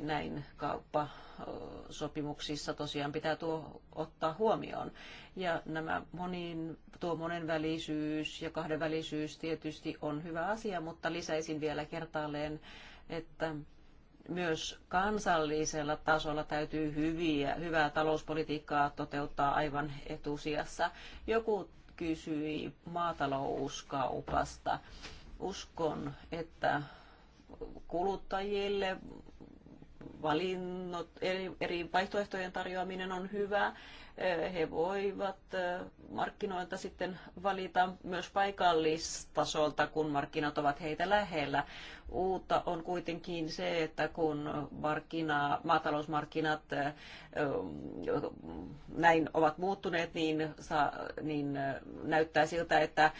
näin kauppasopimuksissa tosiaan pitää tuo ottaa huomioon. Ja nämä monin, tuo monenvälisyys ja kahdenvälisyys tietysti on hyvä asia, mutta lisäisin vielä kertaalleen, että myös kansallisella tasolla täytyy hyviä, hyvää talouspolitiikkaa toteuttaa aivan etusijassa. Joku kysyi maatalouskaupasta. Uskon, että kuluttajille valinnot, eri, eri vaihtoehtojen tarjoaminen on hyvä Eh, he voivat eh, markkinoilta sitten valita myös paikallistasolta, kun markkinat ovat heitä lähellä. Uutta on kuitenkin se, että kun markkina, maatalousmarkkinat eh, näin ovat muuttuneet, niin, saa, niin näyttää siltä, että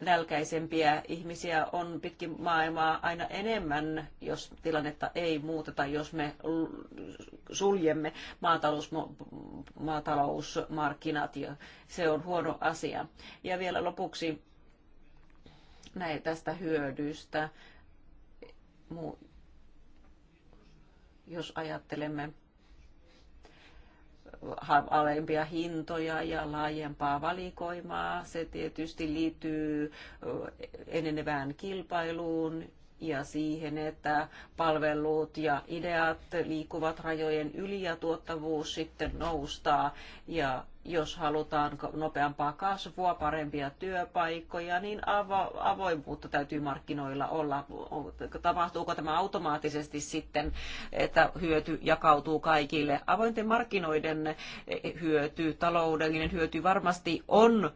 nälkäisempiä ihmisiä on pitkin maailmaa aina enemmän, jos tilannetta ei muuteta, jos me suljemme maatalous, maatalous vakausmarkkinat ja se on huono asia. Ja vielä lopuksi näin tästä hyödystä. Jos ajattelemme alempia hintoja ja laajempaa valikoimaa. Se tietysti liittyy enenevään kilpailuun ja siihen, että palvelut ja ideat liikkuvat rajojen yli ja tuottavuus sitten noustaa ja jos halutaan nopeampaa kasvua, parempia työpaikkoja, niin avo- avoimuutta täytyy markkinoilla olla. Tapahtuuko tämä automaattisesti sitten, että hyöty jakautuu kaikille? Avointen markkinoiden hyöty, taloudellinen hyöty varmasti on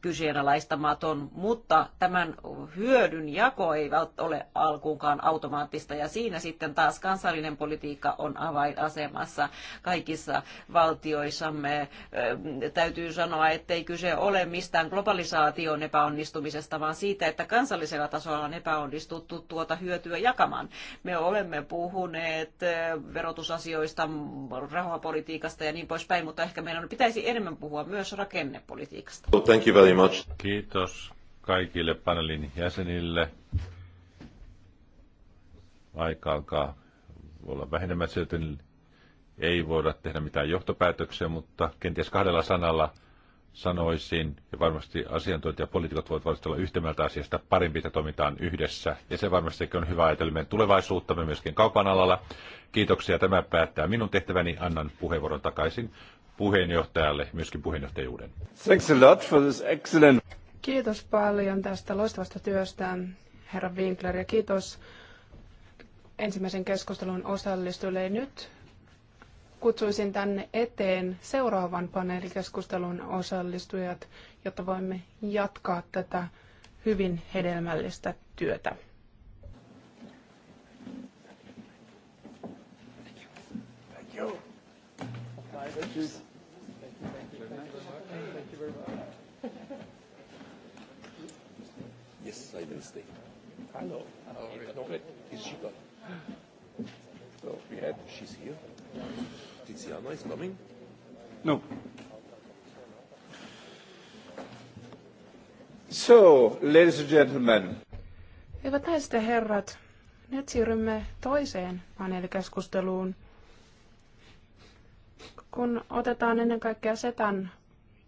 kyseenalaistamaton, mutta tämän hyödyn jako ei ole alkuunkaan automaattista, ja siinä sitten taas kansallinen politiikka on avainasemassa kaikissa valtioissamme täytyy sanoa, ettei kyse ole mistään globalisaation epäonnistumisesta, vaan siitä, että kansallisella tasolla on epäonnistuttu tuota hyötyä jakamaan. Me olemme puhuneet eh, verotusasioista, rahapolitiikasta ja niin poispäin, mutta ehkä meidän pitäisi enemmän puhua myös rakennepolitiikasta. Thank you very much. Kiitos kaikille panelin jäsenille. Aika alkaa olla vähenemässä, joten ei voida tehdä mitään johtopäätöksiä, mutta kenties kahdella sanalla sanoisin, ja varmasti asiantuntijat ja poliitikot voivat varmasti olla yhtä mieltä asiasta, parempi, että toimitaan yhdessä. Ja se varmasti on hyvä ajatella meidän tulevaisuuttamme myöskin kaupan alalla. Kiitoksia. Tämä päättää minun tehtäväni. Annan puheenvuoron takaisin puheenjohtajalle, myöskin puheenjohtajuuden. Thanks a lot for this excellent... Kiitos paljon tästä loistavasta työstä, herra Winkler, ja kiitos ensimmäisen keskustelun osallistujille. Nyt kutsuisin tänne eteen seuraavan paneelikeskustelun osallistujat, jotta voimme jatkaa tätä hyvin hedelmällistä työtä. Hello. is she gone? So we had, she's here. Tiziana no, is coming? No. So, ladies and gentlemen. Hyvät naiset ja herrat, nyt siirrymme toiseen paneelikeskusteluun, kun otetaan ennen kaikkea SETAn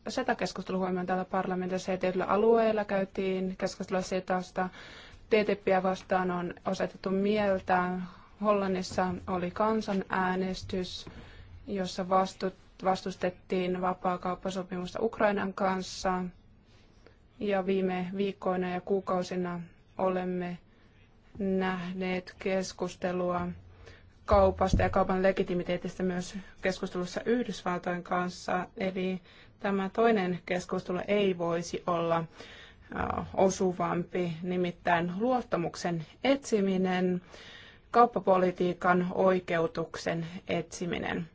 SETA-keskustelu huomioon täällä parlamentissa ja tietyillä alueilla käytiin keskustelua SETAsta. TTIPiä vastaan on osoitettu mieltä. Hollannissa oli kansanäänestys jossa vastustettiin vapaakauppasopimusta Ukrainan kanssa. Ja viime viikkoina ja kuukausina olemme nähneet keskustelua kaupasta ja kaupan legitimiteetistä myös keskustelussa Yhdysvaltojen kanssa. Eli tämä toinen keskustelu ei voisi olla osuvampi, nimittäin luottamuksen etsiminen, kauppapolitiikan oikeutuksen etsiminen.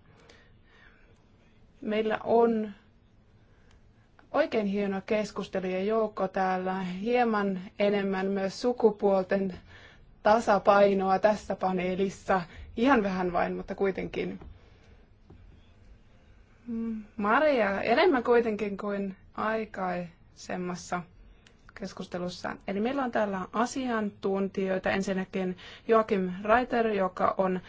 Meillä on oikein hieno keskustelijajoukko täällä, hieman enemmän myös sukupuolten tasapainoa tässä paneelissa. Ihan vähän vain, mutta kuitenkin. Maria, enemmän kuitenkin kuin aikaisemmassa keskustelussa. Eli meillä on täällä asiantuntijoita. Ensinnäkin Joakim Reiter, joka on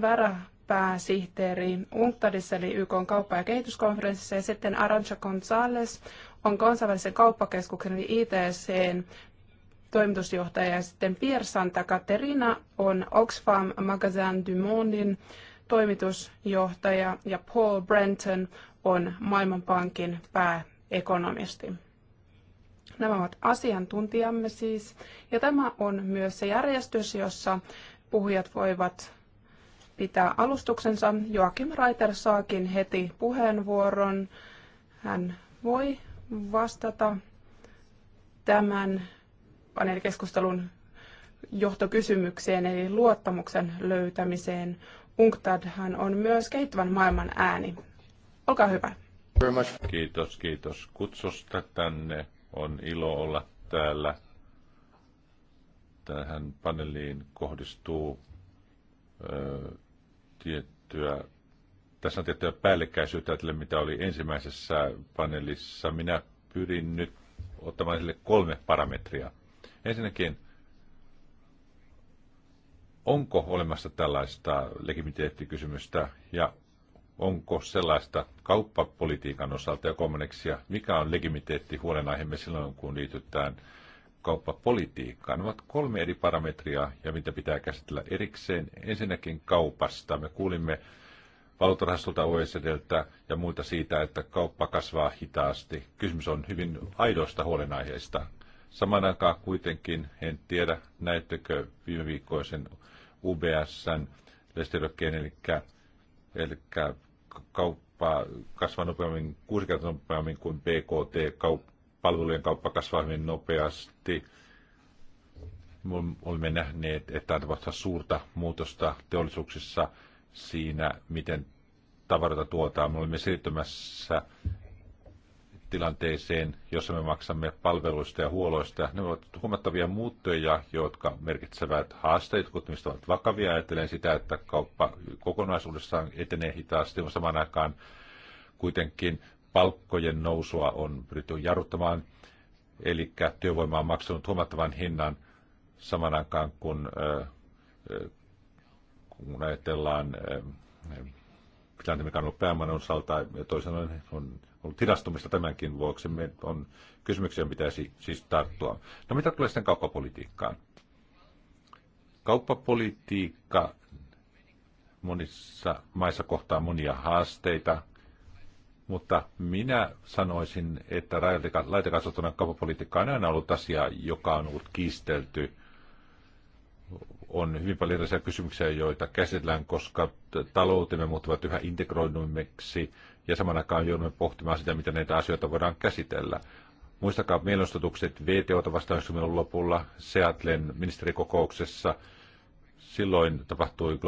vara pääsihteeri Unctadissa eli YK kauppa- ja kehityskonferenssissa ja sitten Arantxa Gonzalez on kansainvälisen kauppakeskuksen eli ITCn toimitusjohtaja ja sitten Pierre Santa Caterina on Oxfam Magazine du Mondein toimitusjohtaja ja Paul Brenton on Maailmanpankin pääekonomisti. Nämä ovat asiantuntijamme siis, ja tämä on myös se järjestys, jossa puhujat voivat pitää alustuksensa. Joakim Raiter saakin heti puheenvuoron. Hän voi vastata tämän paneelikeskustelun johtokysymykseen eli luottamuksen löytämiseen. hän on myös kehittyvän maailman ääni. Olkaa hyvä. Kiitos, kiitos kutsusta tänne. On ilo olla täällä. Tähän paneeliin kohdistuu ö, tiettyä, tässä on tiettyä päällekkäisyyttä tälle, mitä oli ensimmäisessä paneelissa. Minä pyrin nyt ottamaan sille kolme parametria. Ensinnäkin, onko olemassa tällaista legitimiteettikysymystä ja onko sellaista kauppapolitiikan osalta ja kolmanneksi, mikä on legitimiteetti huolenaiheemme silloin, kun liitytään kauppapolitiikkaa. Ne ovat kolme eri parametria ja mitä pitää käsitellä erikseen. Ensinnäkin kaupasta. Me kuulimme valuutarahastolta OECDltä ja muita siitä, että kauppa kasvaa hitaasti. Kysymys on hyvin aidoista huolenaiheista. Samaan aikaan kuitenkin, en tiedä, näettekö viime viikkoisen UBSn lesteydokkeen, eli, eli kauppa kasvaa nopeammin, kuusi kertaa nopeammin kuin BKT, kauppa palvelujen kauppa kasvaa hyvin nopeasti. Olemme nähneet, että on tapahtunut suurta muutosta teollisuuksissa siinä, miten tavaroita tuotaan. Me olemme siirtymässä tilanteeseen, jossa me maksamme palveluista ja huoloista. Ne ovat huomattavia muuttoja, jotka merkitsevät haasteet, jotka ovat vakavia. Ajattelen sitä, että kauppa kokonaisuudessaan etenee hitaasti, mutta samaan aikaan kuitenkin palkkojen nousua on pyritty jarruttamaan, eli työvoima on maksanut huomattavan hinnan saman aikaan, kun, kun ajatellaan tilanteen, mikä on ollut pääoman osalta, ja toisaalta on ollut hidastumista tämänkin vuoksi. Me on kysymyksiä pitäisi siis tarttua. No mitä tulee sitten kauppapolitiikkaan? Kauppapolitiikka monissa maissa kohtaa monia haasteita. Mutta minä sanoisin, että laitekasvattuna kauppapolitiikka on aina ollut asia, joka on ollut kiistelty. On hyvin paljon erilaisia kysymyksiä, joita käsitellään, koska taloutemme muuttuvat yhä integroidummiksi ja saman aikaan joudumme pohtimaan sitä, miten näitä asioita voidaan käsitellä. Muistakaa mielenostotukset VTOta vastaan lopulla Seatlen ministerikokouksessa – silloin tapahtui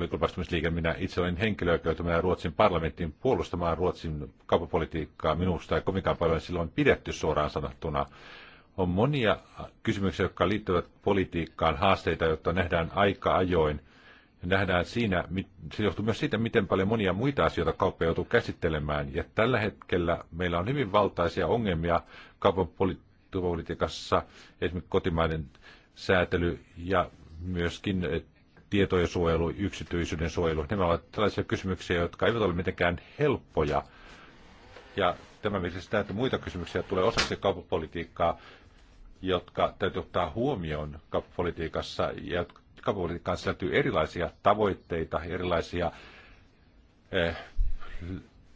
globaalistumisliike. Minä itse olin henkilö, joka Ruotsin parlamenttiin puolustamaan Ruotsin kauppapolitiikkaa. Minusta ei kovinkaan paljon silloin pidetty suoraan sanottuna. On monia kysymyksiä, jotka liittyvät politiikkaan, haasteita, jotta nähdään aika ajoin. Nähdään siinä, se johtuu myös siitä, miten paljon monia muita asioita kauppa joutuu käsittelemään. Ja tällä hetkellä meillä on hyvin valtaisia ongelmia kaupan politiikassa, esimerkiksi kotimainen säätely ja myöskin eh, tietojen suojelu, yksityisyyden suojelu. Nämä ovat tällaisia kysymyksiä, jotka eivät ole mitenkään helppoja. Ja tämä mielestä sitä, että muita kysymyksiä tulee osaksi kauppapolitiikkaa, jotka täytyy ottaa huomioon kauppapolitiikassa. Ja kauppapolitiikkaan sisältyy erilaisia tavoitteita, erilaisia eh,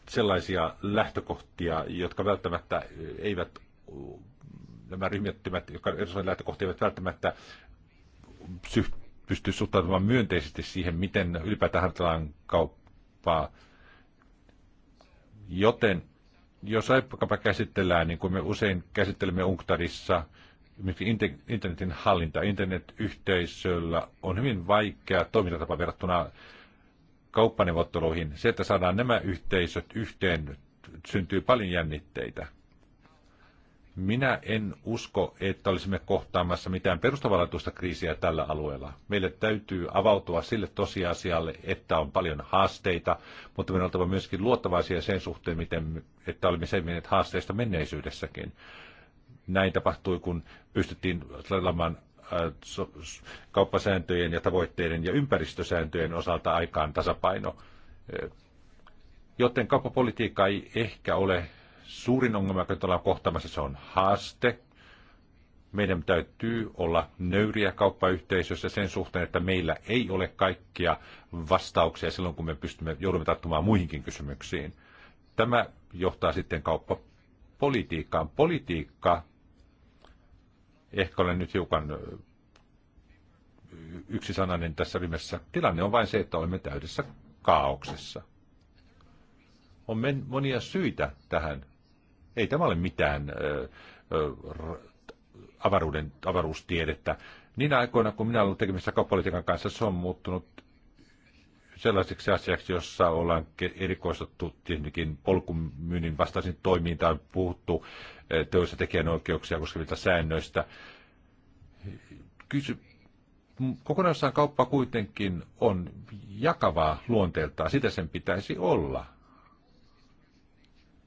sellaisia lähtökohtia, jotka välttämättä eh, eivät nämä ryhmittymät, jotka erilaisia lähtökohtia eivät välttämättä pystyä suhtautumaan myönteisesti siihen, miten ylipäätään tällainen kauppaa. Joten jos vaikkapa käsitellään, niin kuin me usein käsittelemme Unktarissa, internetin hallinta, internetyhteisöllä on hyvin vaikea toimintatapa verrattuna kauppaneuvotteluihin. Se, että saadaan nämä yhteisöt yhteen, syntyy paljon jännitteitä. Minä en usko, että olisimme kohtaamassa mitään perustavanlaatuista kriisiä tällä alueella. Meille täytyy avautua sille tosiasialle, että on paljon haasteita, mutta meidän on oltava myöskin luottavaisia sen suhteen, miten, että olimme selvinneet haasteista menneisyydessäkin. Näin tapahtui, kun pystyttiin selamaan äh, kauppasääntöjen ja tavoitteiden ja ympäristösääntöjen osalta aikaan tasapaino. Äh, joten kauppapolitiikka ei ehkä ole suurin ongelma, joka ollaan kohtaamassa, se on haaste. Meidän täytyy olla nöyriä kauppayhteisössä sen suhteen, että meillä ei ole kaikkia vastauksia silloin, kun me pystymme, joudumme tarttumaan muihinkin kysymyksiin. Tämä johtaa sitten kauppapolitiikkaan. Politiikka, ehkä olen nyt hiukan yksisanainen tässä ryhmässä, tilanne on vain se, että olemme täydessä kaauksessa on men- monia syitä tähän. Ei tämä ole mitään ö, ö, avaruuden, avaruustiedettä. Niin aikoina, kun minä olen tekemisissä kauppapolitiikan kanssa, se on muuttunut sellaiseksi asiaksi, jossa ollaan erikoistuttu tietenkin polkumyynnin vastaisiin toimiin tai puhuttu töissä tekijänoikeuksia koskevilta säännöistä. Kysy, kokonaisuudessaan kauppa kuitenkin on jakavaa luonteeltaan, sitä sen pitäisi olla.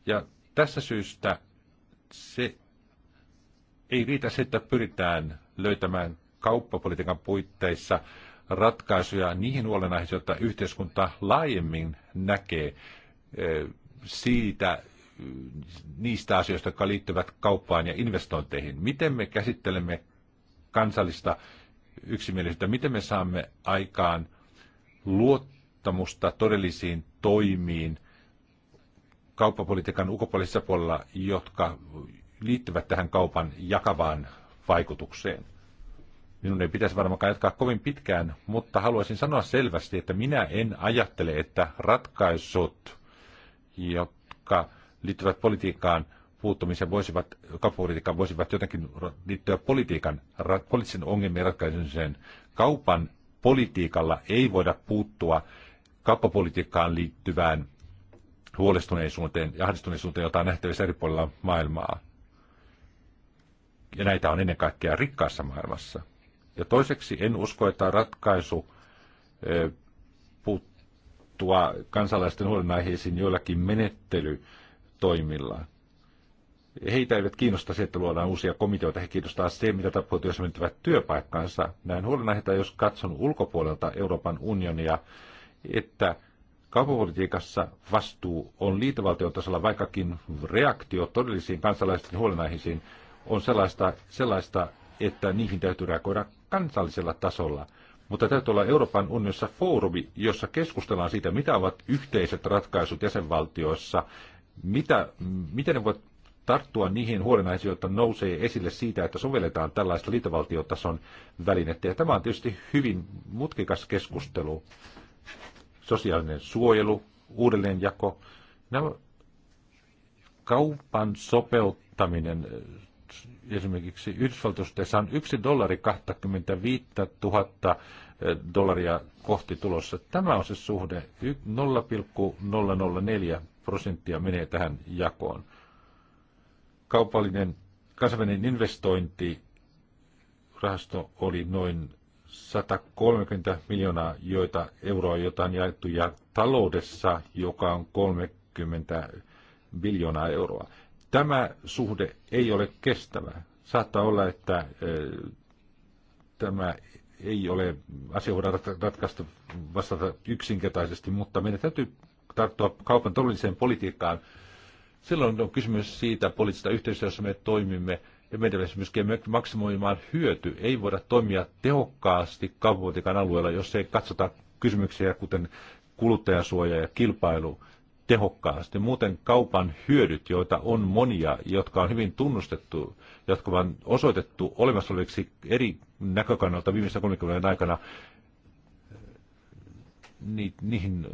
Ja tässä syystä se ei riitä se, että pyritään löytämään kauppapolitiikan puitteissa ratkaisuja niihin huolenaiheisiin, joita yhteiskunta laajemmin näkee eh, siitä, niistä asioista, jotka liittyvät kauppaan ja investointeihin. Miten me käsittelemme kansallista yksimielisyyttä, miten me saamme aikaan luottamusta todellisiin toimiin kauppapolitiikan ulkopuolisessa puolella, jotka liittyvät tähän kaupan jakavaan vaikutukseen. Minun ei pitäisi varmaankaan jatkaa kovin pitkään, mutta haluaisin sanoa selvästi, että minä en ajattele, että ratkaisut, jotka liittyvät politiikkaan puuttumiseen, voisivat, kauppapolitiikkaan voisivat jotenkin liittyä politiikan, poliittisen ongelmien ratkaisemiseen. Kaupan politiikalla ei voida puuttua kauppapolitiikkaan liittyvään huolestuneisuuteen ja ahdistuneisuuteen, jota on nähtävissä eri puolilla maailmaa. Ja näitä on ennen kaikkea rikkaassa maailmassa. Ja toiseksi en usko, että ratkaisu puuttua kansalaisten huolenaiheisiin joillakin menettelytoimilla. Heitä eivät kiinnosta se, että luodaan uusia komiteoita. He kiinnostaa se, mitä tapahtuu, jos menettävät työpaikkansa. Näin huolenaiheita, jos katson ulkopuolelta Euroopan unionia, että Kaupapolitiikassa vastuu on liitovaltion tasolla, vaikkakin reaktio todellisiin kansalaisten huolenaiheisiin on sellaista, sellaista, että niihin täytyy reagoida kansallisella tasolla. Mutta täytyy olla Euroopan unionissa foorumi, jossa keskustellaan siitä, mitä ovat yhteiset ratkaisut jäsenvaltioissa, mitä, miten ne voivat tarttua niihin huolenaiheisiin, joita nousee esille siitä, että sovelletaan tällaista liitovaltiotason välinettä. Ja tämä on tietysti hyvin mutkikas keskustelu sosiaalinen suojelu, uudelleenjako, nämä kaupan sopeuttaminen eh, esimerkiksi Yhdysvaltoista on yksi dollari 25 000 eh, dollaria kohti tulossa. Tämä on se suhde. 0,004 prosenttia menee tähän jakoon. Kaupallinen kansainvälinen investointi rahasto oli noin 130 miljoonaa joita, euroa, jota on jaettu, ja taloudessa, joka on 30 miljoonaa euroa. Tämä suhde ei ole kestävä. Saattaa olla, että tämä ei ole asia voidaan ratkaista vastata yksinkertaisesti, mutta meidän täytyy tarttua kaupan todelliseen politiikkaan. Silloin on kysymys siitä poliittisesta yhteisöstä, jossa me toimimme – ja myöskin maksimoimaan hyöty. Ei voida toimia tehokkaasti kaupunkikan alueella, jos ei katsota kysymyksiä kuten kuluttajasuoja ja kilpailu tehokkaasti. Muuten kaupan hyödyt, joita on monia, jotka on hyvin tunnustettu, jotka on osoitettu olemassa oleviksi eri näkökannalta viimeisen 30 aikana, niihin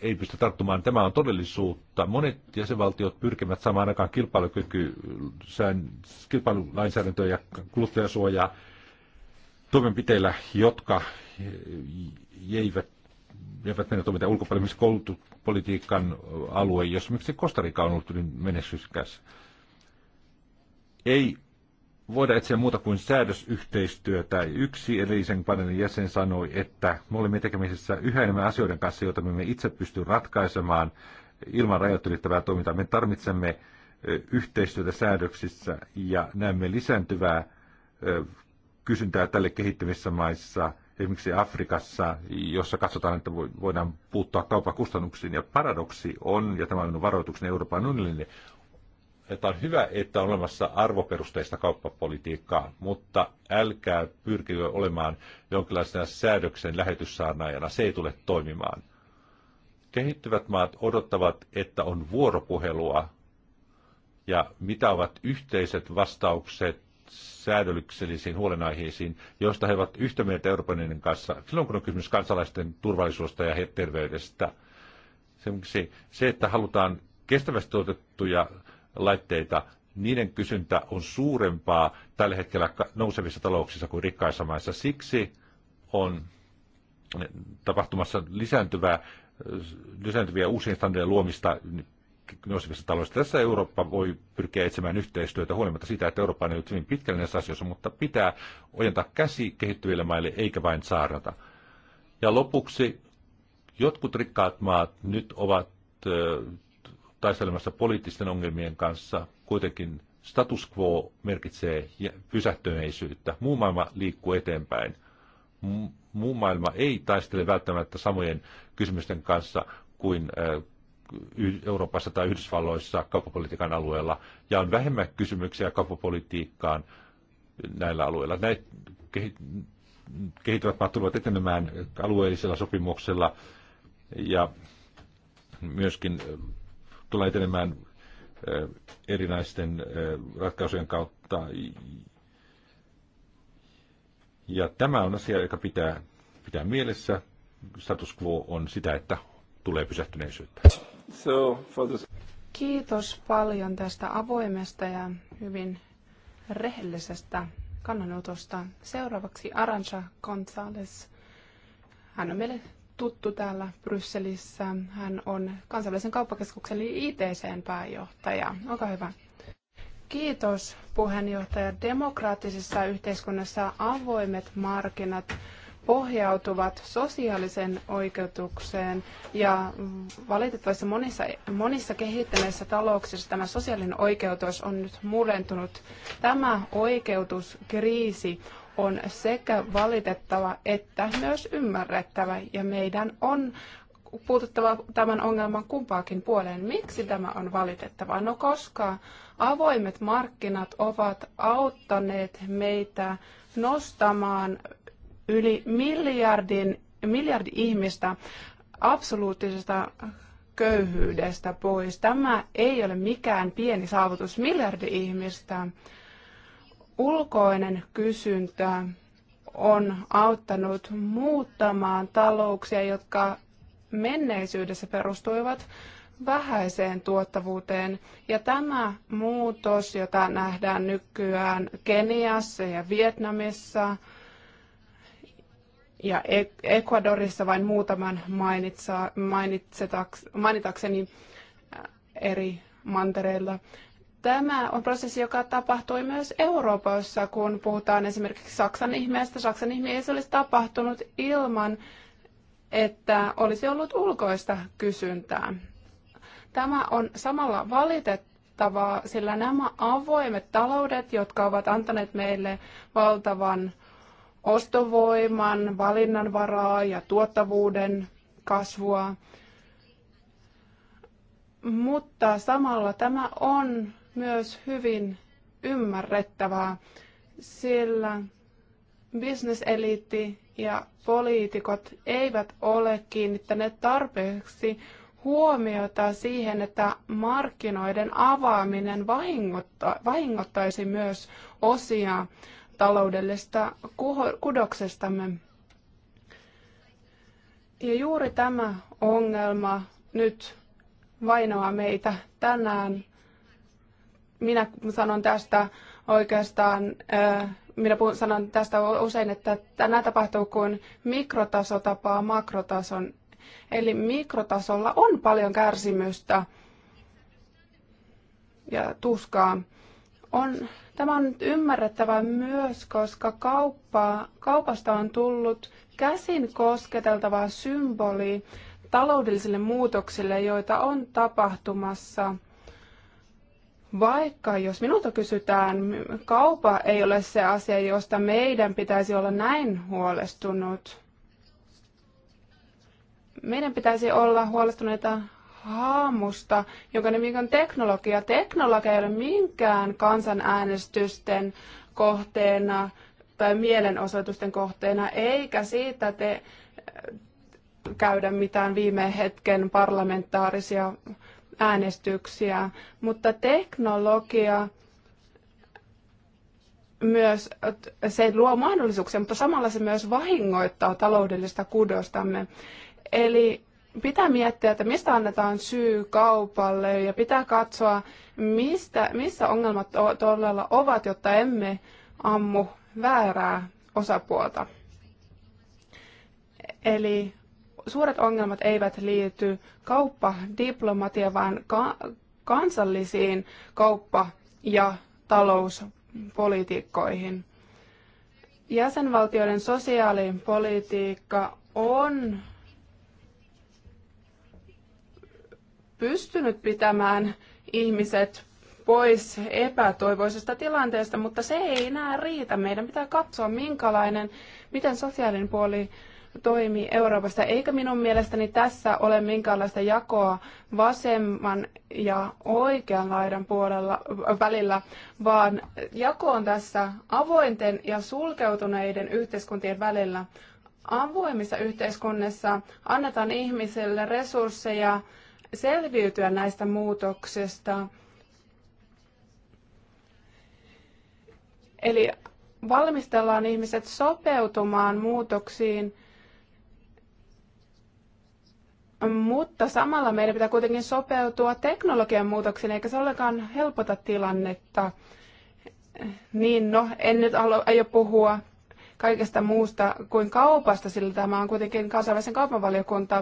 ei pysty tarttumaan. Tämä on todellisuutta. Monet jäsenvaltiot pyrkivät samaan aikaan kilpailukyky, kilpailulainsäädäntöä ja kuluttajasuojaa toimenpiteillä, jotka eivät eivät mennä toimintaan ulkopuolelle, koulutuspolitiikan alue, jos miksi Kostarika on ollut niin menestyskäs. Ei voida etsiä muuta kuin säädösyhteistyötä. Yksi edellisen paneelin jäsen sanoi, että me olemme tekemisissä yhä enemmän asioiden kanssa, joita me itse pystyy ratkaisemaan ilman rajoittelittävää toimintaa. Me tarvitsemme yhteistyötä säädöksissä ja näemme lisääntyvää kysyntää tälle kehittyvissä maissa, esimerkiksi Afrikassa, jossa katsotaan, että voidaan puuttua kaupakustannuksiin. Ja paradoksi on, ja tämä on varoituksen Euroopan unionille, että on hyvä, että on olemassa arvoperusteista kauppapolitiikkaa, mutta älkää pyrkikö olemaan jonkinlaisena säädöksen lähetyssaarnaajana. Se ei tule toimimaan. Kehittyvät maat odottavat, että on vuoropuhelua ja mitä ovat yhteiset vastaukset säädöksellisiin huolenaiheisiin, joista he ovat yhtä mieltä Euroopan kanssa silloin, kun on kysymys kansalaisten turvallisuudesta ja terveydestä. se että halutaan kestävästi tuotettuja laitteita, niiden kysyntä on suurempaa tällä hetkellä nousevissa talouksissa kuin rikkaissa maissa. Siksi on tapahtumassa lisääntyvää, lisääntyviä uusien standardien luomista nousevissa taloissa. Tässä Eurooppa voi pyrkiä etsimään yhteistyötä huolimatta siitä, että Eurooppa on nyt hyvin pitkälle näissä asioissa, mutta pitää ojentaa käsi kehittyville maille eikä vain saarnata. Ja lopuksi jotkut rikkaat maat nyt ovat taistelemassa poliittisten ongelmien kanssa. Kuitenkin status quo merkitsee pysähtyneisyyttä. Muu maailma liikkuu eteenpäin. Muu maailma ei taistele välttämättä samojen kysymysten kanssa kuin Euroopassa tai Yhdysvalloissa kauppapolitiikan alueella, ja on vähemmän kysymyksiä kauppapolitiikkaan näillä alueilla. Näitä kehittyvät maat tulevat etenemään alueellisella sopimuksella, ja myöskin Tulla etenemään erinäisten ratkaisujen kautta. Ja tämä on asia, joka pitää, pitää mielessä. Status quo on sitä, että tulee pysähtyneisyyttä. So, for this... Kiitos paljon tästä avoimesta ja hyvin rehellisestä kannanotosta. Seuraavaksi Aranja González. Hän on meille tuttu täällä Brysselissä. Hän on kansainvälisen kauppakeskuksen eli ITCn pääjohtaja. Onko hyvä. Kiitos puheenjohtaja. Demokraattisessa yhteiskunnassa avoimet markkinat pohjautuvat sosiaaliseen oikeutukseen ja valitettavasti monissa, monissa kehittyneissä talouksissa tämä sosiaalinen oikeutus on nyt murentunut. Tämä oikeutuskriisi on sekä valitettava että myös ymmärrettävä ja meidän on puututtava tämän ongelman kumpaakin puoleen. Miksi tämä on valitettavaa? No koska avoimet markkinat ovat auttaneet meitä nostamaan yli miljardin, miljardi ihmistä absoluuttisesta köyhyydestä pois. Tämä ei ole mikään pieni saavutus miljardi ihmistä ulkoinen kysyntä on auttanut muuttamaan talouksia, jotka menneisyydessä perustuivat vähäiseen tuottavuuteen. Ja tämä muutos, jota nähdään nykyään Keniassa ja Vietnamissa ja Ecuadorissa vain muutaman mainitakseni eri mantereilla, Tämä on prosessi, joka tapahtui myös Euroopassa, kun puhutaan esimerkiksi Saksan ihmeestä. Saksan ihme ei olisi tapahtunut ilman, että olisi ollut ulkoista kysyntää. Tämä on samalla valitettavaa, sillä nämä avoimet taloudet, jotka ovat antaneet meille valtavan ostovoiman, valinnanvaraa ja tuottavuuden kasvua, mutta samalla tämä on myös hyvin ymmärrettävää, sillä bisneseliitti ja poliitikot eivät ole kiinnittäneet tarpeeksi huomiota siihen, että markkinoiden avaaminen vahingoittaisi myös osia taloudellista kudoksestamme. Ja juuri tämä ongelma nyt vainoaa meitä tänään minä sanon tästä oikeastaan, äh, minä sanon tästä usein, että tämä tapahtuu, kun mikrotaso tapaa makrotason. Eli mikrotasolla on paljon kärsimystä ja tuskaa. On, tämä on nyt ymmärrettävä myös, koska kauppa, kaupasta on tullut käsin kosketeltava symboli taloudellisille muutoksille, joita on tapahtumassa – vaikka jos minulta kysytään, kaupa ei ole se asia, josta meidän pitäisi olla näin huolestunut. Meidän pitäisi olla huolestuneita haamusta, jonka nimi on teknologia. Teknologia ei ole minkään kansanäänestysten kohteena tai mielenosoitusten kohteena, eikä siitä te äh, käydä mitään viime hetken parlamentaarisia äänestyksiä, mutta teknologia myös, se luo mahdollisuuksia, mutta samalla se myös vahingoittaa taloudellista kudostamme. Eli pitää miettiä, että mistä annetaan syy kaupalle ja pitää katsoa, mistä, missä ongelmat todella ovat, jotta emme ammu väärää osapuolta. Eli suuret ongelmat eivät liity kauppadiplomatiaan, vaan ka- kansallisiin kauppa- ja talouspolitiikkoihin. Jäsenvaltioiden sosiaalipolitiikka on pystynyt pitämään ihmiset pois epätoivoisesta tilanteesta, mutta se ei enää riitä. Meidän pitää katsoa, minkälainen, miten sosiaalinen puoli toimi Euroopassa, eikä minun mielestäni tässä ole minkäänlaista jakoa vasemman ja oikean laidan puolella välillä, vaan jako on tässä avointen ja sulkeutuneiden yhteiskuntien välillä. Avoimissa yhteiskunnissa annetaan ihmisille resursseja selviytyä näistä muutoksista. Eli valmistellaan ihmiset sopeutumaan muutoksiin – mutta samalla meidän pitää kuitenkin sopeutua teknologian muutoksiin, eikä se olekaan helpota tilannetta. Niin, no, en nyt aio puhua kaikesta muusta kuin kaupasta, sillä tämä on kuitenkin kansainvälisen kaupanvaliokunta,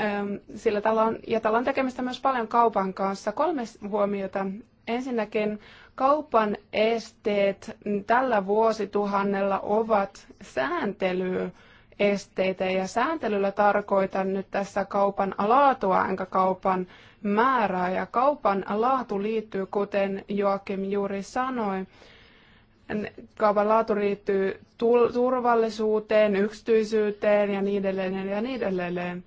ähm, sillä tällä on, ja tällä on tekemistä myös paljon kaupan kanssa. Kolme huomiota. Ensinnäkin kaupan esteet tällä vuosituhannella ovat sääntelyä esteitä. Ja sääntelyllä tarkoitan nyt tässä kaupan laatua enkä kaupan määrää. Ja kaupan laatu liittyy, kuten Joakim juuri sanoi, kaupan laatu liittyy turvallisuuteen, yksityisyyteen ja niin edelleen ja niin edelleen.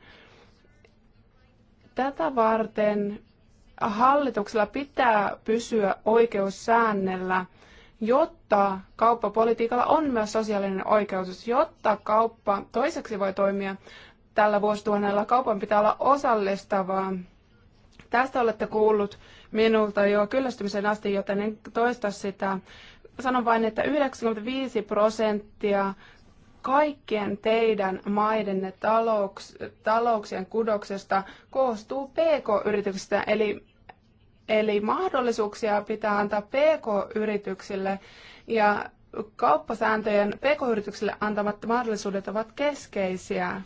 Tätä varten hallituksella pitää pysyä oikeussäännellä – jotta kauppapolitiikalla on myös sosiaalinen oikeutus, jotta kauppa toiseksi voi toimia tällä vuosituhannella. Kaupan pitää olla osallistavaa. Tästä olette kuullut minulta jo kyllästymisen asti, joten en toista sitä. Sanon vain, että 95 prosenttia kaikkien teidän maidenne talouks, talouksien kudoksesta koostuu pk-yrityksistä, eli Eli mahdollisuuksia pitää antaa PK-yrityksille ja kauppasääntöjen PK-yrityksille antamat mahdollisuudet ovat keskeisiä.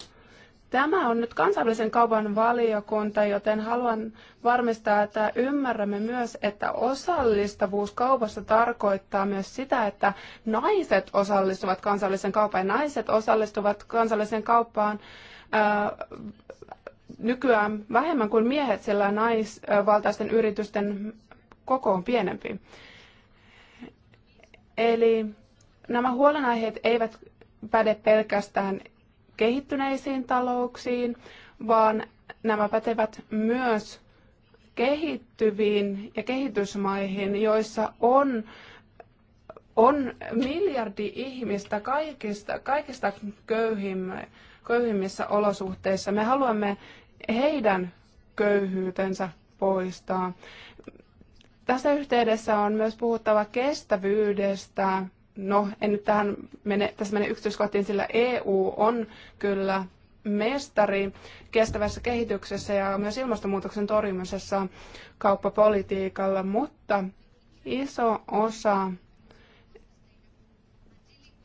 Tämä on nyt kansainvälisen kaupan valiokunta, joten haluan varmistaa, että ymmärrämme myös, että osallistavuus kaupassa tarkoittaa myös sitä, että naiset osallistuvat kansallisen kaupan, ja naiset osallistuvat kansalliseen kauppaan nykyään vähemmän kuin miehet, sillä naisvaltaisten yritysten koko on pienempi. Eli nämä huolenaiheet eivät päde pelkästään kehittyneisiin talouksiin, vaan nämä pätevät myös kehittyviin ja kehitysmaihin, joissa on, on miljardi ihmistä kaikista, kaikista köyhimmistä köyhimmissä olosuhteissa. Me haluamme heidän köyhyytensä poistaa. Tässä yhteydessä on myös puhuttava kestävyydestä. No, en nyt tähän mene, tässä mene yksityiskohtiin, sillä EU on kyllä mestari kestävässä kehityksessä ja myös ilmastonmuutoksen torjumisessa kauppapolitiikalla, mutta iso osa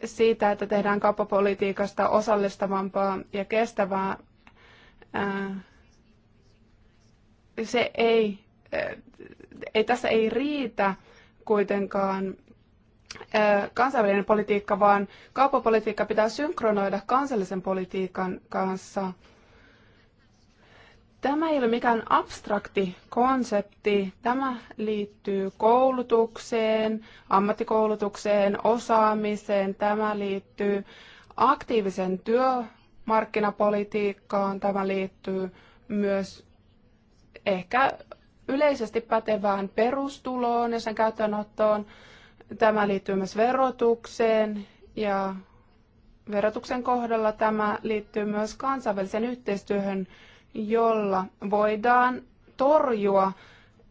siitä, että tehdään kauppapolitiikasta osallistavampaa ja kestävää, se ei, ei tässä ei riitä kuitenkaan kansainvälinen politiikka, vaan kauppapolitiikka pitää synkronoida kansallisen politiikan kanssa – Tämä ei ole mikään abstrakti konsepti. Tämä liittyy koulutukseen, ammattikoulutukseen, osaamiseen. Tämä liittyy aktiivisen työmarkkinapolitiikkaan. Tämä liittyy myös ehkä yleisesti pätevään perustuloon ja sen käyttöönottoon. Tämä liittyy myös verotukseen ja verotuksen kohdalla tämä liittyy myös kansainväliseen yhteistyöhön jolla voidaan torjua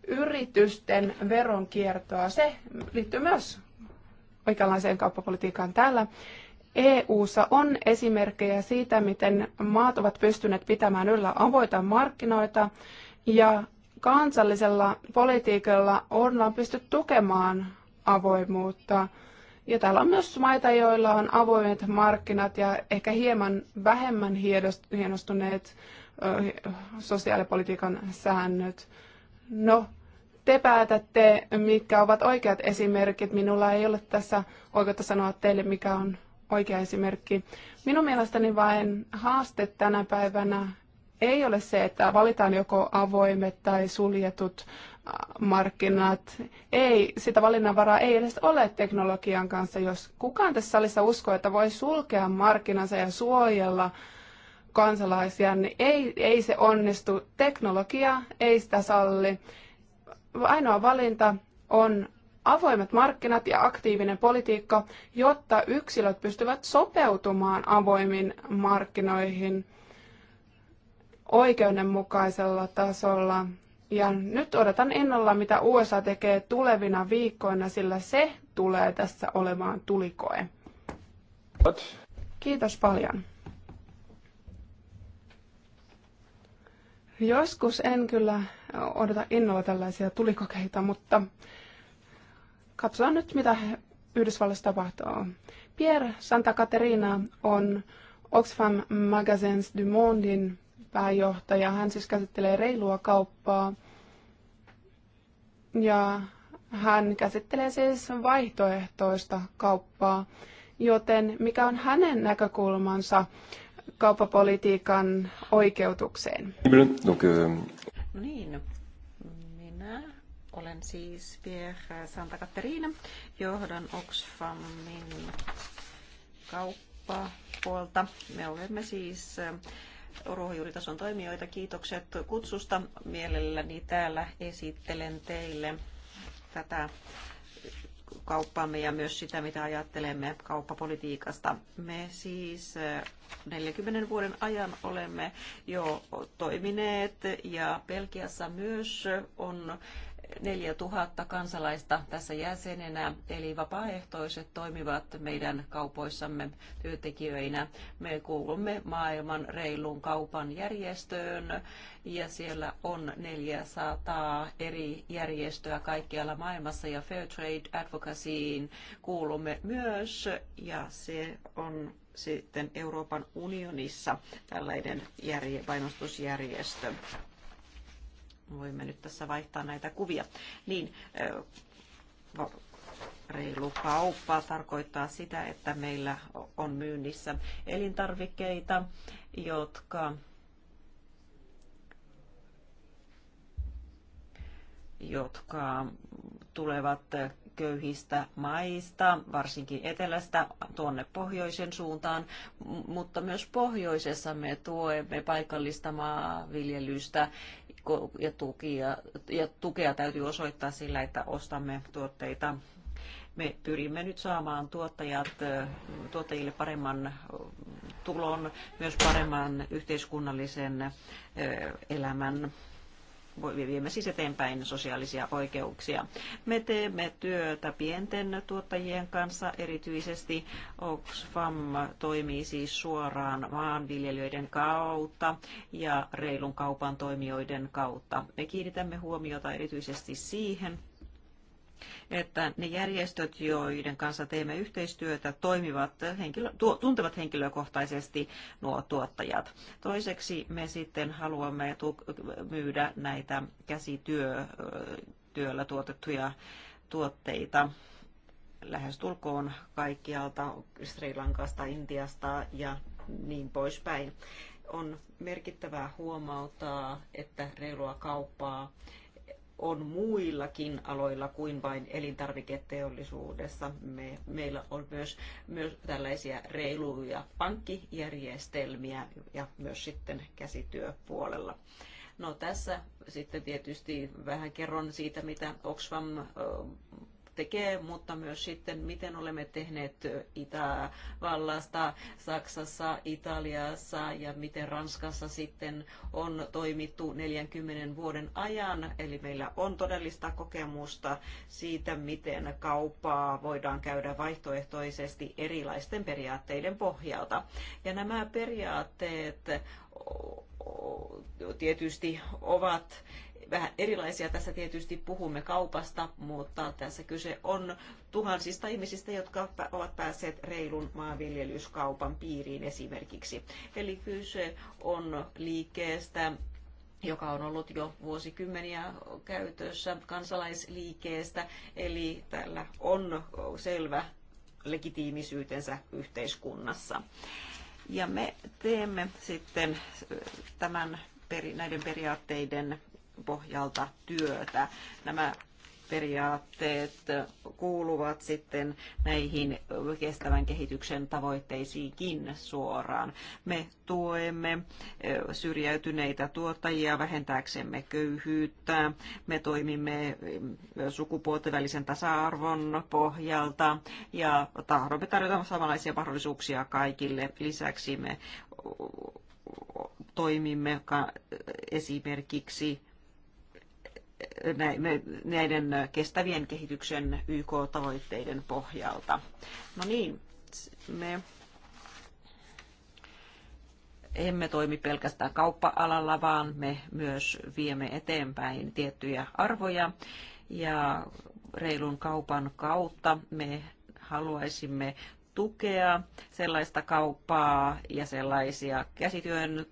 yritysten veronkiertoa. Se liittyy myös oikeanlaiseen kauppapolitiikkaan täällä. EU:ssa on esimerkkejä siitä, miten maat ovat pystyneet pitämään yllä avoita markkinoita ja kansallisella politiikalla ollaan pystytty tukemaan avoimuutta. Ja täällä on myös maita, joilla on avoimet markkinat ja ehkä hieman vähemmän hienostuneet sosiaalipolitiikan säännöt. No, te päätätte, mitkä ovat oikeat esimerkit. Minulla ei ole tässä oikeutta sanoa teille, mikä on oikea esimerkki. Minun mielestäni vain haaste tänä päivänä ei ole se, että valitaan joko avoimet tai suljetut äh, markkinat. Ei, sitä valinnanvaraa ei edes ole teknologian kanssa. Jos kukaan tässä salissa uskoo, että voi sulkea markkinansa ja suojella kansalaisia, niin ei, ei se onnistu. Teknologia ei sitä salli. Ainoa valinta on avoimet markkinat ja aktiivinen politiikka, jotta yksilöt pystyvät sopeutumaan avoimiin markkinoihin – oikeudenmukaisella tasolla. Ja nyt odotan innolla, mitä USA tekee tulevina viikkoina, sillä se tulee tässä olemaan tulikoe. Kiitos paljon. Joskus en kyllä odota innolla tällaisia tulikokeita, mutta katsotaan nyt, mitä Yhdysvalloissa tapahtuu. Pierre Santa Caterina on Oxfam Magazines du Mondin pääjohtaja. Hän siis käsittelee reilua kauppaa ja hän käsittelee siis vaihtoehtoista kauppaa. Joten mikä on hänen näkökulmansa kauppapolitiikan oikeutukseen? Euh, no niin, minä olen siis Pierre Santa Caterina, johdan Oxfamin kauppapuolta. Me olemme siis ruohonjuuritason toimijoita. Kiitokset kutsusta. Mielelläni täällä esittelen teille tätä kauppaamme ja myös sitä, mitä ajattelemme kauppapolitiikasta. Me siis 40 eh, vuoden ajan olemme jo toimineet ja Belgiassa myös on 4000 kansalaista tässä jäsenenä, eli vapaaehtoiset toimivat meidän kaupoissamme työntekijöinä. Me kuulumme maailman reilun kaupan järjestöön ja siellä on 400 eri järjestöä kaikkialla maailmassa ja Fairtrade Advocacyin kuulumme myös ja se on sitten Euroopan unionissa tällainen järje, painostusjärjestö voimme nyt tässä vaihtaa näitä kuvia. Niin, reilu kauppa tarkoittaa sitä, että meillä on myynnissä elintarvikkeita, jotka jotka tulevat köyhistä maista, varsinkin etelästä tuonne pohjoisen suuntaan, mutta myös pohjoisessa me tuemme paikallista maanviljelystä ja, ja, ja tukea täytyy osoittaa sillä, että ostamme tuotteita. Me pyrimme nyt saamaan tuottajat, tuottajille paremman tulon, myös paremman yhteiskunnallisen elämän viemme siis eteenpäin sosiaalisia oikeuksia. Me teemme työtä pienten tuottajien kanssa erityisesti. Oxfam toimii siis suoraan maanviljelijöiden kautta ja reilun kaupan toimijoiden kautta. Me kiinnitämme huomiota erityisesti siihen, että ne järjestöt, joiden kanssa teemme yhteistyötä, toimivat, henkilö, tu, tuntevat henkilökohtaisesti nuo tuottajat. Toiseksi me sitten haluamme tu, myydä näitä käsityöllä tuotettuja tuotteita lähestulkoon kaikkialta Sri Lankasta, Intiasta ja niin poispäin. On merkittävää huomauttaa, että reilua kauppaa on muillakin aloilla kuin vain elintarviketeollisuudessa. Me, meillä on myös, myös tällaisia reiluja pankkijärjestelmiä ja myös sitten käsityöpuolella. No tässä sitten tietysti vähän kerron siitä, mitä Oxfam tekee, mutta myös sitten miten olemme tehneet Itävallasta, Saksassa, Italiassa ja miten Ranskassa sitten on toimittu 40 vuoden ajan. Eli meillä on todellista kokemusta siitä, miten kauppaa voidaan käydä vaihtoehtoisesti erilaisten periaatteiden pohjalta. Ja nämä periaatteet tietysti ovat vähän erilaisia. Tässä tietysti puhumme kaupasta, mutta tässä kyse on tuhansista ihmisistä, jotka ovat päässeet reilun maanviljelyskaupan piiriin esimerkiksi. Eli kyse on liikkeestä, joka on ollut jo vuosikymmeniä käytössä kansalaisliikkeestä, eli tällä on selvä legitiimisyytensä yhteiskunnassa. Ja me teemme sitten tämän näiden periaatteiden pohjalta työtä. Nämä periaatteet kuuluvat sitten näihin kestävän kehityksen tavoitteisiinkin suoraan. Me tuemme syrjäytyneitä tuottajia vähentääksemme köyhyyttä. Me toimimme sukupuolten välisen tasa-arvon pohjalta ja tahdomme tarjota samanlaisia mahdollisuuksia kaikille. Lisäksi me toimimme esimerkiksi näiden kestävien kehityksen YK-tavoitteiden pohjalta. No niin, me emme toimi pelkästään kauppa-alalla, vaan me myös viemme eteenpäin tiettyjä arvoja ja reilun kaupan kautta me haluaisimme tukea sellaista kauppaa ja sellaisia käsityön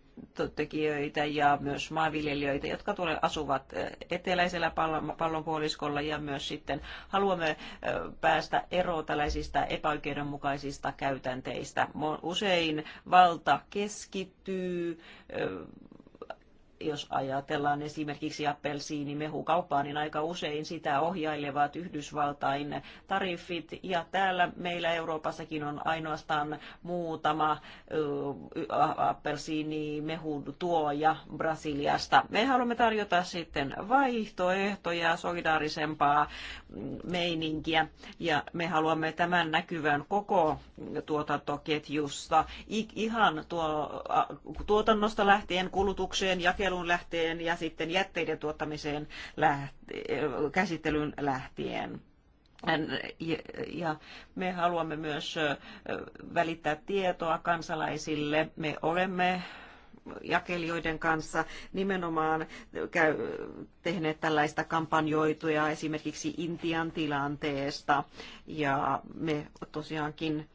tekijöitä ja myös maanviljelijöitä, jotka asuvat eteläisellä pallonpuoliskolla ja myös sitten haluamme päästä eroon tällaisista epäoikeudenmukaisista käytänteistä. Usein valta keskittyy jos ajatellaan esimerkiksi appelsiinimehukauppaa, niin aika usein sitä ohjailevat Yhdysvaltain tariffit. Ja täällä meillä Euroopassakin on ainoastaan muutama appelsiinimehun tuoja Brasiliasta. Me haluamme tarjota sitten vaihtoehtoja, solidaarisempaa mm, meininkiä ja me haluamme tämän näkyvän koko tuotantoketjusta ihan tuo, tuotannosta lähtien kulutukseen, jakelu jakeluun lähtien ja sitten jätteiden tuottamiseen läht- käsittelyyn lähtien. Ja me haluamme myös välittää tietoa kansalaisille. Me olemme jakelijoiden kanssa nimenomaan käy, tehneet tällaista kampanjoituja esimerkiksi Intian tilanteesta. Ja me tosiaankin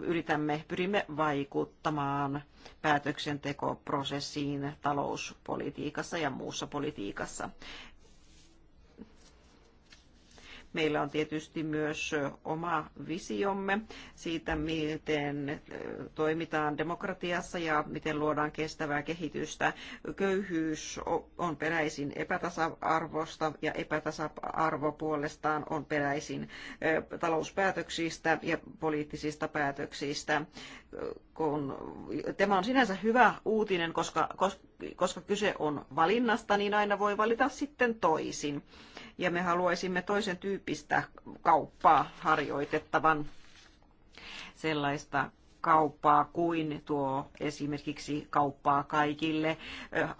yritämme, pyrimme vaikuttamaan päätöksentekoprosessiin talouspolitiikassa ja muussa politiikassa. Meillä on tietysti myös oma visiomme siitä, miten äh, toimitaan demokratiassa ja miten luodaan kestävää kehitystä. Köyhyys on peräisin epätasa-arvosta ja epätasa-arvo puolestaan on peräisin äh, talouspäätöksistä ja poliittisista päätöksistä. Kun, tämä on sinänsä hyvä uutinen, koska, koska kyse on valinnasta, niin aina voi valita sitten toisin ja me haluaisimme toisen tyyppistä kauppaa harjoitettavan sellaista kauppaa kuin tuo esimerkiksi kauppaa kaikille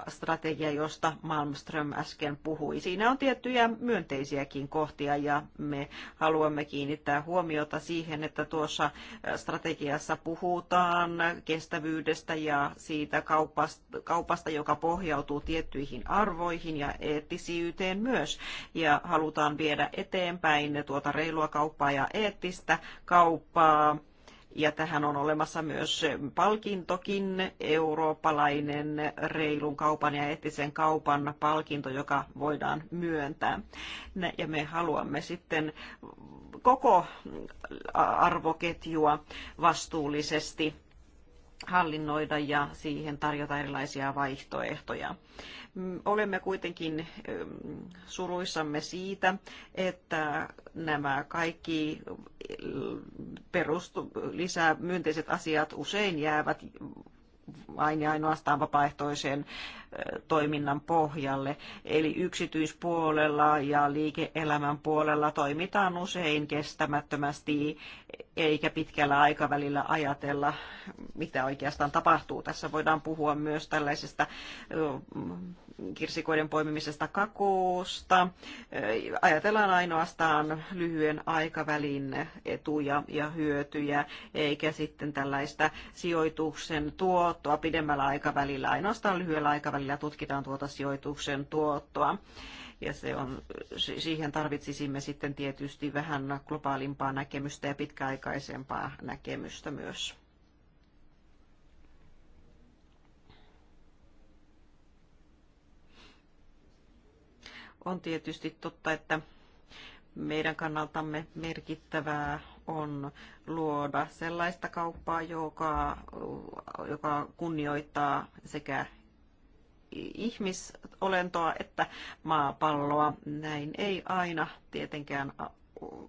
strategia, josta Malmström äsken puhui. Siinä on tiettyjä myönteisiäkin kohtia ja me haluamme kiinnittää huomiota siihen, että tuossa strategiassa puhutaan kestävyydestä ja siitä kaupasta, joka pohjautuu tiettyihin arvoihin ja eettisyyteen myös. Ja halutaan viedä eteenpäin tuota reilua kauppaa ja eettistä kauppaa ja tähän on olemassa myös palkintokin, eurooppalainen reilun kaupan ja eettisen kaupan palkinto, joka voidaan myöntää. Ja me haluamme sitten koko arvoketjua vastuullisesti hallinnoida ja siihen tarjota erilaisia vaihtoehtoja. Mm, olemme kuitenkin mm, suruissamme siitä, että nämä kaikki mm, perustu, lisää myönteiset asiat usein jäävät vain ja ainoastaan vapaaehtoiseen toiminnan pohjalle. Eli yksityispuolella ja liike-elämän puolella toimitaan usein kestämättömästi eikä pitkällä aikavälillä ajatella, mitä oikeastaan tapahtuu. Tässä voidaan puhua myös tällaisesta kirsikoiden poimimisesta kakuusta. Ajatellaan ainoastaan lyhyen aikavälin etuja ja hyötyjä, eikä sitten tällaista sijoituksen tuottoa pidemmällä aikavälillä, ainoastaan lyhyellä aikavälillä millä tutkitaan tuota sijoituksen tuottoa. Ja se on, siihen tarvitsisimme sitten tietysti vähän globaalimpaa näkemystä ja pitkäaikaisempaa näkemystä myös. On tietysti totta, että meidän kannaltamme merkittävää on luoda sellaista kauppaa, joka, joka kunnioittaa sekä ihmisolentoa että maapalloa. Näin ei aina tietenkään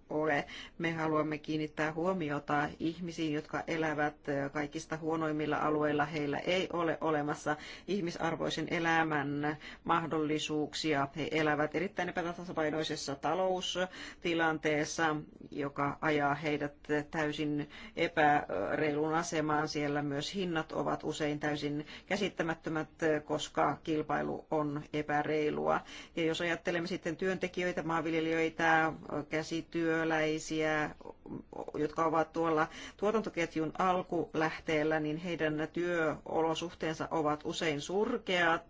ole. Me haluamme kiinnittää huomiota ihmisiin, jotka elävät kaikista huonoimmilla alueilla. Heillä ei ole olemassa ihmisarvoisen elämän mahdollisuuksia. He elävät erittäin epätasapainoisessa taloustilanteessa, joka ajaa heidät täysin epäreilun asemaan. Siellä myös hinnat ovat usein täysin käsittämättömät, koska kilpailu on epäreilua. Ja jos ajattelemme sitten työntekijöitä, maanviljelijöitä, käsi kausityöläisiä, jotka ovat tuolla tuotantoketjun alkulähteellä, niin heidän työolosuhteensa ovat usein surkeat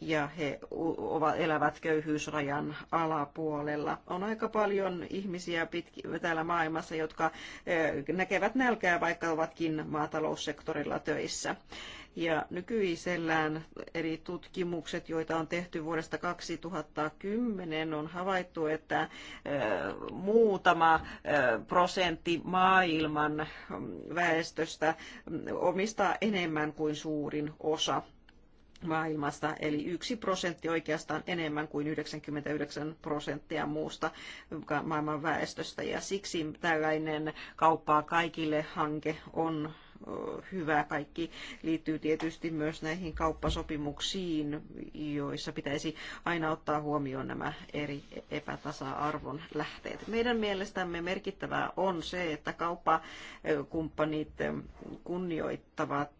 ja he elävät köyhyysrajan alapuolella. On aika paljon ihmisiä pitki, täällä maailmassa, jotka eh, näkevät nälkää, vaikka ovatkin maataloussektorilla töissä. Ja nykyisellään eri tutkimukset, joita on tehty vuodesta 2010, on havaittu, että muutama prosentti maailman mm, väestöstä mm, omistaa enemmän kuin suurin osa maailmasta, eli yksi prosentti oikeastaan enemmän kuin 99 prosenttia muusta maailman väestöstä, ja siksi tällainen kauppaa kaikille hanke on hyvä. Kaikki liittyy tietysti myös näihin kauppasopimuksiin, joissa pitäisi aina ottaa huomioon nämä eri epätasa-arvon lähteet. Meidän mielestämme merkittävää on se, että kauppakumppanit kunnioittavat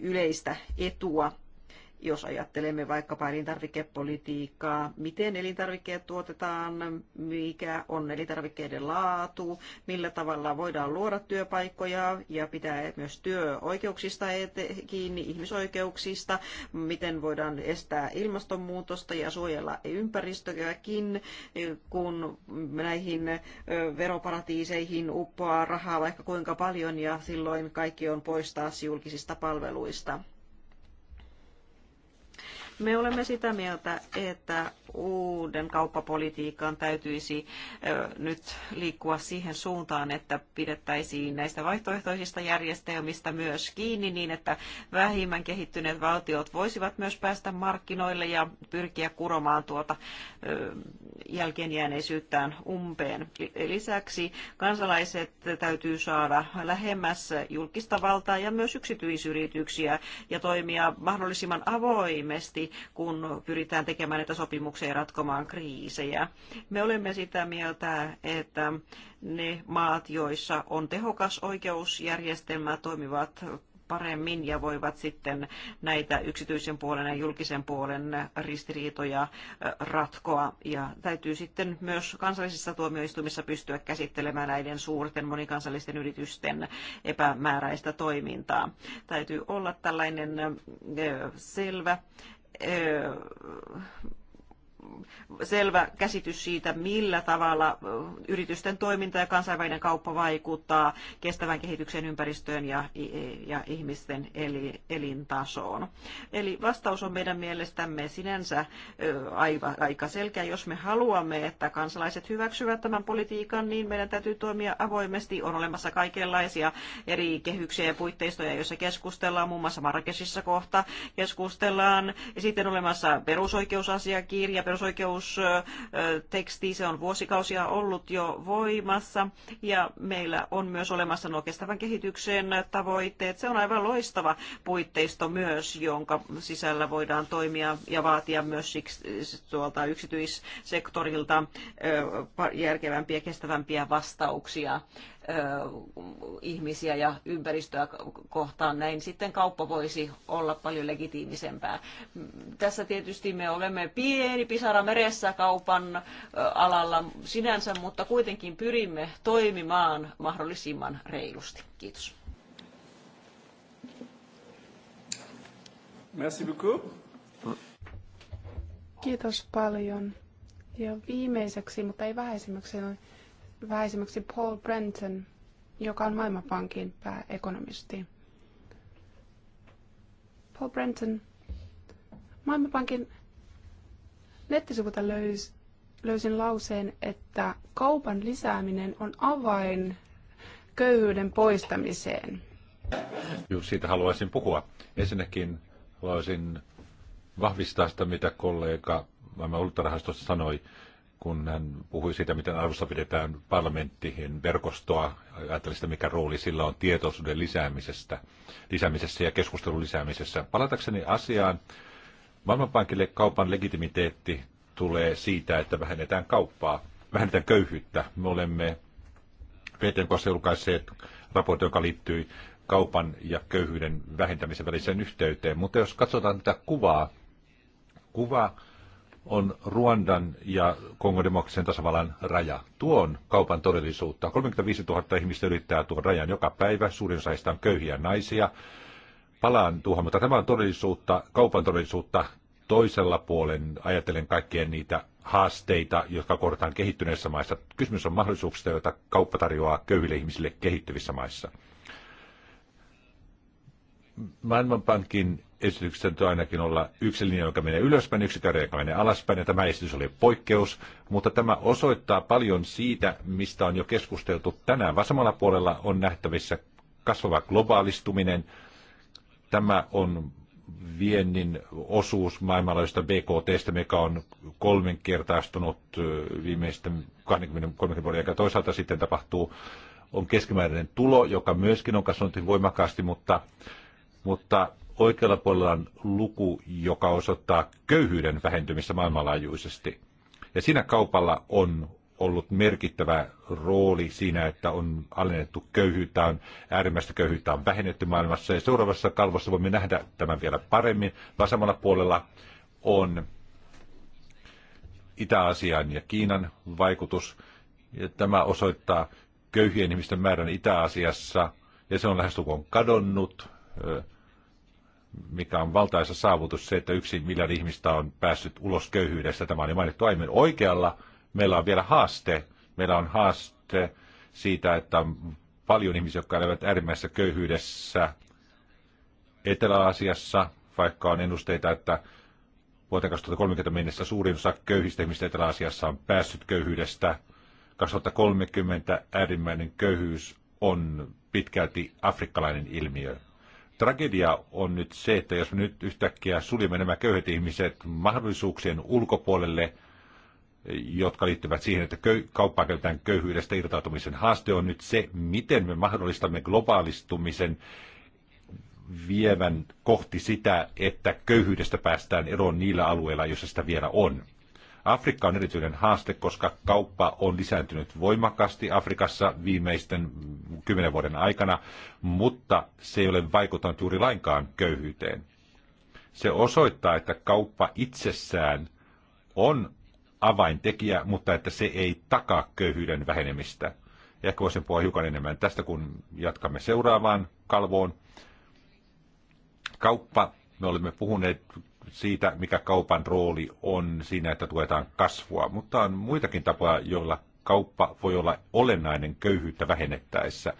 yleistä etua jos ajattelemme vaikkapa elintarvikepolitiikkaa, miten elintarvikkeet tuotetaan, mikä on elintarvikkeiden laatu, millä tavalla voidaan luoda työpaikkoja ja pitää myös työoikeuksista kiinni, ihmisoikeuksista, miten voidaan estää ilmastonmuutosta ja suojella ympäristöäkin, kun näihin veroparatiiseihin uppoaa rahaa vaikka kuinka paljon ja silloin kaikki on pois taas julkisista palveluista. Me olemme sitä mieltä, että uuden kauppapolitiikan täytyisi nyt liikkua siihen suuntaan, että pidettäisiin näistä vaihtoehtoisista järjestelmistä myös kiinni niin, että vähimmän kehittyneet valtiot voisivat myös päästä markkinoille ja pyrkiä kuromaan tuota jälkeenjääneisyyttään umpeen. Lisäksi kansalaiset täytyy saada lähemmäs julkista valtaa ja myös yksityisyrityksiä ja toimia mahdollisimman avoimesti, kun pyritään tekemään näitä sopimuksia sopimukseen ratkomaan kriisejä. Me olemme sitä mieltä, että ne maat, joissa on tehokas oikeusjärjestelmä, toimivat paremmin ja voivat sitten näitä yksityisen puolen ja julkisen puolen ristiriitoja ratkoa. Ja täytyy sitten myös kansallisissa tuomioistuimissa pystyä käsittelemään näiden suurten monikansallisten yritysten epämääräistä toimintaa. Täytyy olla tällainen selvä selvä käsitys siitä, millä tavalla yritysten toiminta ja kansainvälinen kauppa vaikuttaa kestävän kehityksen ympäristöön ja, e, ja ihmisten eli, elintasoon. Eli vastaus on meidän mielestämme sinänsä aiva, aika selkeä. Jos me haluamme, että kansalaiset hyväksyvät tämän politiikan, niin meidän täytyy toimia avoimesti. On olemassa kaikenlaisia eri kehyksiä ja puitteistoja, joissa keskustellaan, muun muassa Marrakeshissa kohta keskustellaan. Ja sitten on olemassa perusoikeusasiakirja, perus ihmisoikeusteksti, se on vuosikausia ollut jo voimassa ja meillä on myös olemassa nuo kestävän kehityksen tavoitteet. Se on aivan loistava puitteisto myös, jonka sisällä voidaan toimia ja vaatia myös tuolta yksityissektorilta järkevämpiä, kestävämpiä vastauksia ihmisiä ja ympäristöä kohtaan. Näin sitten kauppa voisi olla paljon legitiimisempää. Tässä tietysti me olemme pieni pisara meressä kaupan alalla sinänsä, mutta kuitenkin pyrimme toimimaan mahdollisimman reilusti. Kiitos. Merci beaucoup. Kiitos paljon. Ja viimeiseksi, mutta ei vähäisimmäksi, yhä esimerkiksi Paul Brenton, joka on Maailmanpankin pääekonomisti. Paul Brenton, Maailmanpankin nettisivuilta löys, löysin lauseen, että kaupan lisääminen on avain köyhyyden poistamiseen. Juuri siitä haluaisin puhua. Ensinnäkin haluaisin vahvistaa sitä, mitä kollega maailman ulkorahastosta sanoi kun hän puhui siitä, miten arvossa pidetään parlamenttien verkostoa, ajattelin sitä, mikä rooli sillä on tietoisuuden lisäämisestä, lisäämisessä ja keskustelun lisäämisessä. Palatakseni asiaan, Maailmanpankille kaupan legitimiteetti tulee siitä, että vähennetään kauppaa, vähennetään köyhyyttä. Me olemme VTKssa julkaisseet raportin, joka liittyy kaupan ja köyhyyden vähentämisen väliseen yhteyteen. Mutta jos katsotaan tätä kuvaa, kuvaa on Ruandan ja Kongodemokraattisen tasavallan raja. Tuo on kaupan todellisuutta. 35 000 ihmistä yrittää tuon rajan joka päivä. Suurin osa on köyhiä naisia. Palaan tuohon, mutta tämä on todellisuutta, kaupan todellisuutta toisella puolen ajatellen kaikkien niitä haasteita, jotka kohdataan kehittyneissä maissa. Kysymys on mahdollisuuksista, joita kauppa tarjoaa köyhille ihmisille kehittyvissä maissa. Maailmanpankin esityksestä nyt ainakin olla yksi linja, joka menee ylöspäin, yksi joka menee alaspäin, ja tämä esitys oli poikkeus, mutta tämä osoittaa paljon siitä, mistä on jo keskusteltu tänään. Vasemmalla puolella on nähtävissä kasvava globaalistuminen. Tämä on viennin osuus maailmanlaajuista BKTstä, mikä on kolminkertaistunut viimeisten 20-30 vuoden aikana. Toisaalta sitten tapahtuu, on keskimääräinen tulo, joka myöskin on kasvanut voimakkaasti, mutta, mutta Oikealla puolella on luku, joka osoittaa köyhyyden vähentymistä maailmanlaajuisesti. Ja siinä kaupalla on ollut merkittävä rooli siinä, että on alennettu köyhyyttä, on äärimmäistä köyhyyttä on vähennetty maailmassa. Ja seuraavassa kalvossa voimme nähdä tämän vielä paremmin. Vasemmalla puolella on Itä-Asian ja Kiinan vaikutus. Ja tämä osoittaa köyhien ihmisten määrän Itä-Asiassa, ja se on lähestulkoon kadonnut mikä on valtaisa saavutus, se, että yksi miljardi ihmistä on päässyt ulos köyhyydestä. Tämä on jo mainittu aiemmin. Oikealla meillä on vielä haaste. Meillä on haaste siitä, että on paljon ihmisiä, jotka elävät äärimmäisessä köyhyydessä Etelä-Aasiassa, vaikka on ennusteita, että vuoteen 2030 mennessä suurin osa köyhistä ihmistä Etelä-Aasiassa on päässyt köyhyydestä. 2030 äärimmäinen köyhyys on pitkälti afrikkalainen ilmiö tragedia on nyt se, että jos nyt yhtäkkiä suljemme nämä köyhät ihmiset mahdollisuuksien ulkopuolelle, jotka liittyvät siihen, että köy- kauppaa käytetään köyhyydestä irtautumisen haaste, on nyt se, miten me mahdollistamme globaalistumisen vievän kohti sitä, että köyhyydestä päästään eroon niillä alueilla, joissa sitä vielä on. Afrikka on erityinen haaste, koska kauppa on lisääntynyt voimakkaasti Afrikassa viimeisten kymmenen vuoden aikana, mutta se ei ole vaikuttanut juuri lainkaan köyhyyteen. Se osoittaa, että kauppa itsessään on avaintekijä, mutta että se ei takaa köyhyyden vähenemistä. Ja ehkä voisin puhua hiukan enemmän tästä, kun jatkamme seuraavaan kalvoon. Kauppa, me olemme puhuneet siitä, mikä kaupan rooli on siinä, että tuetaan kasvua, mutta on muitakin tapoja, joilla kauppa voi olla olennainen köyhyyttä vähennettäessä.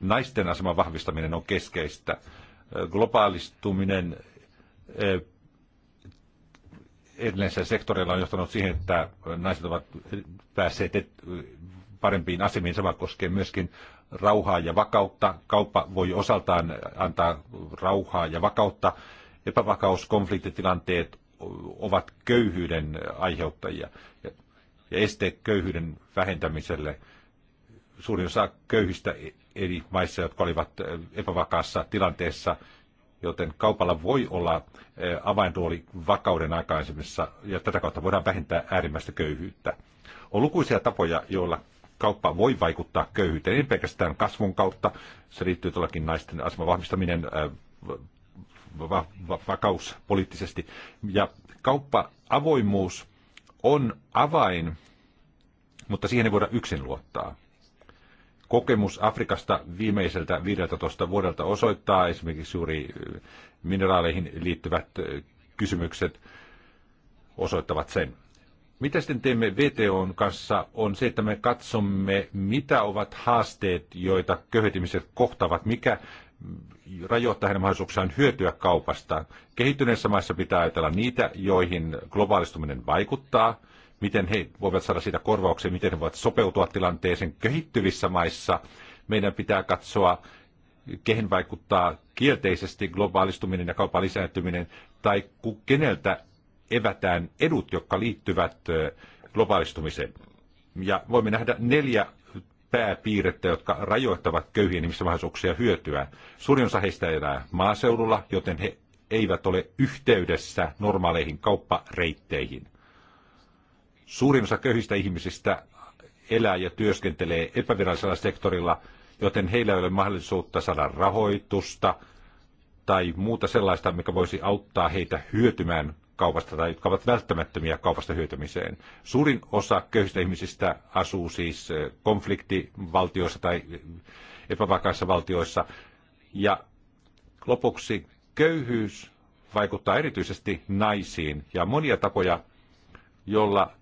Naisten aseman vahvistaminen on keskeistä. Globaalistuminen e, edellisellä sektorilla on johtanut siihen, että naiset ovat päässeet parempiin asemiin. Sama koskee myöskin rauhaa ja vakautta. Kauppa voi osaltaan antaa rauhaa ja vakautta epävakaus, konfliktitilanteet ovat köyhyyden aiheuttajia ja este köyhyyden vähentämiselle. Suurin osa köyhistä eri maissa, jotka olivat äh, epävakaassa tilanteessa, joten kaupalla voi olla äh, avainrooli vakauden aikaisemmissa ja tätä kautta voidaan vähentää äärimmäistä köyhyyttä. On lukuisia tapoja, joilla kauppa voi vaikuttaa köyhyyteen, ei pelkästään kasvun kautta. Se liittyy todellakin naisten aseman vahvistaminen, äh, va- va- vakaus poliittisesti. Ja kauppa-avoimuus on avain, mutta siihen ei voida yksin luottaa. Kokemus Afrikasta viimeiseltä 15 vuodelta osoittaa esimerkiksi juuri eh, mineraaleihin liittyvät eh, kysymykset osoittavat sen. Mitä sitten teemme VTOn kanssa on se, että me katsomme, mitä ovat haasteet, joita köyhetimiset kohtavat, mikä rajoittaa hänen mahdollisuuksiaan hyötyä kaupasta. Kehittyneissä maissa pitää ajatella niitä, joihin globaalistuminen vaikuttaa, miten he voivat saada siitä korvauksia, miten he voivat sopeutua tilanteeseen kehittyvissä maissa. Meidän pitää katsoa, kehen vaikuttaa kielteisesti globaalistuminen ja kaupan lisääntyminen, tai keneltä evätään edut, jotka liittyvät globaalistumiseen. Ja voimme nähdä neljä pääpiirrettä, jotka rajoittavat köyhien ihmisten mahdollisuuksia hyötyä. Suurin osa heistä elää maaseudulla, joten he eivät ole yhteydessä normaaleihin kauppareitteihin. Suurin osa köyhistä ihmisistä elää ja työskentelee epävirallisella sektorilla, joten heillä ei ole mahdollisuutta saada rahoitusta tai muuta sellaista, mikä voisi auttaa heitä hyötymään kaupasta tai jotka ovat välttämättömiä kaupasta hyötymiseen. Suurin osa köyhistä ihmisistä asuu siis konfliktivaltioissa tai epävakaissa valtioissa. Ja lopuksi köyhyys vaikuttaa erityisesti naisiin ja monia tapoja, jolla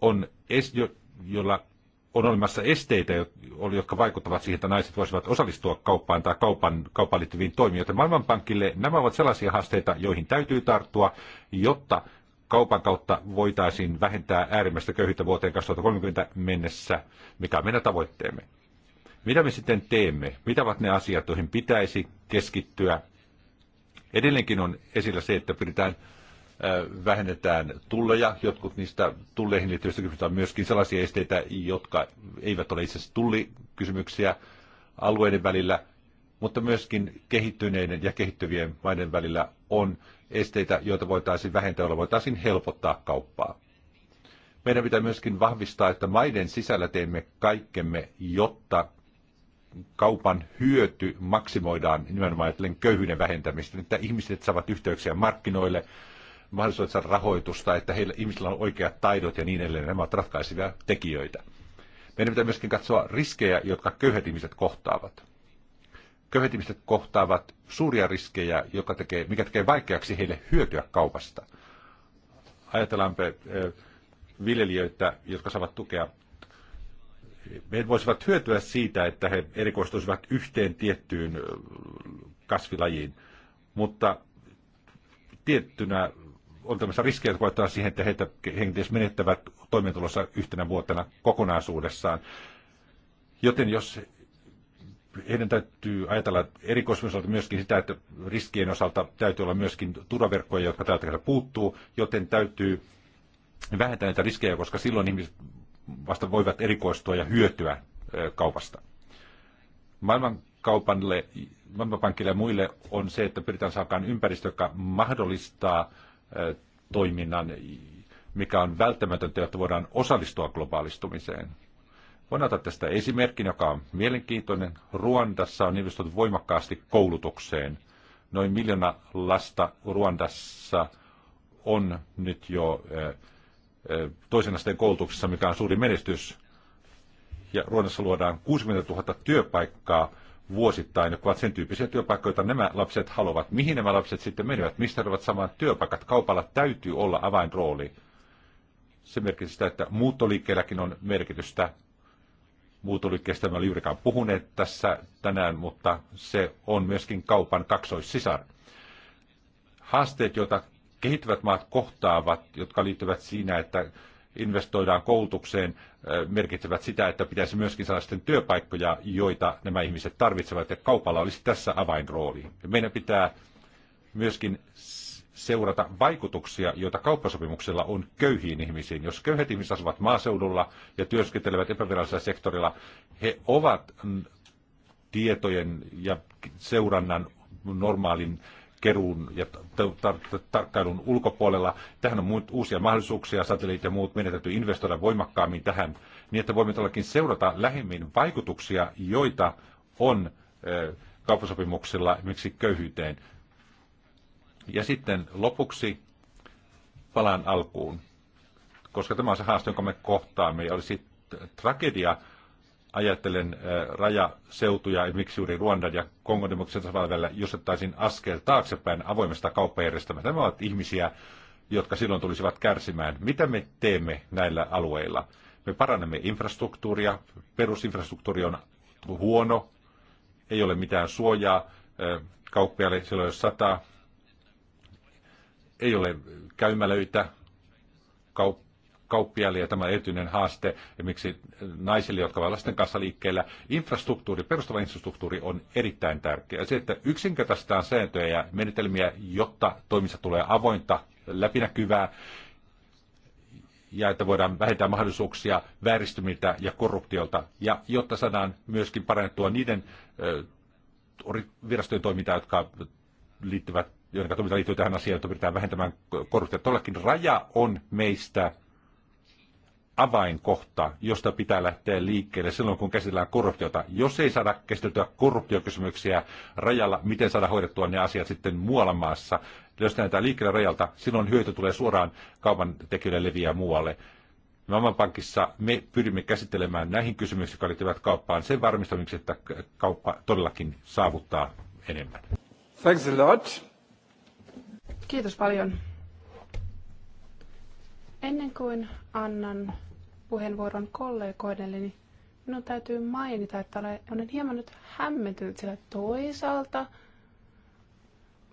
on, es, jo, jolla on olemassa esteitä, jotka vaikuttavat siihen, että naiset voisivat osallistua kauppaan tai kaupan, kauppaan liittyviin toimiin. Joten Maailmanpankille nämä ovat sellaisia haasteita, joihin täytyy tarttua, jotta kaupan kautta voitaisiin vähentää äärimmäistä köyhyyttä vuoteen 2030 mennessä, mikä on meidän tavoitteemme. Mitä me sitten teemme? Mitä ovat ne asiat, joihin pitäisi keskittyä? Edelleenkin on esillä se, että pyritään vähennetään tulleja. Jotkut niistä tulleihin liittyvistä kysymyksistä on myöskin sellaisia esteitä, jotka eivät ole itse asiassa tullikysymyksiä alueiden välillä, mutta myöskin kehittyneiden ja kehittyvien maiden välillä on esteitä, joita voitaisiin vähentää, joilla voitaisiin helpottaa kauppaa. Meidän pitää myöskin vahvistaa, että maiden sisällä teemme kaikkemme, jotta kaupan hyöty maksimoidaan nimenomaan ajatellen köyhyyden vähentämistä, että ihmiset saavat yhteyksiä markkinoille, mahdollisuudet saada rahoitusta, että heillä ihmisillä on oikeat taidot ja niin edelleen. Nämä ovat ratkaisevia tekijöitä. Meidän pitää myöskin katsoa riskejä, jotka köyhät ihmiset kohtaavat. Köyhät ihmiset kohtaavat suuria riskejä, joka tekee, mikä tekee vaikeaksi heille hyötyä kaupasta. Ajatellaanpa eh, viljelijöitä, jotka saavat tukea he voisivat hyötyä siitä, että he erikoistuisivat yhteen tiettyyn eh, kasvilajiin, mutta tiettynä on tämmöisiä riskejä, jotka voivat siihen, että heitä kenties menettävät toimintulossa yhtenä vuotena kokonaisuudessaan. Joten jos heidän täytyy ajatella erikoisuuden osalta myöskin sitä, että riskien osalta täytyy olla myöskin turvaverkkoja, jotka tältä kertaa puuttuu, joten täytyy vähentää näitä riskejä, koska silloin ihmiset vasta voivat erikoistua ja hyötyä kaupasta. Maailmankaupalle, Maailmanpankille ja muille on se, että pyritään saamaan ympäristö, joka mahdollistaa toiminnan, mikä on välttämätöntä, jotta voidaan osallistua globaalistumiseen. Voin ottaa tästä esimerkin, joka on mielenkiintoinen. Ruandassa on investoitu voimakkaasti koulutukseen. Noin miljoona lasta Ruandassa on nyt jo toisen asteen koulutuksessa, mikä on suuri menestys. Ja Ruandassa luodaan 60 000 työpaikkaa vuosittain, jotka ovat sen tyyppisiä työpaikkoja, joita nämä lapset haluavat. Mihin nämä lapset sitten menevät? Mistä ovat samat työpaikat? Kaupalla täytyy olla avainrooli. Se merkitsee sitä, että muuttoliikkeelläkin on merkitystä. Muuttoliikkeestä me olemme juurikaan puhuneet tässä tänään, mutta se on myöskin kaupan kaksoissisar. Haasteet, joita kehittyvät maat kohtaavat, jotka liittyvät siinä, että investoidaan koulutukseen, merkitsevät sitä, että pitäisi myöskin sellaisten työpaikkoja, joita nämä ihmiset tarvitsevat, ja kaupalla olisi tässä avainrooli. Meidän pitää myöskin seurata vaikutuksia, joita kauppasopimuksella on köyhiin ihmisiin. Jos köyhät ihmiset asuvat maaseudulla ja työskentelevät epävirallisella sektorilla, he ovat tietojen ja seurannan normaalin keruun ja tarkkailun ulkopuolella. Tähän on uusia mahdollisuuksia, satelliit ja muut, meidän täytyy investoida voimakkaammin tähän, niin että voimme todellakin seurata lähemmin vaikutuksia, joita on kauppasopimuksilla esimerkiksi köyhyyteen. Ja sitten lopuksi palaan alkuun, koska tämä on se haaste, jonka me kohtaamme, ja olisi tragedia, ajattelen äh, rajaseutuja, miksi juuri Ruandan ja Kongon demokratian tasavallan välillä, jos ottaisin askel taaksepäin avoimesta kauppajärjestelmästä. Nämä ovat ihmisiä, jotka silloin tulisivat kärsimään. Mitä me teemme näillä alueilla? Me parannamme infrastruktuuria. Perusinfrastruktuuri on huono. Ei ole mitään suojaa äh, kauppiaille silloin, jos sataa. Ei ole käymälöitä. kauppia kauppiaille ja tämä erityinen haaste, ja miksi naisille, jotka ovat lasten kanssa liikkeellä, infrastruktuuri, perustava infrastruktuuri on erittäin tärkeä. Se, että yksinkertaistetaan sääntöjä ja menetelmiä, jotta toiminta tulee avointa, läpinäkyvää, ja että voidaan vähentää mahdollisuuksia vääristymiltä ja korruptiolta, ja jotta saadaan myöskin parannettua niiden virastojen toimintaa, jotka liittyvät joiden toiminta liittyy tähän asiaan, jota pyritään vähentämään korruptiota. Todellakin raja on meistä avainkohta, josta pitää lähteä liikkeelle silloin, kun käsitellään korruptiota. Jos ei saada käsiteltyä korruptiokysymyksiä rajalla, miten saada hoidettua ne asiat sitten muualla maassa, jos näitä liikkeelle rajalta, silloin hyöty tulee suoraan kaupan tekijöille leviää muualle. Maailmanpankissa me pyrimme käsittelemään näihin kysymyksiin, jotka liittyvät kauppaan, sen varmistamiseksi, että kauppa todellakin saavuttaa enemmän. Thanks a lot. Kiitos paljon. Ennen kuin annan puheenvuoron kollegoidelle, minun täytyy mainita, että olen hieman nyt hämmentynyt, sillä toisaalta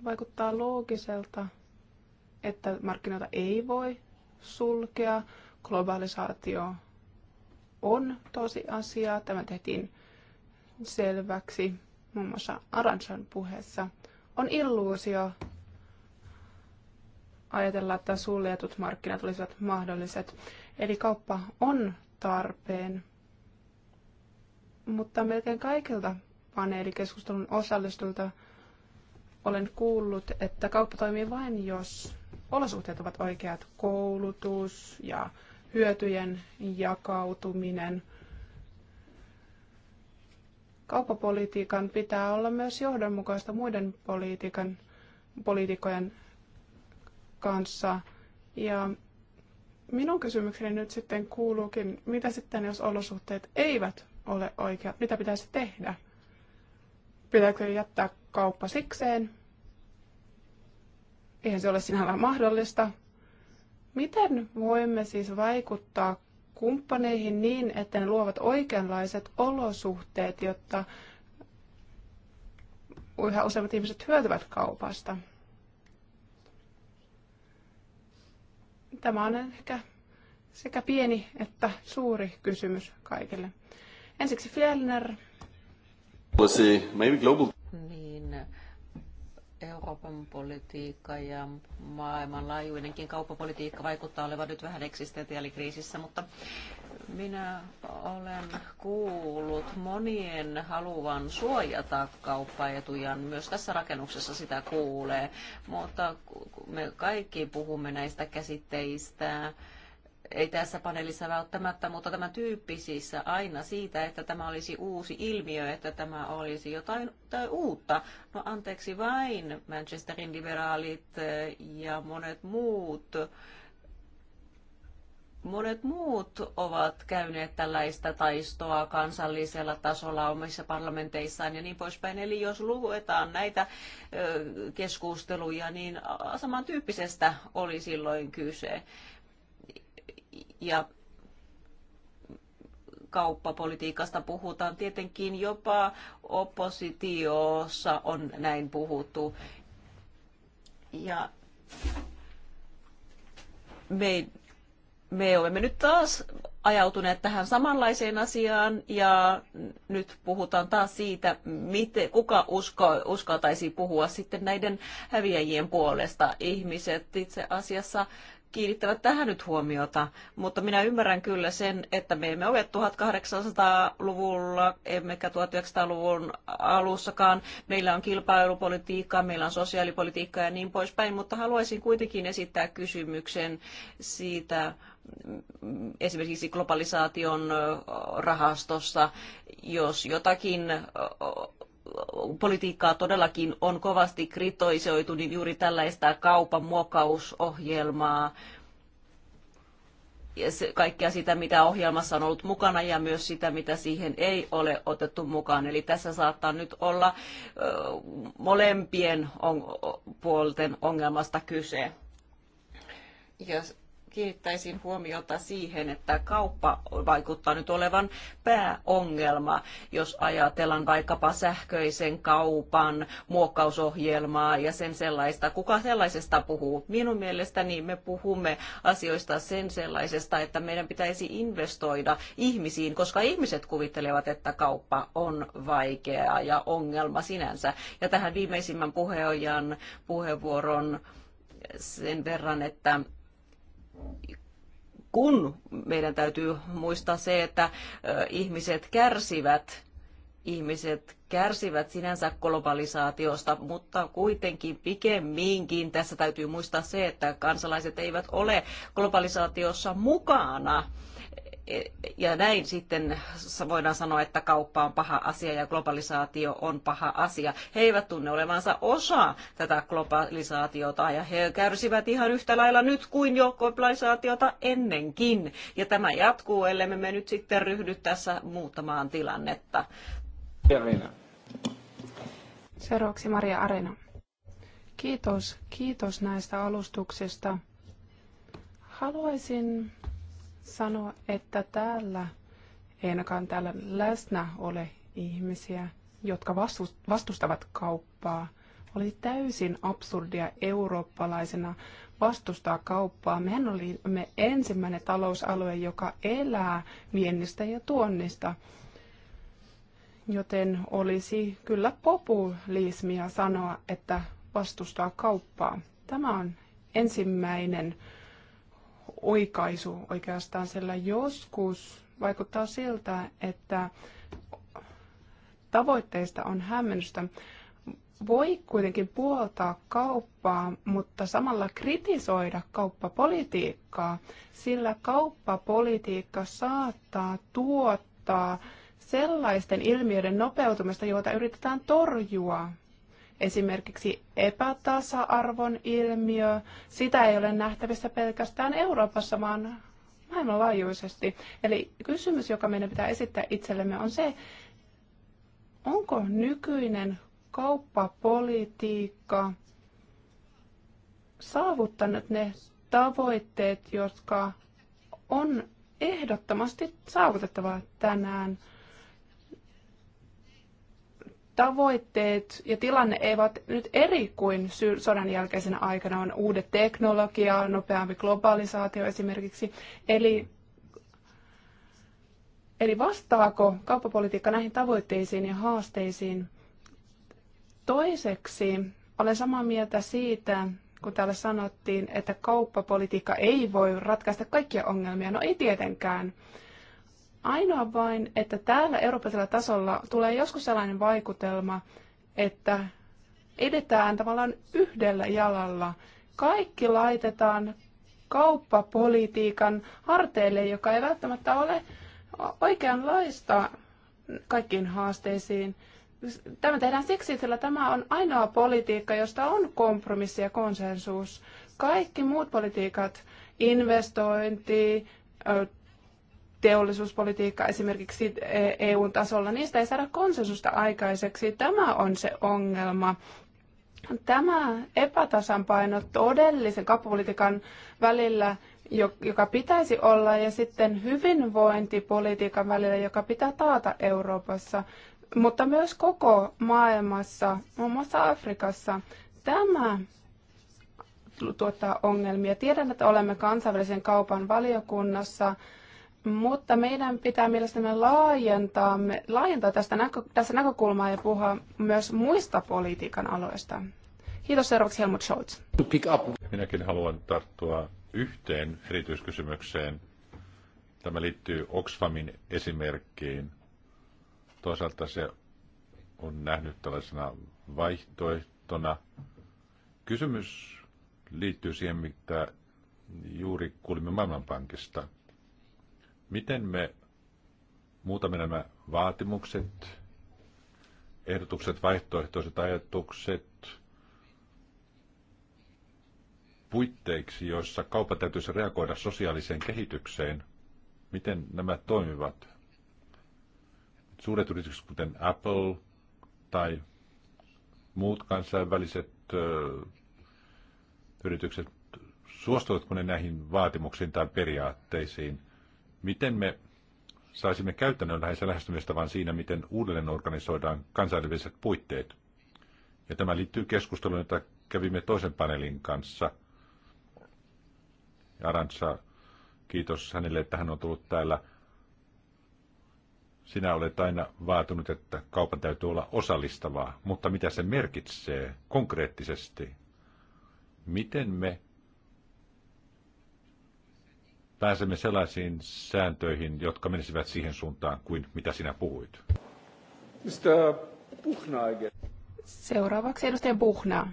vaikuttaa loogiselta, että markkinoita ei voi sulkea. Globalisaatio on tosi asia. Tämä tehtiin selväksi muun muassa Aransan puheessa. On illuusio ajatella, että suljetut markkinat olisivat mahdolliset. Eli kauppa on tarpeen. Mutta melkein kaikilta paneelikeskustelun osallistujilta olen kuullut, että kauppa toimii vain, jos olosuhteet ovat oikeat. Koulutus ja hyötyjen jakautuminen. Kauppapolitiikan pitää olla myös johdonmukaista muiden politiikan, poliitikojen kanssa. Ja Minun kysymykseni nyt sitten kuuluukin, mitä sitten jos olosuhteet eivät ole oikeat, mitä pitäisi tehdä? Pitääkö jättää kauppa sikseen? Eihän se ole sinällään mahdollista. Miten voimme siis vaikuttaa kumppaneihin niin, että ne luovat oikeanlaiset olosuhteet, jotta yhä useimmat ihmiset hyötyvät kaupasta? Tämä on ehkä sekä pieni että suuri kysymys kaikille. Ensiksi Fjellner. Maybe global. Niin, Euroopan politiikka ja maailmanlaajuinenkin kauppapolitiikka vaikuttaa olevan nyt vähän eksistentiaalikriisissä, mutta minä olen kuullut monien haluvan suojata kauppaetujaan. Myös tässä rakennuksessa sitä kuulee, mutta me kaikki puhumme näistä käsitteistä ei tässä paneelissa välttämättä, mutta tämän tyyppisissä aina siitä, että tämä olisi uusi ilmiö, että tämä olisi jotain tai uutta. No anteeksi vain Manchesterin liberaalit eh, ja monet muut monet muut ovat käyneet tällaista taistoa kansallisella tasolla omissa parlamenteissaan ja niin poispäin. Eli jos luetaan näitä eh, keskusteluja, niin samantyyppisestä oli silloin kyse. Ja kauppapolitiikasta puhutaan tietenkin jopa oppositiossa on näin puhuttu. Ja me, me olemme nyt taas ajautuneet tähän samanlaiseen asiaan ja nyt puhutaan taas siitä, miten, kuka usko, uskaltaisi puhua sitten näiden häviäjien puolesta. Ihmiset itse asiassa kiinnittävät tähän nyt huomiota, mutta minä ymmärrän kyllä sen, että me emme ole 1800-luvulla emmekä 1900-luvun alussakaan. Meillä on kilpailupolitiikkaa, meillä on sosiaalipolitiikkaa ja niin poispäin, mutta haluaisin kuitenkin esittää kysymyksen siitä, esimerkiksi globalisaation rahastossa, jos jotakin politiikkaa todellakin on kovasti kritoisoitu, niin juuri tällaista kaupan muokkausohjelmaa, ja se, kaikkea sitä, mitä ohjelmassa on ollut mukana ja myös sitä, mitä siihen ei ole otettu mukaan. Eli tässä saattaa nyt olla ö, molempien on, puolten ongelmasta kyse. Jos kiinnittäisin huomiota siihen, että kauppa vaikuttaa nyt olevan pääongelma, jos ajatellaan vaikkapa sähköisen kaupan muokkausohjelmaa ja sen sellaista. Kuka sellaisesta puhuu? Minun mielestäni me puhumme asioista sen sellaisesta, että meidän pitäisi investoida ihmisiin, koska ihmiset kuvittelevat, että kauppa on vaikeaa ja ongelma sinänsä. Ja tähän viimeisimmän puheenjohtajan puheenvuoron sen verran, että kun meidän täytyy muistaa se, että ihmiset kärsivät, ihmiset kärsivät sinänsä globalisaatiosta, mutta kuitenkin pikemminkin tässä täytyy muistaa se, että kansalaiset eivät ole globalisaatiossa mukana ja näin sitten voidaan sanoa, että kauppa on paha asia ja globalisaatio on paha asia. He eivät tunne olevansa osa tätä globalisaatiota ja he kärsivät ihan yhtä lailla nyt kuin jo globalisaatiota ennenkin. Ja tämä jatkuu, ellei me nyt sitten ryhdy tässä muuttamaan tilannetta. Arena. Seuraavaksi Maria Arena. Kiitos, kiitos näistä alustuksista. Haluaisin sanoa, että täällä ei ainakaan täällä läsnä ole ihmisiä, jotka vastustavat kauppaa. oli täysin absurdia eurooppalaisena vastustaa kauppaa. Mehän olimme ensimmäinen talousalue, joka elää viennistä ja tuonnista. Joten olisi kyllä populismia sanoa, että vastustaa kauppaa. Tämä on ensimmäinen oikaisu oikeastaan, sillä joskus vaikuttaa siltä, että tavoitteista on hämmennystä. Voi kuitenkin puoltaa kauppaa, mutta samalla kritisoida kauppapolitiikkaa, sillä kauppapolitiikka saattaa tuottaa sellaisten ilmiöiden nopeutumista, joita yritetään torjua esimerkiksi epätasa-arvon ilmiö. Sitä ei ole nähtävissä pelkästään Euroopassa, vaan maailmanlaajuisesti. Eli kysymys, joka meidän pitää esittää itsellemme, on se, onko nykyinen kauppapolitiikka saavuttanut ne tavoitteet, jotka on ehdottomasti saavutettava tänään – tavoitteet ja tilanne eivät nyt eri kuin sodan jälkeisenä aikana. On uudet teknologia, nopeampi globalisaatio esimerkiksi. Eli, eli vastaako kauppapolitiikka näihin tavoitteisiin ja haasteisiin? Toiseksi olen samaa mieltä siitä, kun täällä sanottiin, että kauppapolitiikka ei voi ratkaista kaikkia ongelmia. No ei tietenkään. Ainoa vain, että täällä eurooppalaisella tasolla tulee joskus sellainen vaikutelma, että edetään tavallaan yhdellä jalalla. Kaikki laitetaan kauppapolitiikan harteille, joka ei välttämättä ole oikeanlaista kaikkiin haasteisiin. Tämä tehdään siksi, sillä tämä on ainoa politiikka, josta on kompromissi ja konsensus. Kaikki muut politiikat, investointi, teollisuuspolitiikka esimerkiksi EUn tasolla, niistä ei saada konsensusta aikaiseksi. Tämä on se ongelma. Tämä epätasapaino todellisen kauppapolitiikan välillä, joka pitäisi olla, ja sitten hyvinvointipolitiikan välillä, joka pitää taata Euroopassa, mutta myös koko maailmassa, muun muassa Afrikassa. Tämä tuottaa ongelmia. Tiedän, että olemme kansainvälisen kaupan valiokunnassa, mutta meidän pitää mielestäni laajentaa, laajentaa tästä näkö, tässä näkökulmaa ja puhua myös muista politiikan aloista. Kiitos seuraavaksi Helmut Scholz. Minäkin haluan tarttua yhteen erityiskysymykseen. Tämä liittyy Oxfamin esimerkkiin. Toisaalta se on nähnyt tällaisena vaihtoehtona. Kysymys liittyy siihen, mitä juuri kuulimme Maailmanpankista – Miten me muutamme nämä vaatimukset, ehdotukset, vaihtoehtoiset ajatukset puitteiksi, joissa kauppa täytyisi reagoida sosiaaliseen kehitykseen? Miten nämä toimivat? Suuret yritykset, kuten Apple tai muut kansainväliset ö, yritykset, suostuvatko ne näihin vaatimuksiin tai periaatteisiin? Miten me saisimme käytännönläheisen lähestymistavan siinä, miten uudelleen organisoidaan kansainväliset puitteet? Ja tämä liittyy keskusteluun, jota kävimme toisen paneelin kanssa. Arantsa, kiitos hänelle, että hän on tullut täällä. Sinä olet aina vaatunut, että kaupan täytyy olla osallistavaa, mutta mitä se merkitsee konkreettisesti? Miten me pääsemme sellaisiin sääntöihin, jotka menisivät siihen suuntaan kuin mitä sinä puhuit. Seuraavaksi edustaja Buhna.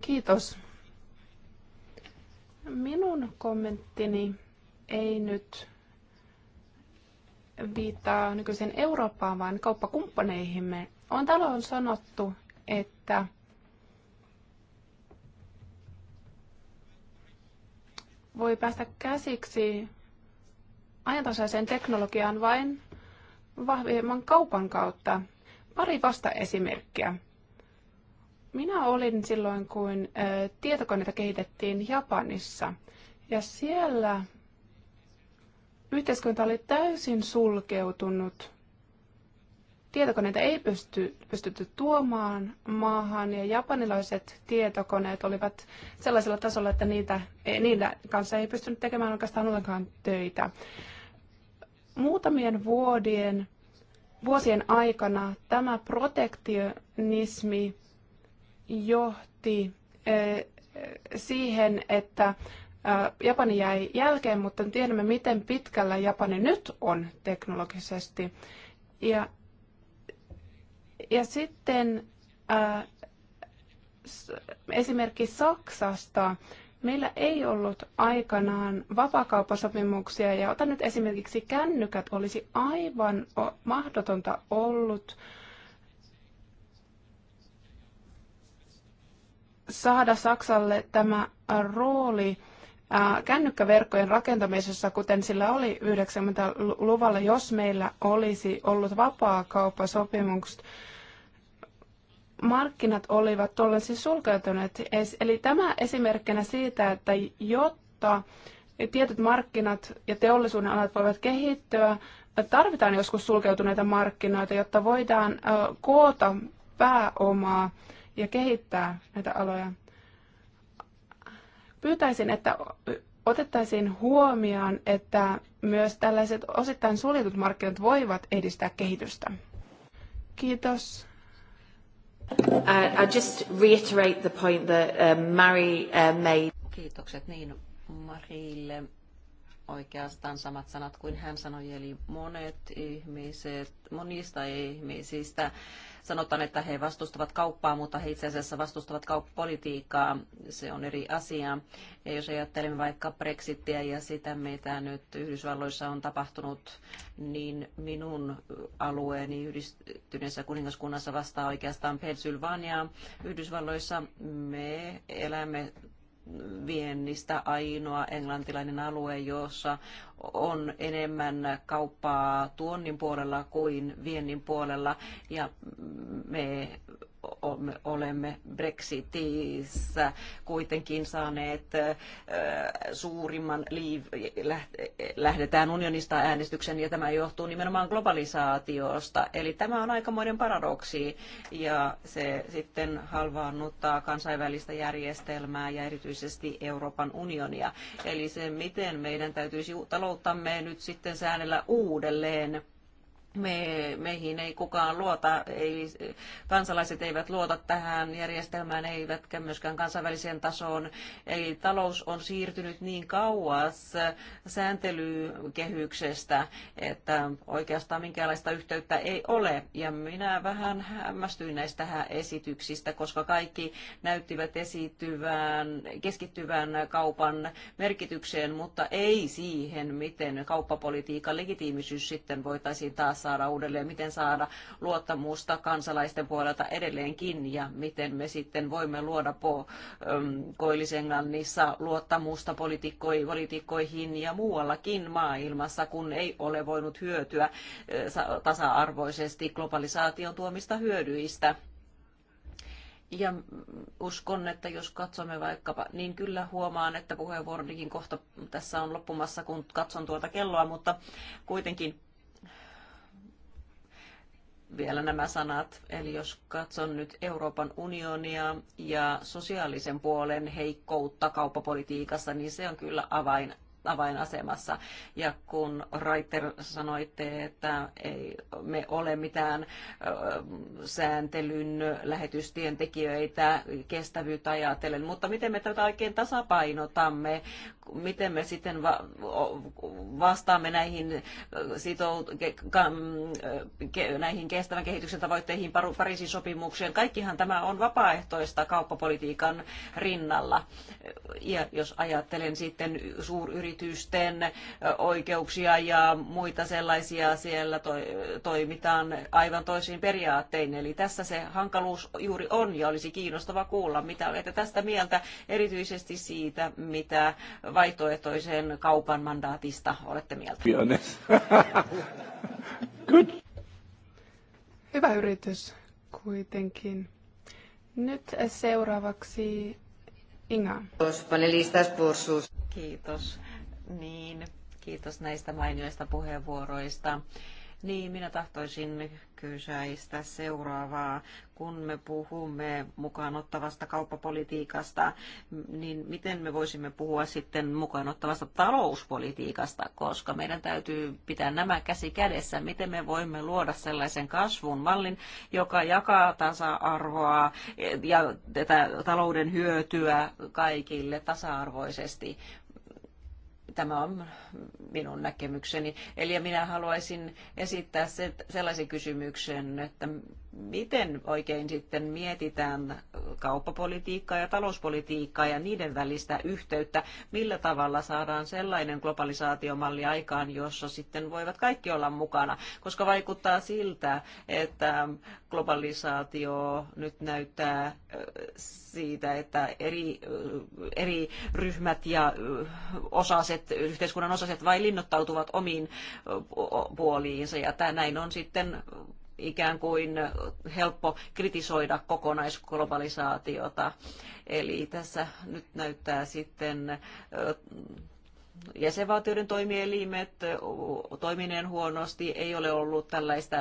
Kiitos. Minun kommenttini ei nyt viittaa nykyisen Eurooppaan, vaan kauppakumppaneihimme. On talon sanottu, että voi päästä käsiksi ajantasaiseen teknologiaan vain vahvemman kaupan kautta. Pari vasta esimerkkiä. Minä olin silloin, kun tietokoneita kehitettiin Japanissa. Ja siellä yhteiskunta oli täysin sulkeutunut tietokoneita ei pysty, pystytty tuomaan maahan ja japanilaiset tietokoneet olivat sellaisella tasolla, että niitä, e, niillä kanssa ei pystynyt tekemään oikeastaan ollenkaan töitä. Muutamien vuodien, vuosien aikana tämä protektionismi johti e, siihen, että e, Japani jäi jälkeen, mutta tiedämme, miten pitkällä Japani nyt on teknologisesti. Ja ja sitten äh, esimerkki Saksasta. Meillä ei ollut aikanaan vapakauppasopimuksia ja otan nyt esimerkiksi kännykät olisi aivan mahdotonta ollut saada Saksalle tämä rooli äh, kännykkäverkkojen rakentamisessa, kuten sillä oli 90-luvulla, jos meillä olisi ollut vapaa kauppasopimukset markkinat olivat tuolloin siis sulkeutuneet. Eli tämä esimerkkinä siitä, että jotta tietyt markkinat ja teollisuuden alat voivat kehittyä, tarvitaan joskus sulkeutuneita markkinoita, jotta voidaan koota pääomaa ja kehittää näitä aloja. Pyytäisin, että otettaisiin huomioon, että myös tällaiset osittain suljetut markkinat voivat edistää kehitystä. Kiitos. I just reiterate the point that uh, uh, made. Kiitokset niin Marille. Oikeastaan samat sanat kuin hän sanoi, eli monet ihmiset, monista ihmisistä sanotaan, että he vastustavat kauppaa, mutta he itse asiassa vastustavat kauppapolitiikkaa. Se on eri asia. Ja jos ajattelemme vaikka Brexittiä ja sitä, mitä nyt Yhdysvalloissa on tapahtunut, niin minun alueeni yhdistyneessä kuningaskunnassa vastaa oikeastaan Pennsylvania. Yhdysvalloissa me elämme viennistä ainoa englantilainen alue, jossa on enemmän kauppaa tuonnin puolella kuin viennin puolella ja me olemme Brexitissä kuitenkin saaneet suurimman liiv... lähdetään unionista äänestyksen ja tämä johtuu nimenomaan globalisaatiosta. Eli tämä on aikamoinen paradoksi ja se sitten halvaannuttaa kansainvälistä järjestelmää ja erityisesti Euroopan unionia. Eli se, miten meidän täytyisi talouttamme nyt sitten säännellä uudelleen me, meihin ei kukaan luota, ei, kansalaiset eivät luota tähän järjestelmään, eivätkä myöskään kansainväliseen tasoon. Eli talous on siirtynyt niin kauas sääntelykehyksestä, että oikeastaan minkäänlaista yhteyttä ei ole. Ja minä vähän hämmästyin näistä esityksistä, koska kaikki näyttivät esittyvän, keskittyvän kaupan merkitykseen, mutta ei siihen, miten kauppapolitiikan legitiimisyys sitten voitaisiin taas saada uudelleen, miten saada luottamusta kansalaisten puolelta edelleenkin ja miten me sitten voimme luoda po, Koillis-Englannissa luottamusta poliitikkoihin ja muuallakin maailmassa, kun ei ole voinut hyötyä tasa-arvoisesti globalisaation tuomista hyödyistä. Ja uskon, että jos katsomme vaikkapa, niin kyllä huomaan, että puheenvuoronikin kohta tässä on loppumassa, kun katson tuota kelloa, mutta kuitenkin vielä nämä sanat. Eli jos katson nyt Euroopan unionia ja sosiaalisen puolen heikkoutta kauppapolitiikassa, niin se on kyllä avain avainasemassa. Ja kun Reiter sanoitte, että ei me ole mitään sääntelyn lähetystyöntekijöitä kestävyyttä ajatellen, mutta miten me tätä oikein tasapainotamme, miten me sitten vastaamme näihin, sitout- ke- näihin kestävän kehityksen tavoitteihin, Pariisin sopimukseen. Kaikkihan tämä on vapaaehtoista kauppapolitiikan rinnalla. Ja jos ajattelen sitten suuryrityksiä, yritysten oikeuksia ja muita sellaisia siellä toimitaan aivan toisiin periaattein. Eli tässä se hankaluus juuri on ja olisi kiinnostava kuulla, mitä olette tästä mieltä, erityisesti siitä, mitä vaihtoehtoisen kaupan mandaatista olette mieltä. Hyvä yritys kuitenkin. Nyt seuraavaksi Inga. Kiitos niin, kiitos näistä mainioista puheenvuoroista. Niin, minä tahtoisin kysäistä seuraavaa. Kun me puhumme mukaanottavasta kauppapolitiikasta, niin miten me voisimme puhua sitten mukaanottavasta talouspolitiikasta, koska meidän täytyy pitää nämä käsi kädessä. Miten me voimme luoda sellaisen kasvun mallin, joka jakaa tasa-arvoa ja tätä talouden hyötyä kaikille tasa-arvoisesti. Tämä on minun näkemykseni. Eli minä haluaisin esittää sellaisen kysymyksen, että miten oikein sitten mietitään kauppapolitiikkaa ja talouspolitiikkaa ja niiden välistä yhteyttä, millä tavalla saadaan sellainen globalisaatiomalli aikaan, jossa sitten voivat kaikki olla mukana, koska vaikuttaa siltä, että globalisaatio nyt näyttää siitä, että eri, eri ryhmät ja osaset, yhteiskunnan osaset vain linnoittautuvat omiin puoliinsa ja tämä näin on sitten ikään kuin helppo kritisoida kokonaisglobalisaatiota. Eli tässä nyt näyttää sitten jäsenvaltioiden toimielimet toimineen huonosti, ei ole ollut tällaista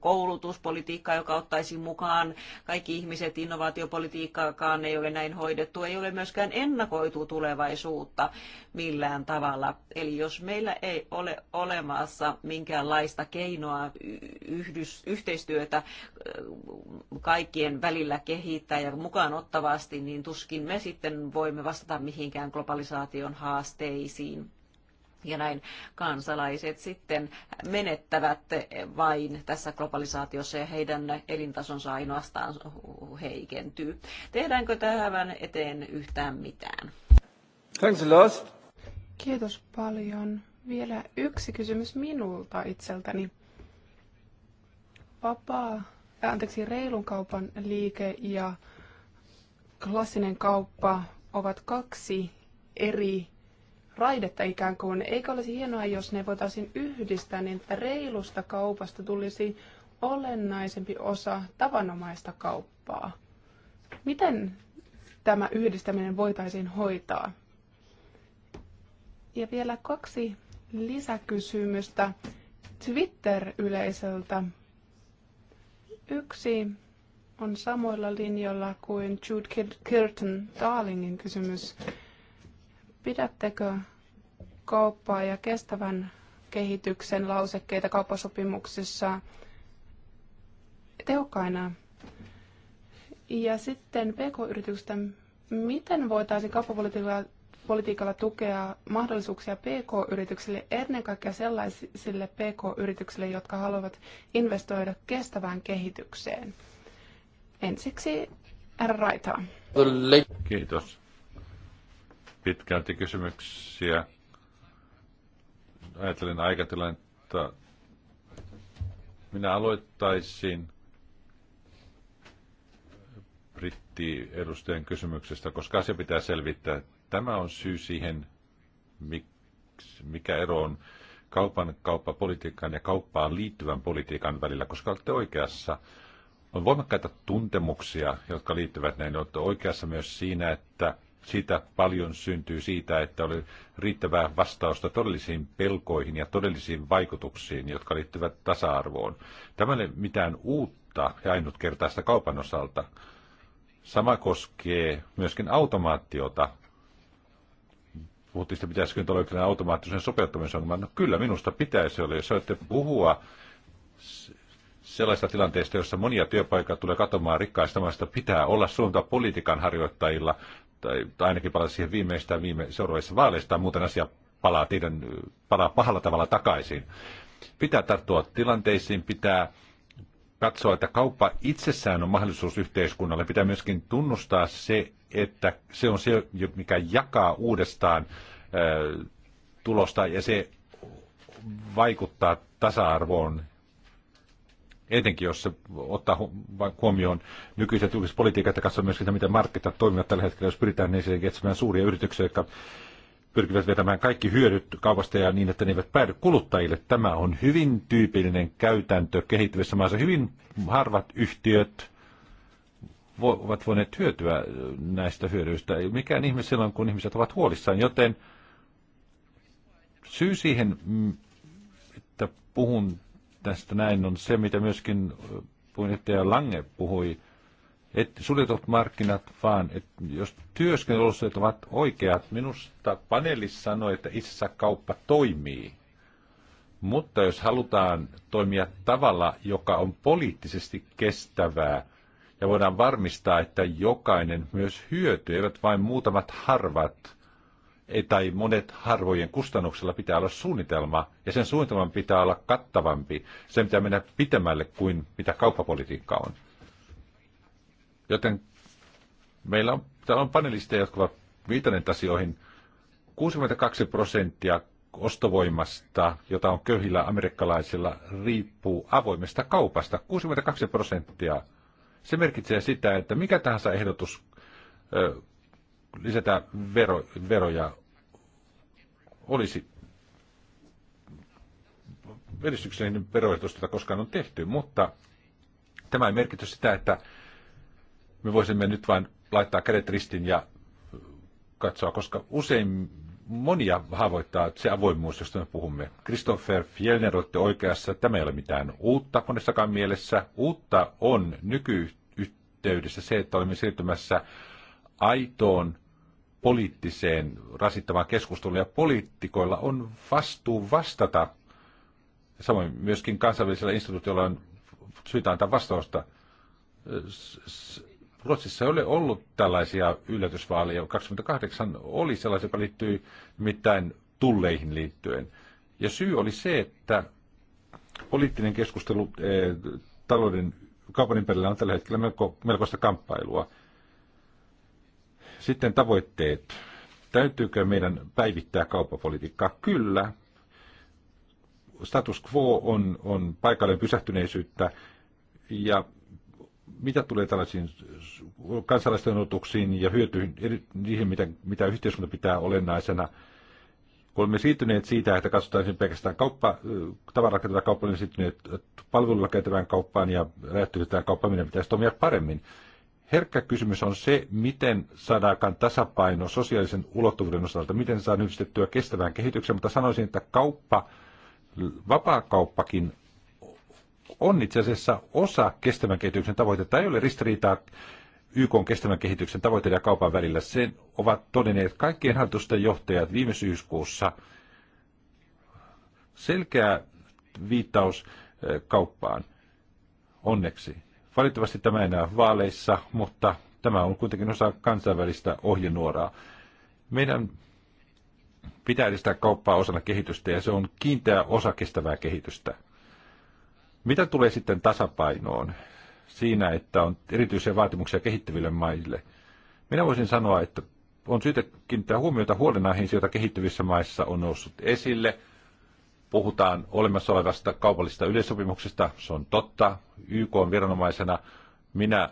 koulutuspolitiikkaa, joka ottaisi mukaan kaikki ihmiset, innovaatiopolitiikkaakaan ei ole näin hoidettu, ei ole myöskään ennakoitu tulevaisuutta millään tavalla. Eli jos meillä ei ole olemassa minkäänlaista keinoa yhdys, yhteistyötä kaikkien välillä kehittää ja mukaan ottavasti, niin tuskin me sitten voimme vastata mihinkään globalisaation haasteisiin ja näin kansalaiset sitten menettävät vain tässä globalisaatiossa ja heidän elintasonsa ainoastaan heikentyy. Tehdäänkö tähän eteen yhtään mitään? Thanks a lot. Kiitos paljon. Vielä yksi kysymys minulta itseltäni. Vapaa, äh, anteeksi, reilun kaupan liike ja klassinen kauppa ovat kaksi eri raidetta ikään kuin. Eikö olisi hienoa, jos ne voitaisiin yhdistää niin, että reilusta kaupasta tulisi olennaisempi osa tavanomaista kauppaa? Miten tämä yhdistäminen voitaisiin hoitaa? Ja vielä kaksi lisäkysymystä Twitter-yleisöltä. Yksi on samoilla linjoilla kuin Jude Curtin Darlingin kysymys. Pidättekö kauppaa ja kestävän kehityksen lausekkeita kauppasopimuksissa tehokkaina. Ja sitten pk-yritystä, miten voitaisiin kauppapolitiikalla tukea mahdollisuuksia PK-yrityksille, ennen kaikkea sellaisille PK-yrityksille, jotka haluavat investoida kestävään kehitykseen. Ensiksi R. Raitaa. Kiitos. Pitkälti kysymyksiä ajattelen että minä aloittaisin brittiedustajan kysymyksestä, koska se pitää selvittää. Tämä on syy siihen, mikä ero on kaupan, kauppapolitiikan ja kauppaan liittyvän politiikan välillä, koska olette oikeassa. On voimakkaita tuntemuksia, jotka liittyvät näin. Olette oikeassa myös siinä, että sitä paljon syntyy siitä, että oli riittävää vastausta todellisiin pelkoihin ja todellisiin vaikutuksiin, jotka liittyvät tasa-arvoon. Tämä ei ole mitään uutta ja ainutkertaista kaupan osalta. Sama koskee myöskin automaatiota. Puhuttiin, että pitäisikö nyt olla automaattisen sopeuttamisongelma. No kyllä, minusta pitäisi olla. Jos olette puhua sellaista tilanteesta, jossa monia työpaikkoja tulee katomaan rikkaista maista, pitää olla suunta politiikan harjoittajilla tai, tai ainakin palata siihen viimeistään viime seuraavissa vaaleissa, muuten asia palaa, teidän, palaa pahalla tavalla takaisin. Pitää tarttua tilanteisiin, pitää katsoa, että kauppa itsessään on mahdollisuus yhteiskunnalle. Pitää myöskin tunnustaa se, että se on se, mikä jakaa uudestaan tulosta ja se vaikuttaa tasa-arvoon etenkin jos se ottaa huomioon nykyiset julkiset politiikat ja katsoo myöskin sitä, miten markkinat toimivat tällä hetkellä, jos pyritään niin etsimään suuria yrityksiä, jotka pyrkivät vetämään kaikki hyödyt kaupasta ja niin, että ne eivät päädy kuluttajille. Tämä on hyvin tyypillinen käytäntö kehittyvissä maissa. Hyvin harvat yhtiöt ovat voineet hyötyä äh, näistä hyödyistä. Mikään ihme silloin, kun ihmiset ovat huolissaan, joten syy siihen, mm, että puhun tästä näin on se, mitä myöskin äh, puheenjohtaja Lange puhui, että suljetut markkinat vaan, että jos työskentelyolosuhteet ovat oikeat, minusta paneeli sanoi, että itse kauppa toimii. Mutta jos halutaan toimia tavalla, joka on poliittisesti kestävää, ja voidaan varmistaa, että jokainen myös hyötyy, eivät vain muutamat harvat, tai monet harvojen kustannuksella pitää olla suunnitelma, ja sen suunnitelman pitää olla kattavampi. Sen pitää mennä pitemmälle kuin mitä kauppapolitiikka on. Joten meillä on, täällä on panelisteja, jotka ovat viitanneet asioihin. 62 prosenttia ostovoimasta, jota on köyhillä amerikkalaisilla, riippuu avoimesta kaupasta. 62 prosenttia. Se merkitsee sitä, että mikä tahansa ehdotus ö, lisätä vero, veroja olisi edistyksellinen veroetus, jota koskaan on tehty, mutta tämä ei merkity sitä, että me voisimme nyt vain laittaa kädet ristin ja katsoa, koska usein monia haavoittaa se avoimuus, josta me puhumme. Christopher Fjellner olette oikeassa, tämä ei ole mitään uutta monessakaan mielessä. Uutta on nykyyhteydessä se, että olemme siirtymässä aitoon poliittiseen rasittamaan keskusteluun, ja poliitikoilla on vastuu vastata. Samoin myöskin kansainvälisillä instituutioilla on syytä antaa vastausta. Ruotsissa ei ole ollut tällaisia yllätysvaaleja. 28 oli sellaisia, joka liittyy nimittäin tulleihin liittyen. Ja syy oli se, että poliittinen keskustelu eh, talouden kaupan ympärillä on tällä hetkellä melko, melkoista kamppailua. Sitten tavoitteet. Täytyykö meidän päivittää kauppapolitiikkaa? Kyllä. Status quo on, on paikalleen pysähtyneisyyttä ja mitä tulee tällaisiin kansalaisten otuksiin ja hyötyihin, niihin, mitä, mitä yhteiskunta pitää olennaisena, olemme siirtyneet siitä, että katsotaan pelkästään kauppa, äh, käytävää kauppaan, niin siirtyneet palvelulla käytävään kauppaan ja räjähtyvään kauppaan, meidän pitäisi toimia paremmin herkkä kysymys on se, miten saadaan tasapaino sosiaalisen ulottuvuuden osalta, miten saadaan yhdistettyä kestävään kehitykseen, mutta sanoisin, että kauppa, vapaakauppakin on itse asiassa osa kestävän kehityksen tavoitetta. Ei ole ristiriitaa YK on kestävän kehityksen tavoitteiden ja kaupan välillä. Sen ovat todenneet kaikkien hallitusten johtajat viime syyskuussa. Selkeä viittaus eh, kauppaan, onneksi. Valitettavasti tämä ei näy vaaleissa, mutta tämä on kuitenkin osa kansainvälistä ohjenuoraa. Meidän pitää edistää kauppaa osana kehitystä ja se on kiinteä osa kestävää kehitystä. Mitä tulee sitten tasapainoon siinä, että on erityisiä vaatimuksia kehittyville maille? Minä voisin sanoa, että on syytä kiinnittää huomiota huolenaiheisiin, joita kehittyvissä maissa on noussut esille – Puhutaan olemassa olevasta kaupallisesta yleissopimuksesta, se on totta. YK on viranomaisena minä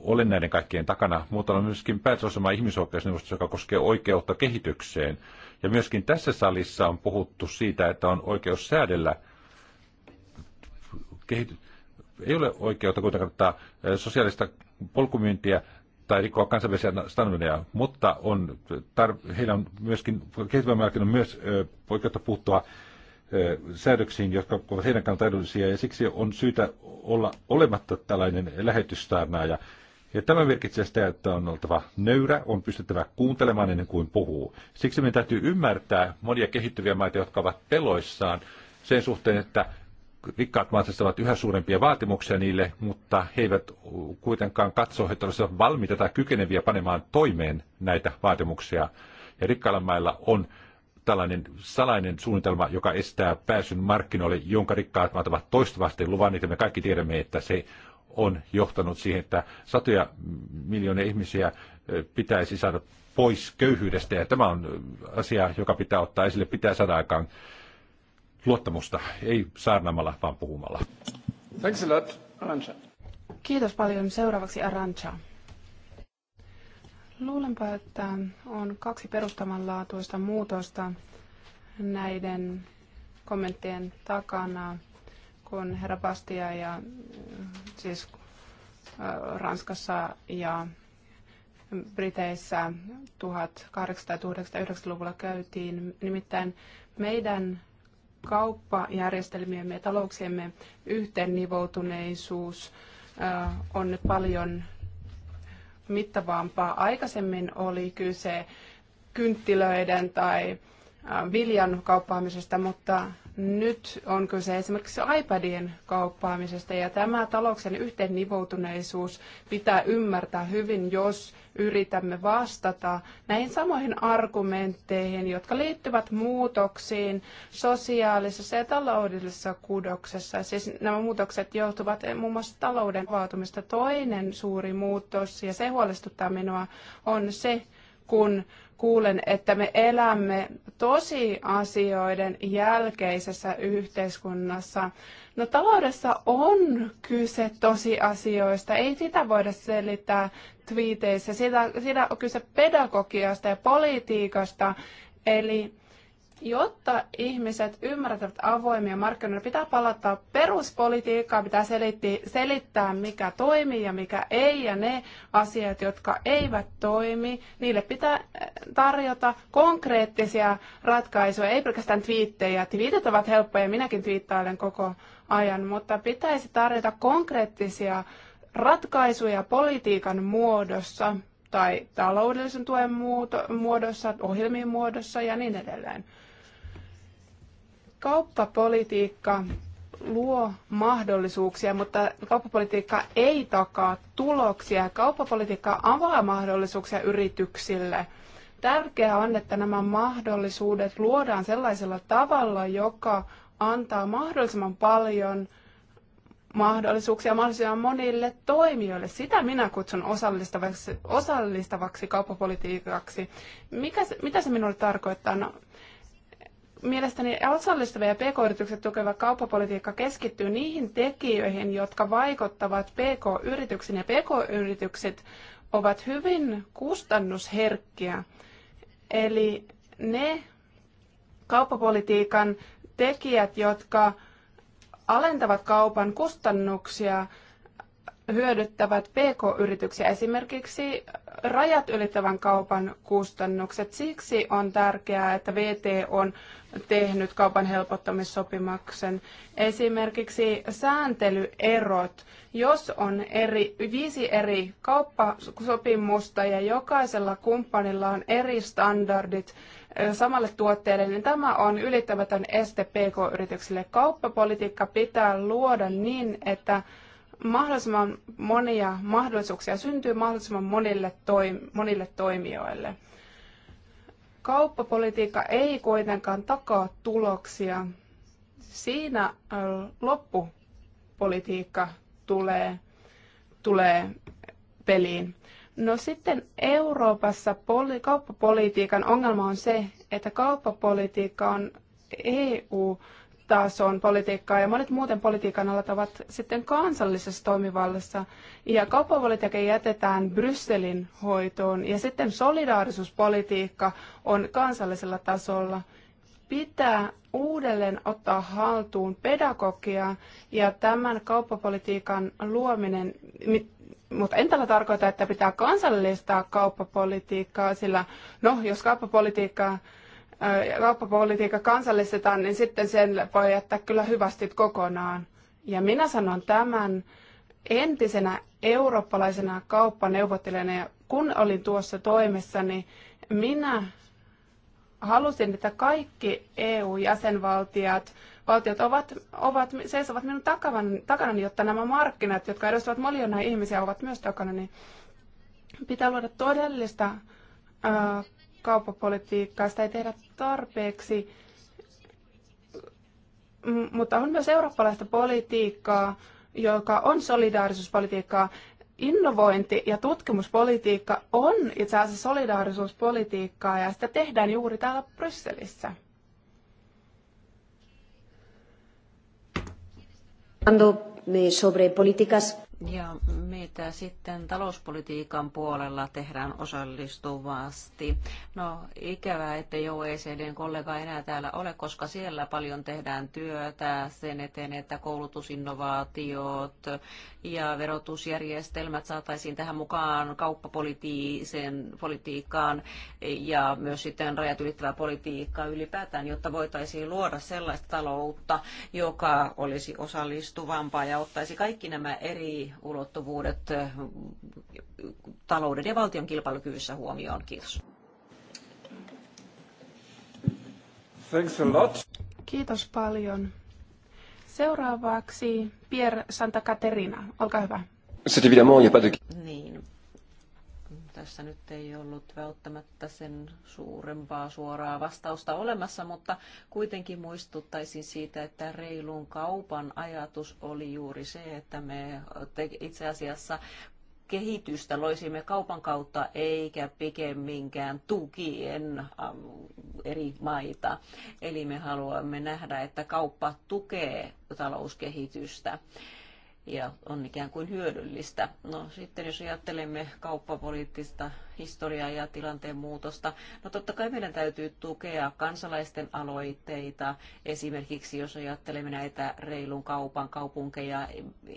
olen näiden kaikkien takana, mutta on myöskin päätösosama ihmisoikeusneuvostossa, joka koskee oikeutta kehitykseen. Ja myöskin tässä salissa on puhuttu siitä, että on oikeus säädellä kehity- ei ole oikeutta kuitenkaan eh, sosiaalista polkumyyntiä tai rikkoa kansainvälisiä standardeja, mutta on tar- heillä on myöskin, kehitysvammaisilla on myös ö, eh, oikeutta puuttua säädöksiin, jotka ovat heidän kannaltaan edullisia, ja siksi on syytä olla olematta tällainen lähetyssaarnaaja. Ja tämä merkitsee sitä, että on oltava nöyrä, on pystyttävä kuuntelemaan ennen kuin puhuu. Siksi meidän täytyy ymmärtää monia kehittyviä maita, jotka ovat peloissaan sen suhteen, että rikkaat maat ovat yhä suurempia vaatimuksia niille, mutta he eivät kuitenkaan katso, että olisivat valmiita tai kykeneviä panemaan toimeen näitä vaatimuksia. Ja rikkailla mailla on tällainen salainen suunnitelma, joka estää pääsyn markkinoille, jonka rikkaat maat ovat toistuvasti luvanneet, me kaikki tiedämme, että se on johtanut siihen, että satoja miljoonia ihmisiä pitäisi saada pois köyhyydestä, ja tämä on asia, joka pitää ottaa esille, pitää saada aikaan luottamusta, ei saarnaamalla, vaan puhumalla. Thanks a lot, Arantxa. Kiitos paljon. Seuraavaksi Arantxa. Luulenpa, että on kaksi perustavanlaatuista muutosta näiden kommenttien takana, kun herra Bastia ja äh, siis äh, Ranskassa ja Briteissä 1890 luvulla käytiin. Nimittäin meidän kauppajärjestelmiemme ja talouksiemme yhteennivoutuneisuus äh, on nyt paljon mittavampaa. Aikaisemmin oli kyse kynttilöiden tai viljan kauppaamisesta, mutta nyt on kyse esimerkiksi iPadien kauppaamisesta ja tämä talouksen yhteennivoutuneisuus pitää ymmärtää hyvin, jos yritämme vastata näihin samoihin argumentteihin, jotka liittyvät muutoksiin sosiaalisessa ja taloudellisessa kudoksessa. Siis nämä muutokset johtuvat muun muassa talouden vaatumista. Toinen suuri muutos, ja se huolestuttaa minua, on se, kun kuulen, että me elämme tosi asioiden jälkeisessä yhteiskunnassa. No taloudessa on kyse tosiasioista, ei sitä voida selittää twiiteissä, sitä, sitä on kyse pedagogiasta ja politiikasta, eli Jotta ihmiset ymmärtävät avoimia markkinoita, pitää palata peruspolitiikkaa, pitää selittää, mikä toimii ja mikä ei, ja ne asiat, jotka eivät toimi, niille pitää eh, tarjota konkreettisia ratkaisuja, ei pelkästään twiittejä. Twiitit ovat helppoja, minäkin twiittailen koko ajan, mutta pitäisi tarjota konkreettisia ratkaisuja politiikan muodossa tai taloudellisen tuen muodossa, ohjelmien muodossa ja niin edelleen. Kauppapolitiikka luo mahdollisuuksia, mutta kauppapolitiikka ei takaa tuloksia. Kauppapolitiikka avaa mahdollisuuksia yrityksille. Tärkeää on, että nämä mahdollisuudet luodaan sellaisella tavalla, joka antaa mahdollisimman paljon mahdollisuuksia mahdollisimman monille toimijoille. Sitä minä kutsun osallistavaksi, osallistavaksi kauppapolitiikaksi. Mikä se, mitä se minulle tarkoittaa? No, Mielestäni osallistava ja pk-yritykset tukeva kauppapolitiikka keskittyy niihin tekijöihin, jotka vaikuttavat pk-yrityksiin, ja pk-yritykset ovat hyvin kustannusherkkiä. Eli ne kauppapolitiikan tekijät, jotka alentavat kaupan kustannuksia, hyödyttävät pk-yrityksiä. Esimerkiksi rajat ylittävän kaupan kustannukset. Siksi on tärkeää, että VT on tehnyt kaupan helpottamissopimuksen. Esimerkiksi sääntelyerot. Jos on eri, viisi eri kauppasopimusta ja jokaisella kumppanilla on eri standardit samalle tuotteelle, niin tämä on ylittämätön este PK-yrityksille. Kauppapolitiikka pitää luoda niin, että mahdollisimman monia mahdollisuuksia syntyy mahdollisimman monille, toim- monille toimijoille. Kauppapolitiikka ei kuitenkaan takaa tuloksia. Siinä loppupolitiikka tulee, tulee peliin. No sitten Euroopassa poli- kauppapolitiikan ongelma on se, että kauppapolitiikka on EU- tason politiikkaa ja monet muuten politiikan alat ovat sitten kansallisessa toimivallassa. Ja kauppapolitiikka jätetään Brysselin hoitoon ja sitten solidaarisuuspolitiikka on kansallisella tasolla. Pitää uudelleen ottaa haltuun pedagogia ja tämän kauppapolitiikan luominen, mutta en tällä tarkoita, että pitää kansallistaa kauppapolitiikkaa, sillä no, jos kauppapolitiikkaa kauppapolitiikka kansallistetaan, niin sitten sen voi jättää kyllä hyvästit kokonaan. Ja minä sanon tämän entisenä eurooppalaisena kauppaneuvottelijana, ja kun olin tuossa toimessa, niin minä halusin, että kaikki EU-jäsenvaltiot valtiot ovat, ovat, seisovat minun takana, takanani, jotta nämä markkinat, jotka edustavat miljoonaa ihmisiä, ovat myös takana, niin pitää luoda todellista ää, kauppapolitiikkaa. Sitä ei tehdä tarpeeksi, mutta on myös eurooppalaista politiikkaa, joka on solidaarisuuspolitiikkaa. Innovointi ja tutkimuspolitiikka on itse asiassa solidaarisuuspolitiikkaa ja sitä tehdään juuri täällä Brysselissä. Eh, ja mitä sitten talouspolitiikan puolella tehdään osallistuvasti? No ikävää, että jo ECDn kollega enää täällä ole, koska siellä paljon tehdään työtä sen eteen, että koulutusinnovaatiot ja verotusjärjestelmät saataisiin tähän mukaan kauppapolitiiseen politiikkaan ja myös sitten rajat ylittävää politiikkaa ylipäätään, jotta voitaisiin luoda sellaista taloutta, joka olisi osallistuvampaa ja ottaisi kaikki nämä eri ulottuvuudet eroavaisuudet talouden ja valtion kilpailukyvyssä huomioon. Kiitos. Thanks a lot. Kiitos paljon. Seuraavaksi Pierre Santa Caterina, olkaa hyvä. Niin, tässä nyt ei ollut välttämättä sen suurempaa suoraa vastausta olemassa, mutta kuitenkin muistuttaisin siitä, että reilun kaupan ajatus oli juuri se, että me itse asiassa kehitystä loisimme kaupan kautta eikä pikemminkään tukien ähm, eri maita. Eli me haluamme nähdä, että kauppa tukee talouskehitystä ja on ikään kuin hyödyllistä. No sitten jos ajattelemme kauppapoliittista historiaa ja tilanteen muutosta, no totta kai meidän täytyy tukea kansalaisten aloitteita. Esimerkiksi jos ajattelemme näitä reilun kaupan kaupunkeja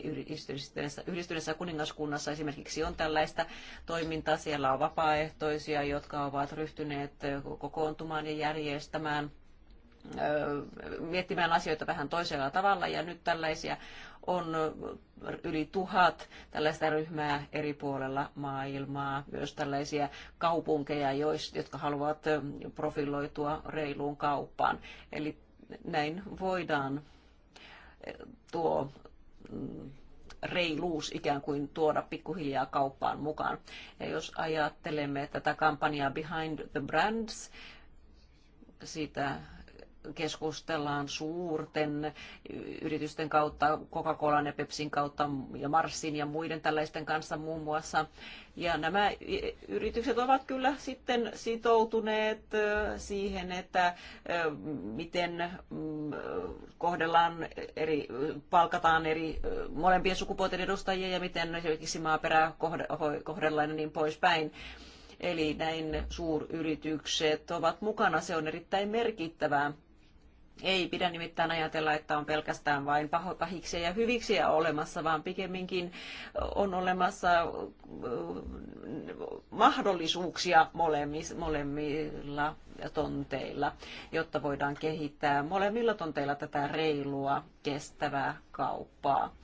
yhdistyneessä, yhdistyneessä kuningaskunnassa esimerkiksi on tällaista toimintaa. Siellä on vapaaehtoisia, jotka ovat ryhtyneet kokoontumaan ja järjestämään miettimään asioita vähän toisella tavalla ja nyt tällaisia on yli tuhat tällaista ryhmää eri puolella maailmaa, myös tällaisia kaupunkeja, jotka haluavat profiloitua reiluun kauppaan. Eli näin voidaan tuo mm, reiluus ikään kuin tuoda pikkuhiljaa kauppaan mukaan. Ja jos ajattelemme tätä kampanjaa Behind the Brands, siitä keskustellaan suurten yritysten kautta, Coca-Colan ja Pepsin kautta ja Marsin ja muiden tällaisten kanssa muun muassa. Ja nämä yritykset ovat kyllä sitten sitoutuneet siihen, että miten mm, kohdellaan eri, palkataan eri molempien sukupuolten edustajia ja miten esimerkiksi maaperää kohdellaan ja niin poispäin. Eli näin suuryritykset ovat mukana. Se on erittäin merkittävää ei pidä nimittäin ajatella, että on pelkästään vain pahiksi ja hyviksiä olemassa, vaan pikemminkin on olemassa äh, mahdollisuuksia molemmilla tonteilla, jotta voidaan kehittää molemmilla tonteilla tätä reilua, kestävää kauppaa.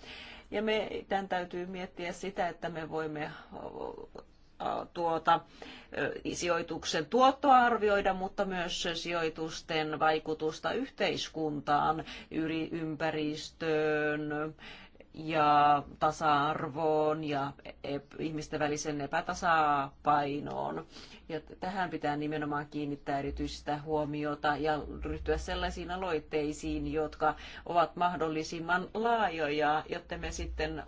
Ja meidän täytyy miettiä sitä, että me voimme tuota, sijoituksen tuottoa arvioida, mutta myös sijoitusten vaikutusta yhteiskuntaan, ympäristöön, ja tasa-arvoon ja ihmisten välisen epätasapainoon. Ja tähän pitää nimenomaan kiinnittää erityistä huomiota ja ryhtyä sellaisiin aloitteisiin, jotka ovat mahdollisimman laajoja, jotta me sitten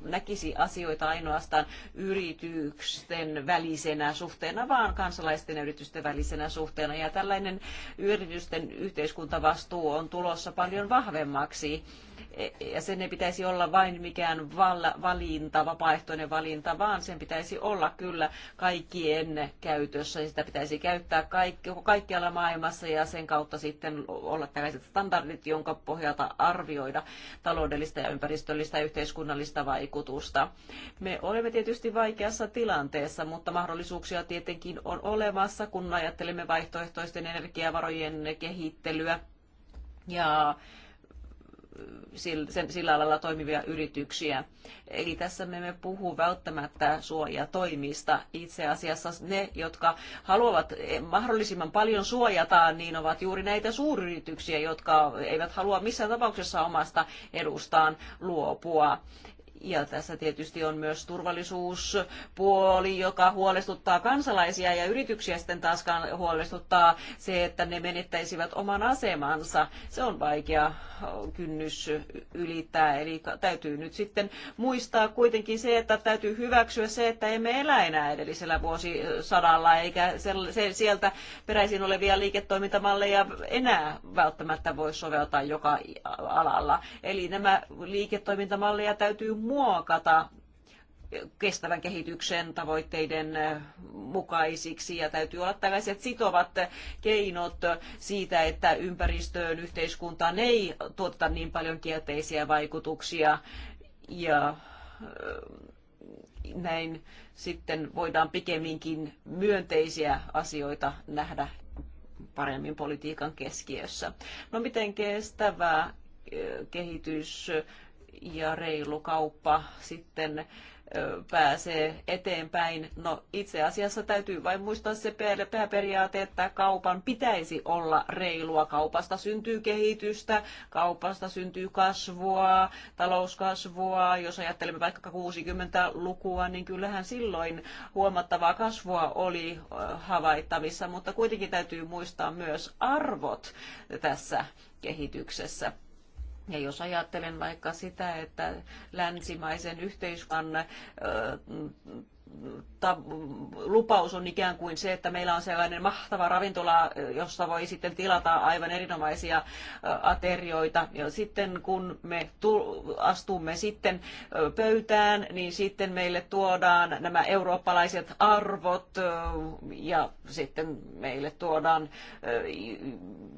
näkisi asioita ainoastaan yritysten välisenä suhteena, vaan kansalaisten ja yritysten välisenä suhteena. Ja tällainen yritysten yhteiskuntavastuu on tulossa paljon vahvemmaksi ja sen ei pitäisi olla vain mikään valinta, vapaaehtoinen valinta, vaan sen pitäisi olla kyllä kaikkien käytössä. Sitä pitäisi käyttää kaikki, kaikkialla maailmassa ja sen kautta sitten olla tällaiset standardit, jonka pohjalta arvioida taloudellista ja ympäristöllistä ja yhteiskunnallista vaikutusta. Me olemme tietysti vaikeassa tilanteessa, mutta mahdollisuuksia tietenkin on olemassa, kun ajattelemme vaihtoehtoisten energiavarojen kehittelyä ja sillä alalla toimivia yrityksiä. Eli tässä me emme puhu välttämättä suojatoimista. Itse asiassa ne, jotka haluavat mahdollisimman paljon suojata, niin ovat juuri näitä suuryrityksiä, jotka eivät halua missään tapauksessa omasta edustaan luopua. Ja tässä tietysti on myös turvallisuuspuoli, joka huolestuttaa kansalaisia ja yrityksiä sitten taas huolestuttaa se, että ne menettäisivät oman asemansa. Se on vaikea kynnys ylittää, eli täytyy nyt sitten muistaa kuitenkin se, että täytyy hyväksyä se, että emme elä enää edellisellä vuosisadalla, eikä se, sieltä peräisin olevia liiketoimintamalleja enää välttämättä voi soveltaa joka alalla. Eli nämä liiketoimintamalleja täytyy muokata kestävän kehityksen tavoitteiden mukaisiksi ja täytyy olla tällaiset sitovat keinot siitä, että ympäristöön, yhteiskuntaan ei tuoteta niin paljon kielteisiä vaikutuksia ja näin sitten voidaan pikemminkin myönteisiä asioita nähdä paremmin politiikan keskiössä. No miten kestävä kehitys ja reilu kauppa sitten pääsee eteenpäin. No itse asiassa täytyy vain muistaa se pääperiaate, että kaupan pitäisi olla reilua. Kaupasta syntyy kehitystä, kaupasta syntyy kasvua, talouskasvua. Jos ajattelemme vaikka 60-lukua, niin kyllähän silloin huomattavaa kasvua oli havaittavissa, mutta kuitenkin täytyy muistaa myös arvot tässä kehityksessä. Ja jos ajattelen vaikka sitä, että länsimaisen yhteiskunnan lupaus on ikään kuin se, että meillä on sellainen mahtava ravintola, jossa voi sitten tilata aivan erinomaisia aterioita. Ja sitten kun me astumme sitten pöytään, niin sitten meille tuodaan nämä eurooppalaiset arvot ja sitten meille tuodaan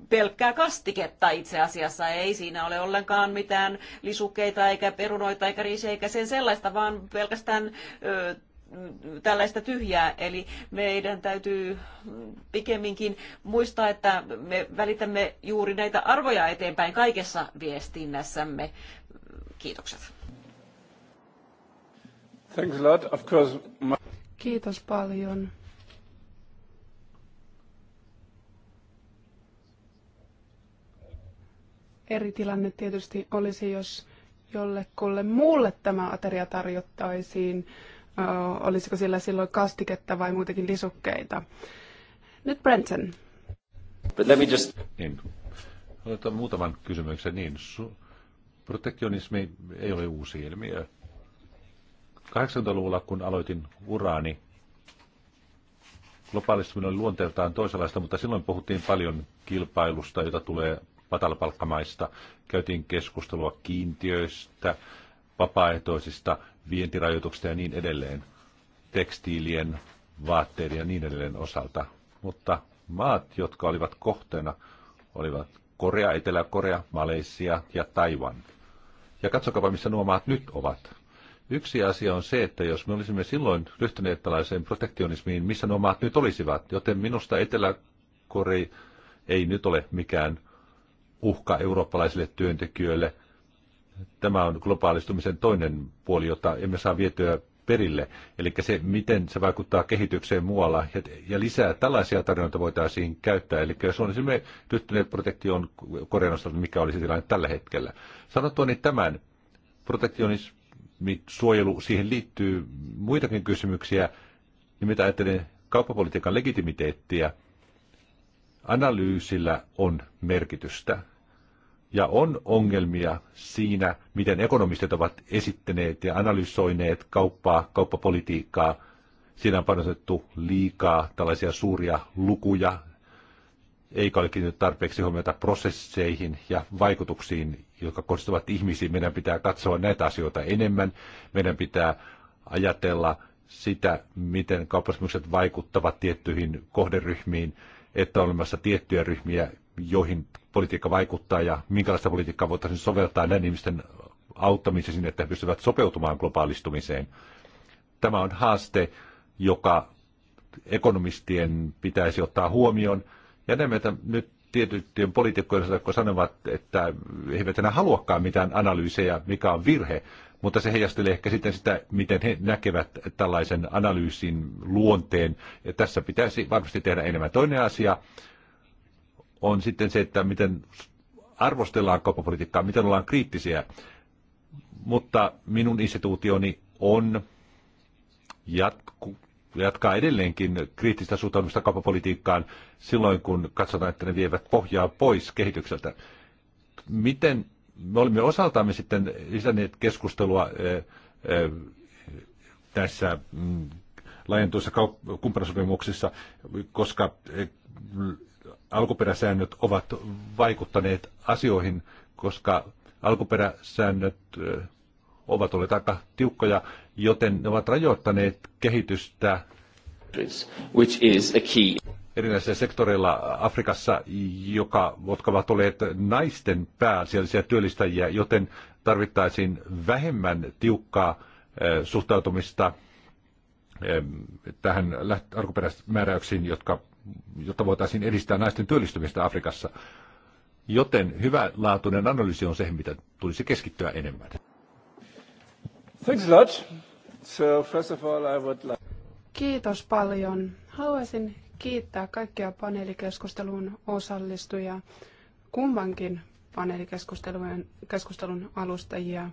pelkkää kastiketta itse asiassa. Ei siinä ole ollenkaan mitään lisukkeita eikä perunoita eikä riisiä eikä sen sellaista, vaan pelkästään tällaista tyhjää, eli meidän täytyy pikemminkin muistaa, että me välitämme juuri näitä arvoja eteenpäin kaikessa viestinnässämme. Kiitokset. Thanks a lot. Of course, my... Kiitos paljon. Eri tilanne tietysti olisi, jos jollekulle muulle tämä ateria tarjottaisiin olisiko sillä silloin kastiketta vai muutenkin lisukkeita. Nyt Brenton. But let me just... Niin. Otetaan muutaman kysymyksen. Niin, su- protektionismi ei ole uusi ilmiö. 80-luvulla, kun aloitin uraani, globaalistuminen oli luonteeltaan toisenlaista, mutta silloin puhuttiin paljon kilpailusta, jota tulee patalapalkkamaista. Käytiin keskustelua kiintiöistä, vapaaehtoisista vientirajoituksista ja niin edelleen, tekstiilien, vaatteiden ja niin edelleen osalta. Mutta maat, jotka olivat kohteena, olivat Korea, Etelä-Korea, Malesia ja Taiwan. Ja katsokaa, missä nuo maat nyt ovat. Yksi asia on se, että jos me olisimme silloin ryhtyneet tällaiseen protektionismiin, missä nuo maat nyt olisivat, joten minusta Etelä-Korea ei nyt ole mikään uhka eurooppalaisille työntekijöille, Tämä on globaalistumisen toinen puoli, jota emme saa vietyä perille. Eli se, miten se vaikuttaa kehitykseen muualla ja, ja lisää tällaisia tarinoita voitaisiin käyttää. Eli jos on esimerkiksi tyttöneet protektion Korean osalta, mikä olisi tilanne tällä hetkellä. Sanottuani niin tämän, protektionismi, suojelu, siihen liittyy muitakin kysymyksiä, nimittäin ajattelen kauppapolitiikan legitimiteettiä. Analyysillä on merkitystä ja on ongelmia siinä, miten ekonomistit ovat esittäneet ja analysoineet kauppaa, kauppapolitiikkaa. Siinä on panostettu liikaa tällaisia suuria lukuja, eikä ole kiinnitetty tarpeeksi huomiota prosesseihin ja vaikutuksiin, jotka kohdistuvat ihmisiin. Meidän pitää katsoa näitä asioita enemmän. Meidän pitää ajatella sitä, miten kauppasopimukset vaikuttavat tiettyihin kohderyhmiin, että on olemassa tiettyjä ryhmiä, joihin politiikka vaikuttaa ja minkälaista politiikkaa voitaisiin soveltaa näiden ihmisten auttamiseen, niin, että he pystyvät sopeutumaan globaalistumiseen. Tämä on haaste, joka ekonomistien pitäisi ottaa huomioon. Ja näemme, että nyt tietyttien poliitikkojen jotka sanovat, että he eivät enää haluakaan mitään analyysejä, mikä on virhe, mutta se heijastelee ehkä sitten sitä, miten he näkevät tällaisen analyysin luonteen. Ja tässä pitäisi varmasti tehdä enemmän. Toinen asia, on sitten se, että miten arvostellaan kauppapolitiikkaa, miten ollaan kriittisiä. Mutta minun instituutioni on jatku, jatkaa edelleenkin kriittistä suhtautumista kauppapolitiikkaan silloin, kun katsotaan, että ne vievät pohjaa pois kehitykseltä. Miten me olimme osaltamme sitten lisänneet keskustelua eh, eh, tässä mm, laajentuissa kumppanasopimuksissa, koska eh, alkuperäsäännöt ovat vaikuttaneet asioihin, koska alkuperäsäännöt ovat olleet aika tiukkoja, joten ne ovat rajoittaneet kehitystä which is a key. erinäisillä sektoreilla Afrikassa, joka, jotka ovat olleet naisten pääasiallisia työllistäjiä, joten tarvittaisiin vähemmän tiukkaa suhtautumista tähän alkuperäismääräyksiin, jotka jotta voitaisiin edistää naisten työllistymistä Afrikassa. Joten hyvälaatuinen analyysi on se, mitä tulisi keskittyä enemmän. Thanks a lot. So first of all I would like... Kiitos paljon. Haluaisin kiittää kaikkia paneelikeskusteluun osallistujia, kummankin paneelikeskustelun alustajia.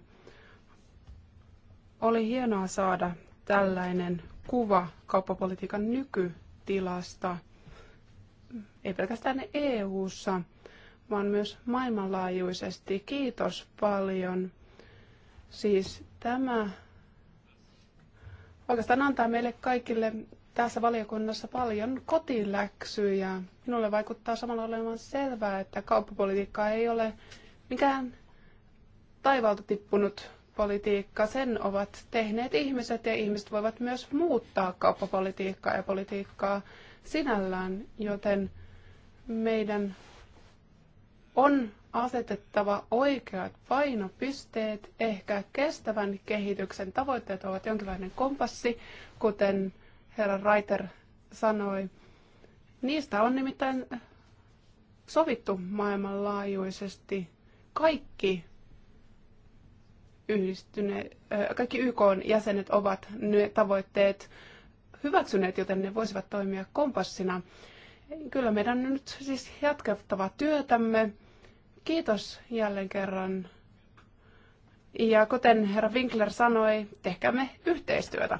Oli hienoa saada tällainen kuva kauppapolitiikan nykytilasta – ei pelkästään EU-ssa, vaan myös maailmanlaajuisesti. Kiitos paljon. Siis tämä oikeastaan antaa meille kaikille tässä valiokunnassa paljon kotiläksyjä. Minulle vaikuttaa samalla olevan selvää, että kauppapolitiikka ei ole mikään taivalta tippunut politiikka. Sen ovat tehneet ihmiset ja ihmiset voivat myös muuttaa kauppapolitiikkaa ja politiikkaa sinällään, joten meidän on asetettava oikeat painopisteet, ehkä kestävän kehityksen tavoitteet ovat jonkinlainen kompassi, kuten herra Reiter sanoi. Niistä on nimittäin sovittu maailmanlaajuisesti kaikki yhdistyneet, kaikki YK jäsenet ovat ne tavoitteet hyväksyneet, joten ne voisivat toimia kompassina. Kyllä meidän on nyt siis jatkettava työtämme. Kiitos jälleen kerran. Ja kuten herra Winkler sanoi, tehkäämme yhteistyötä.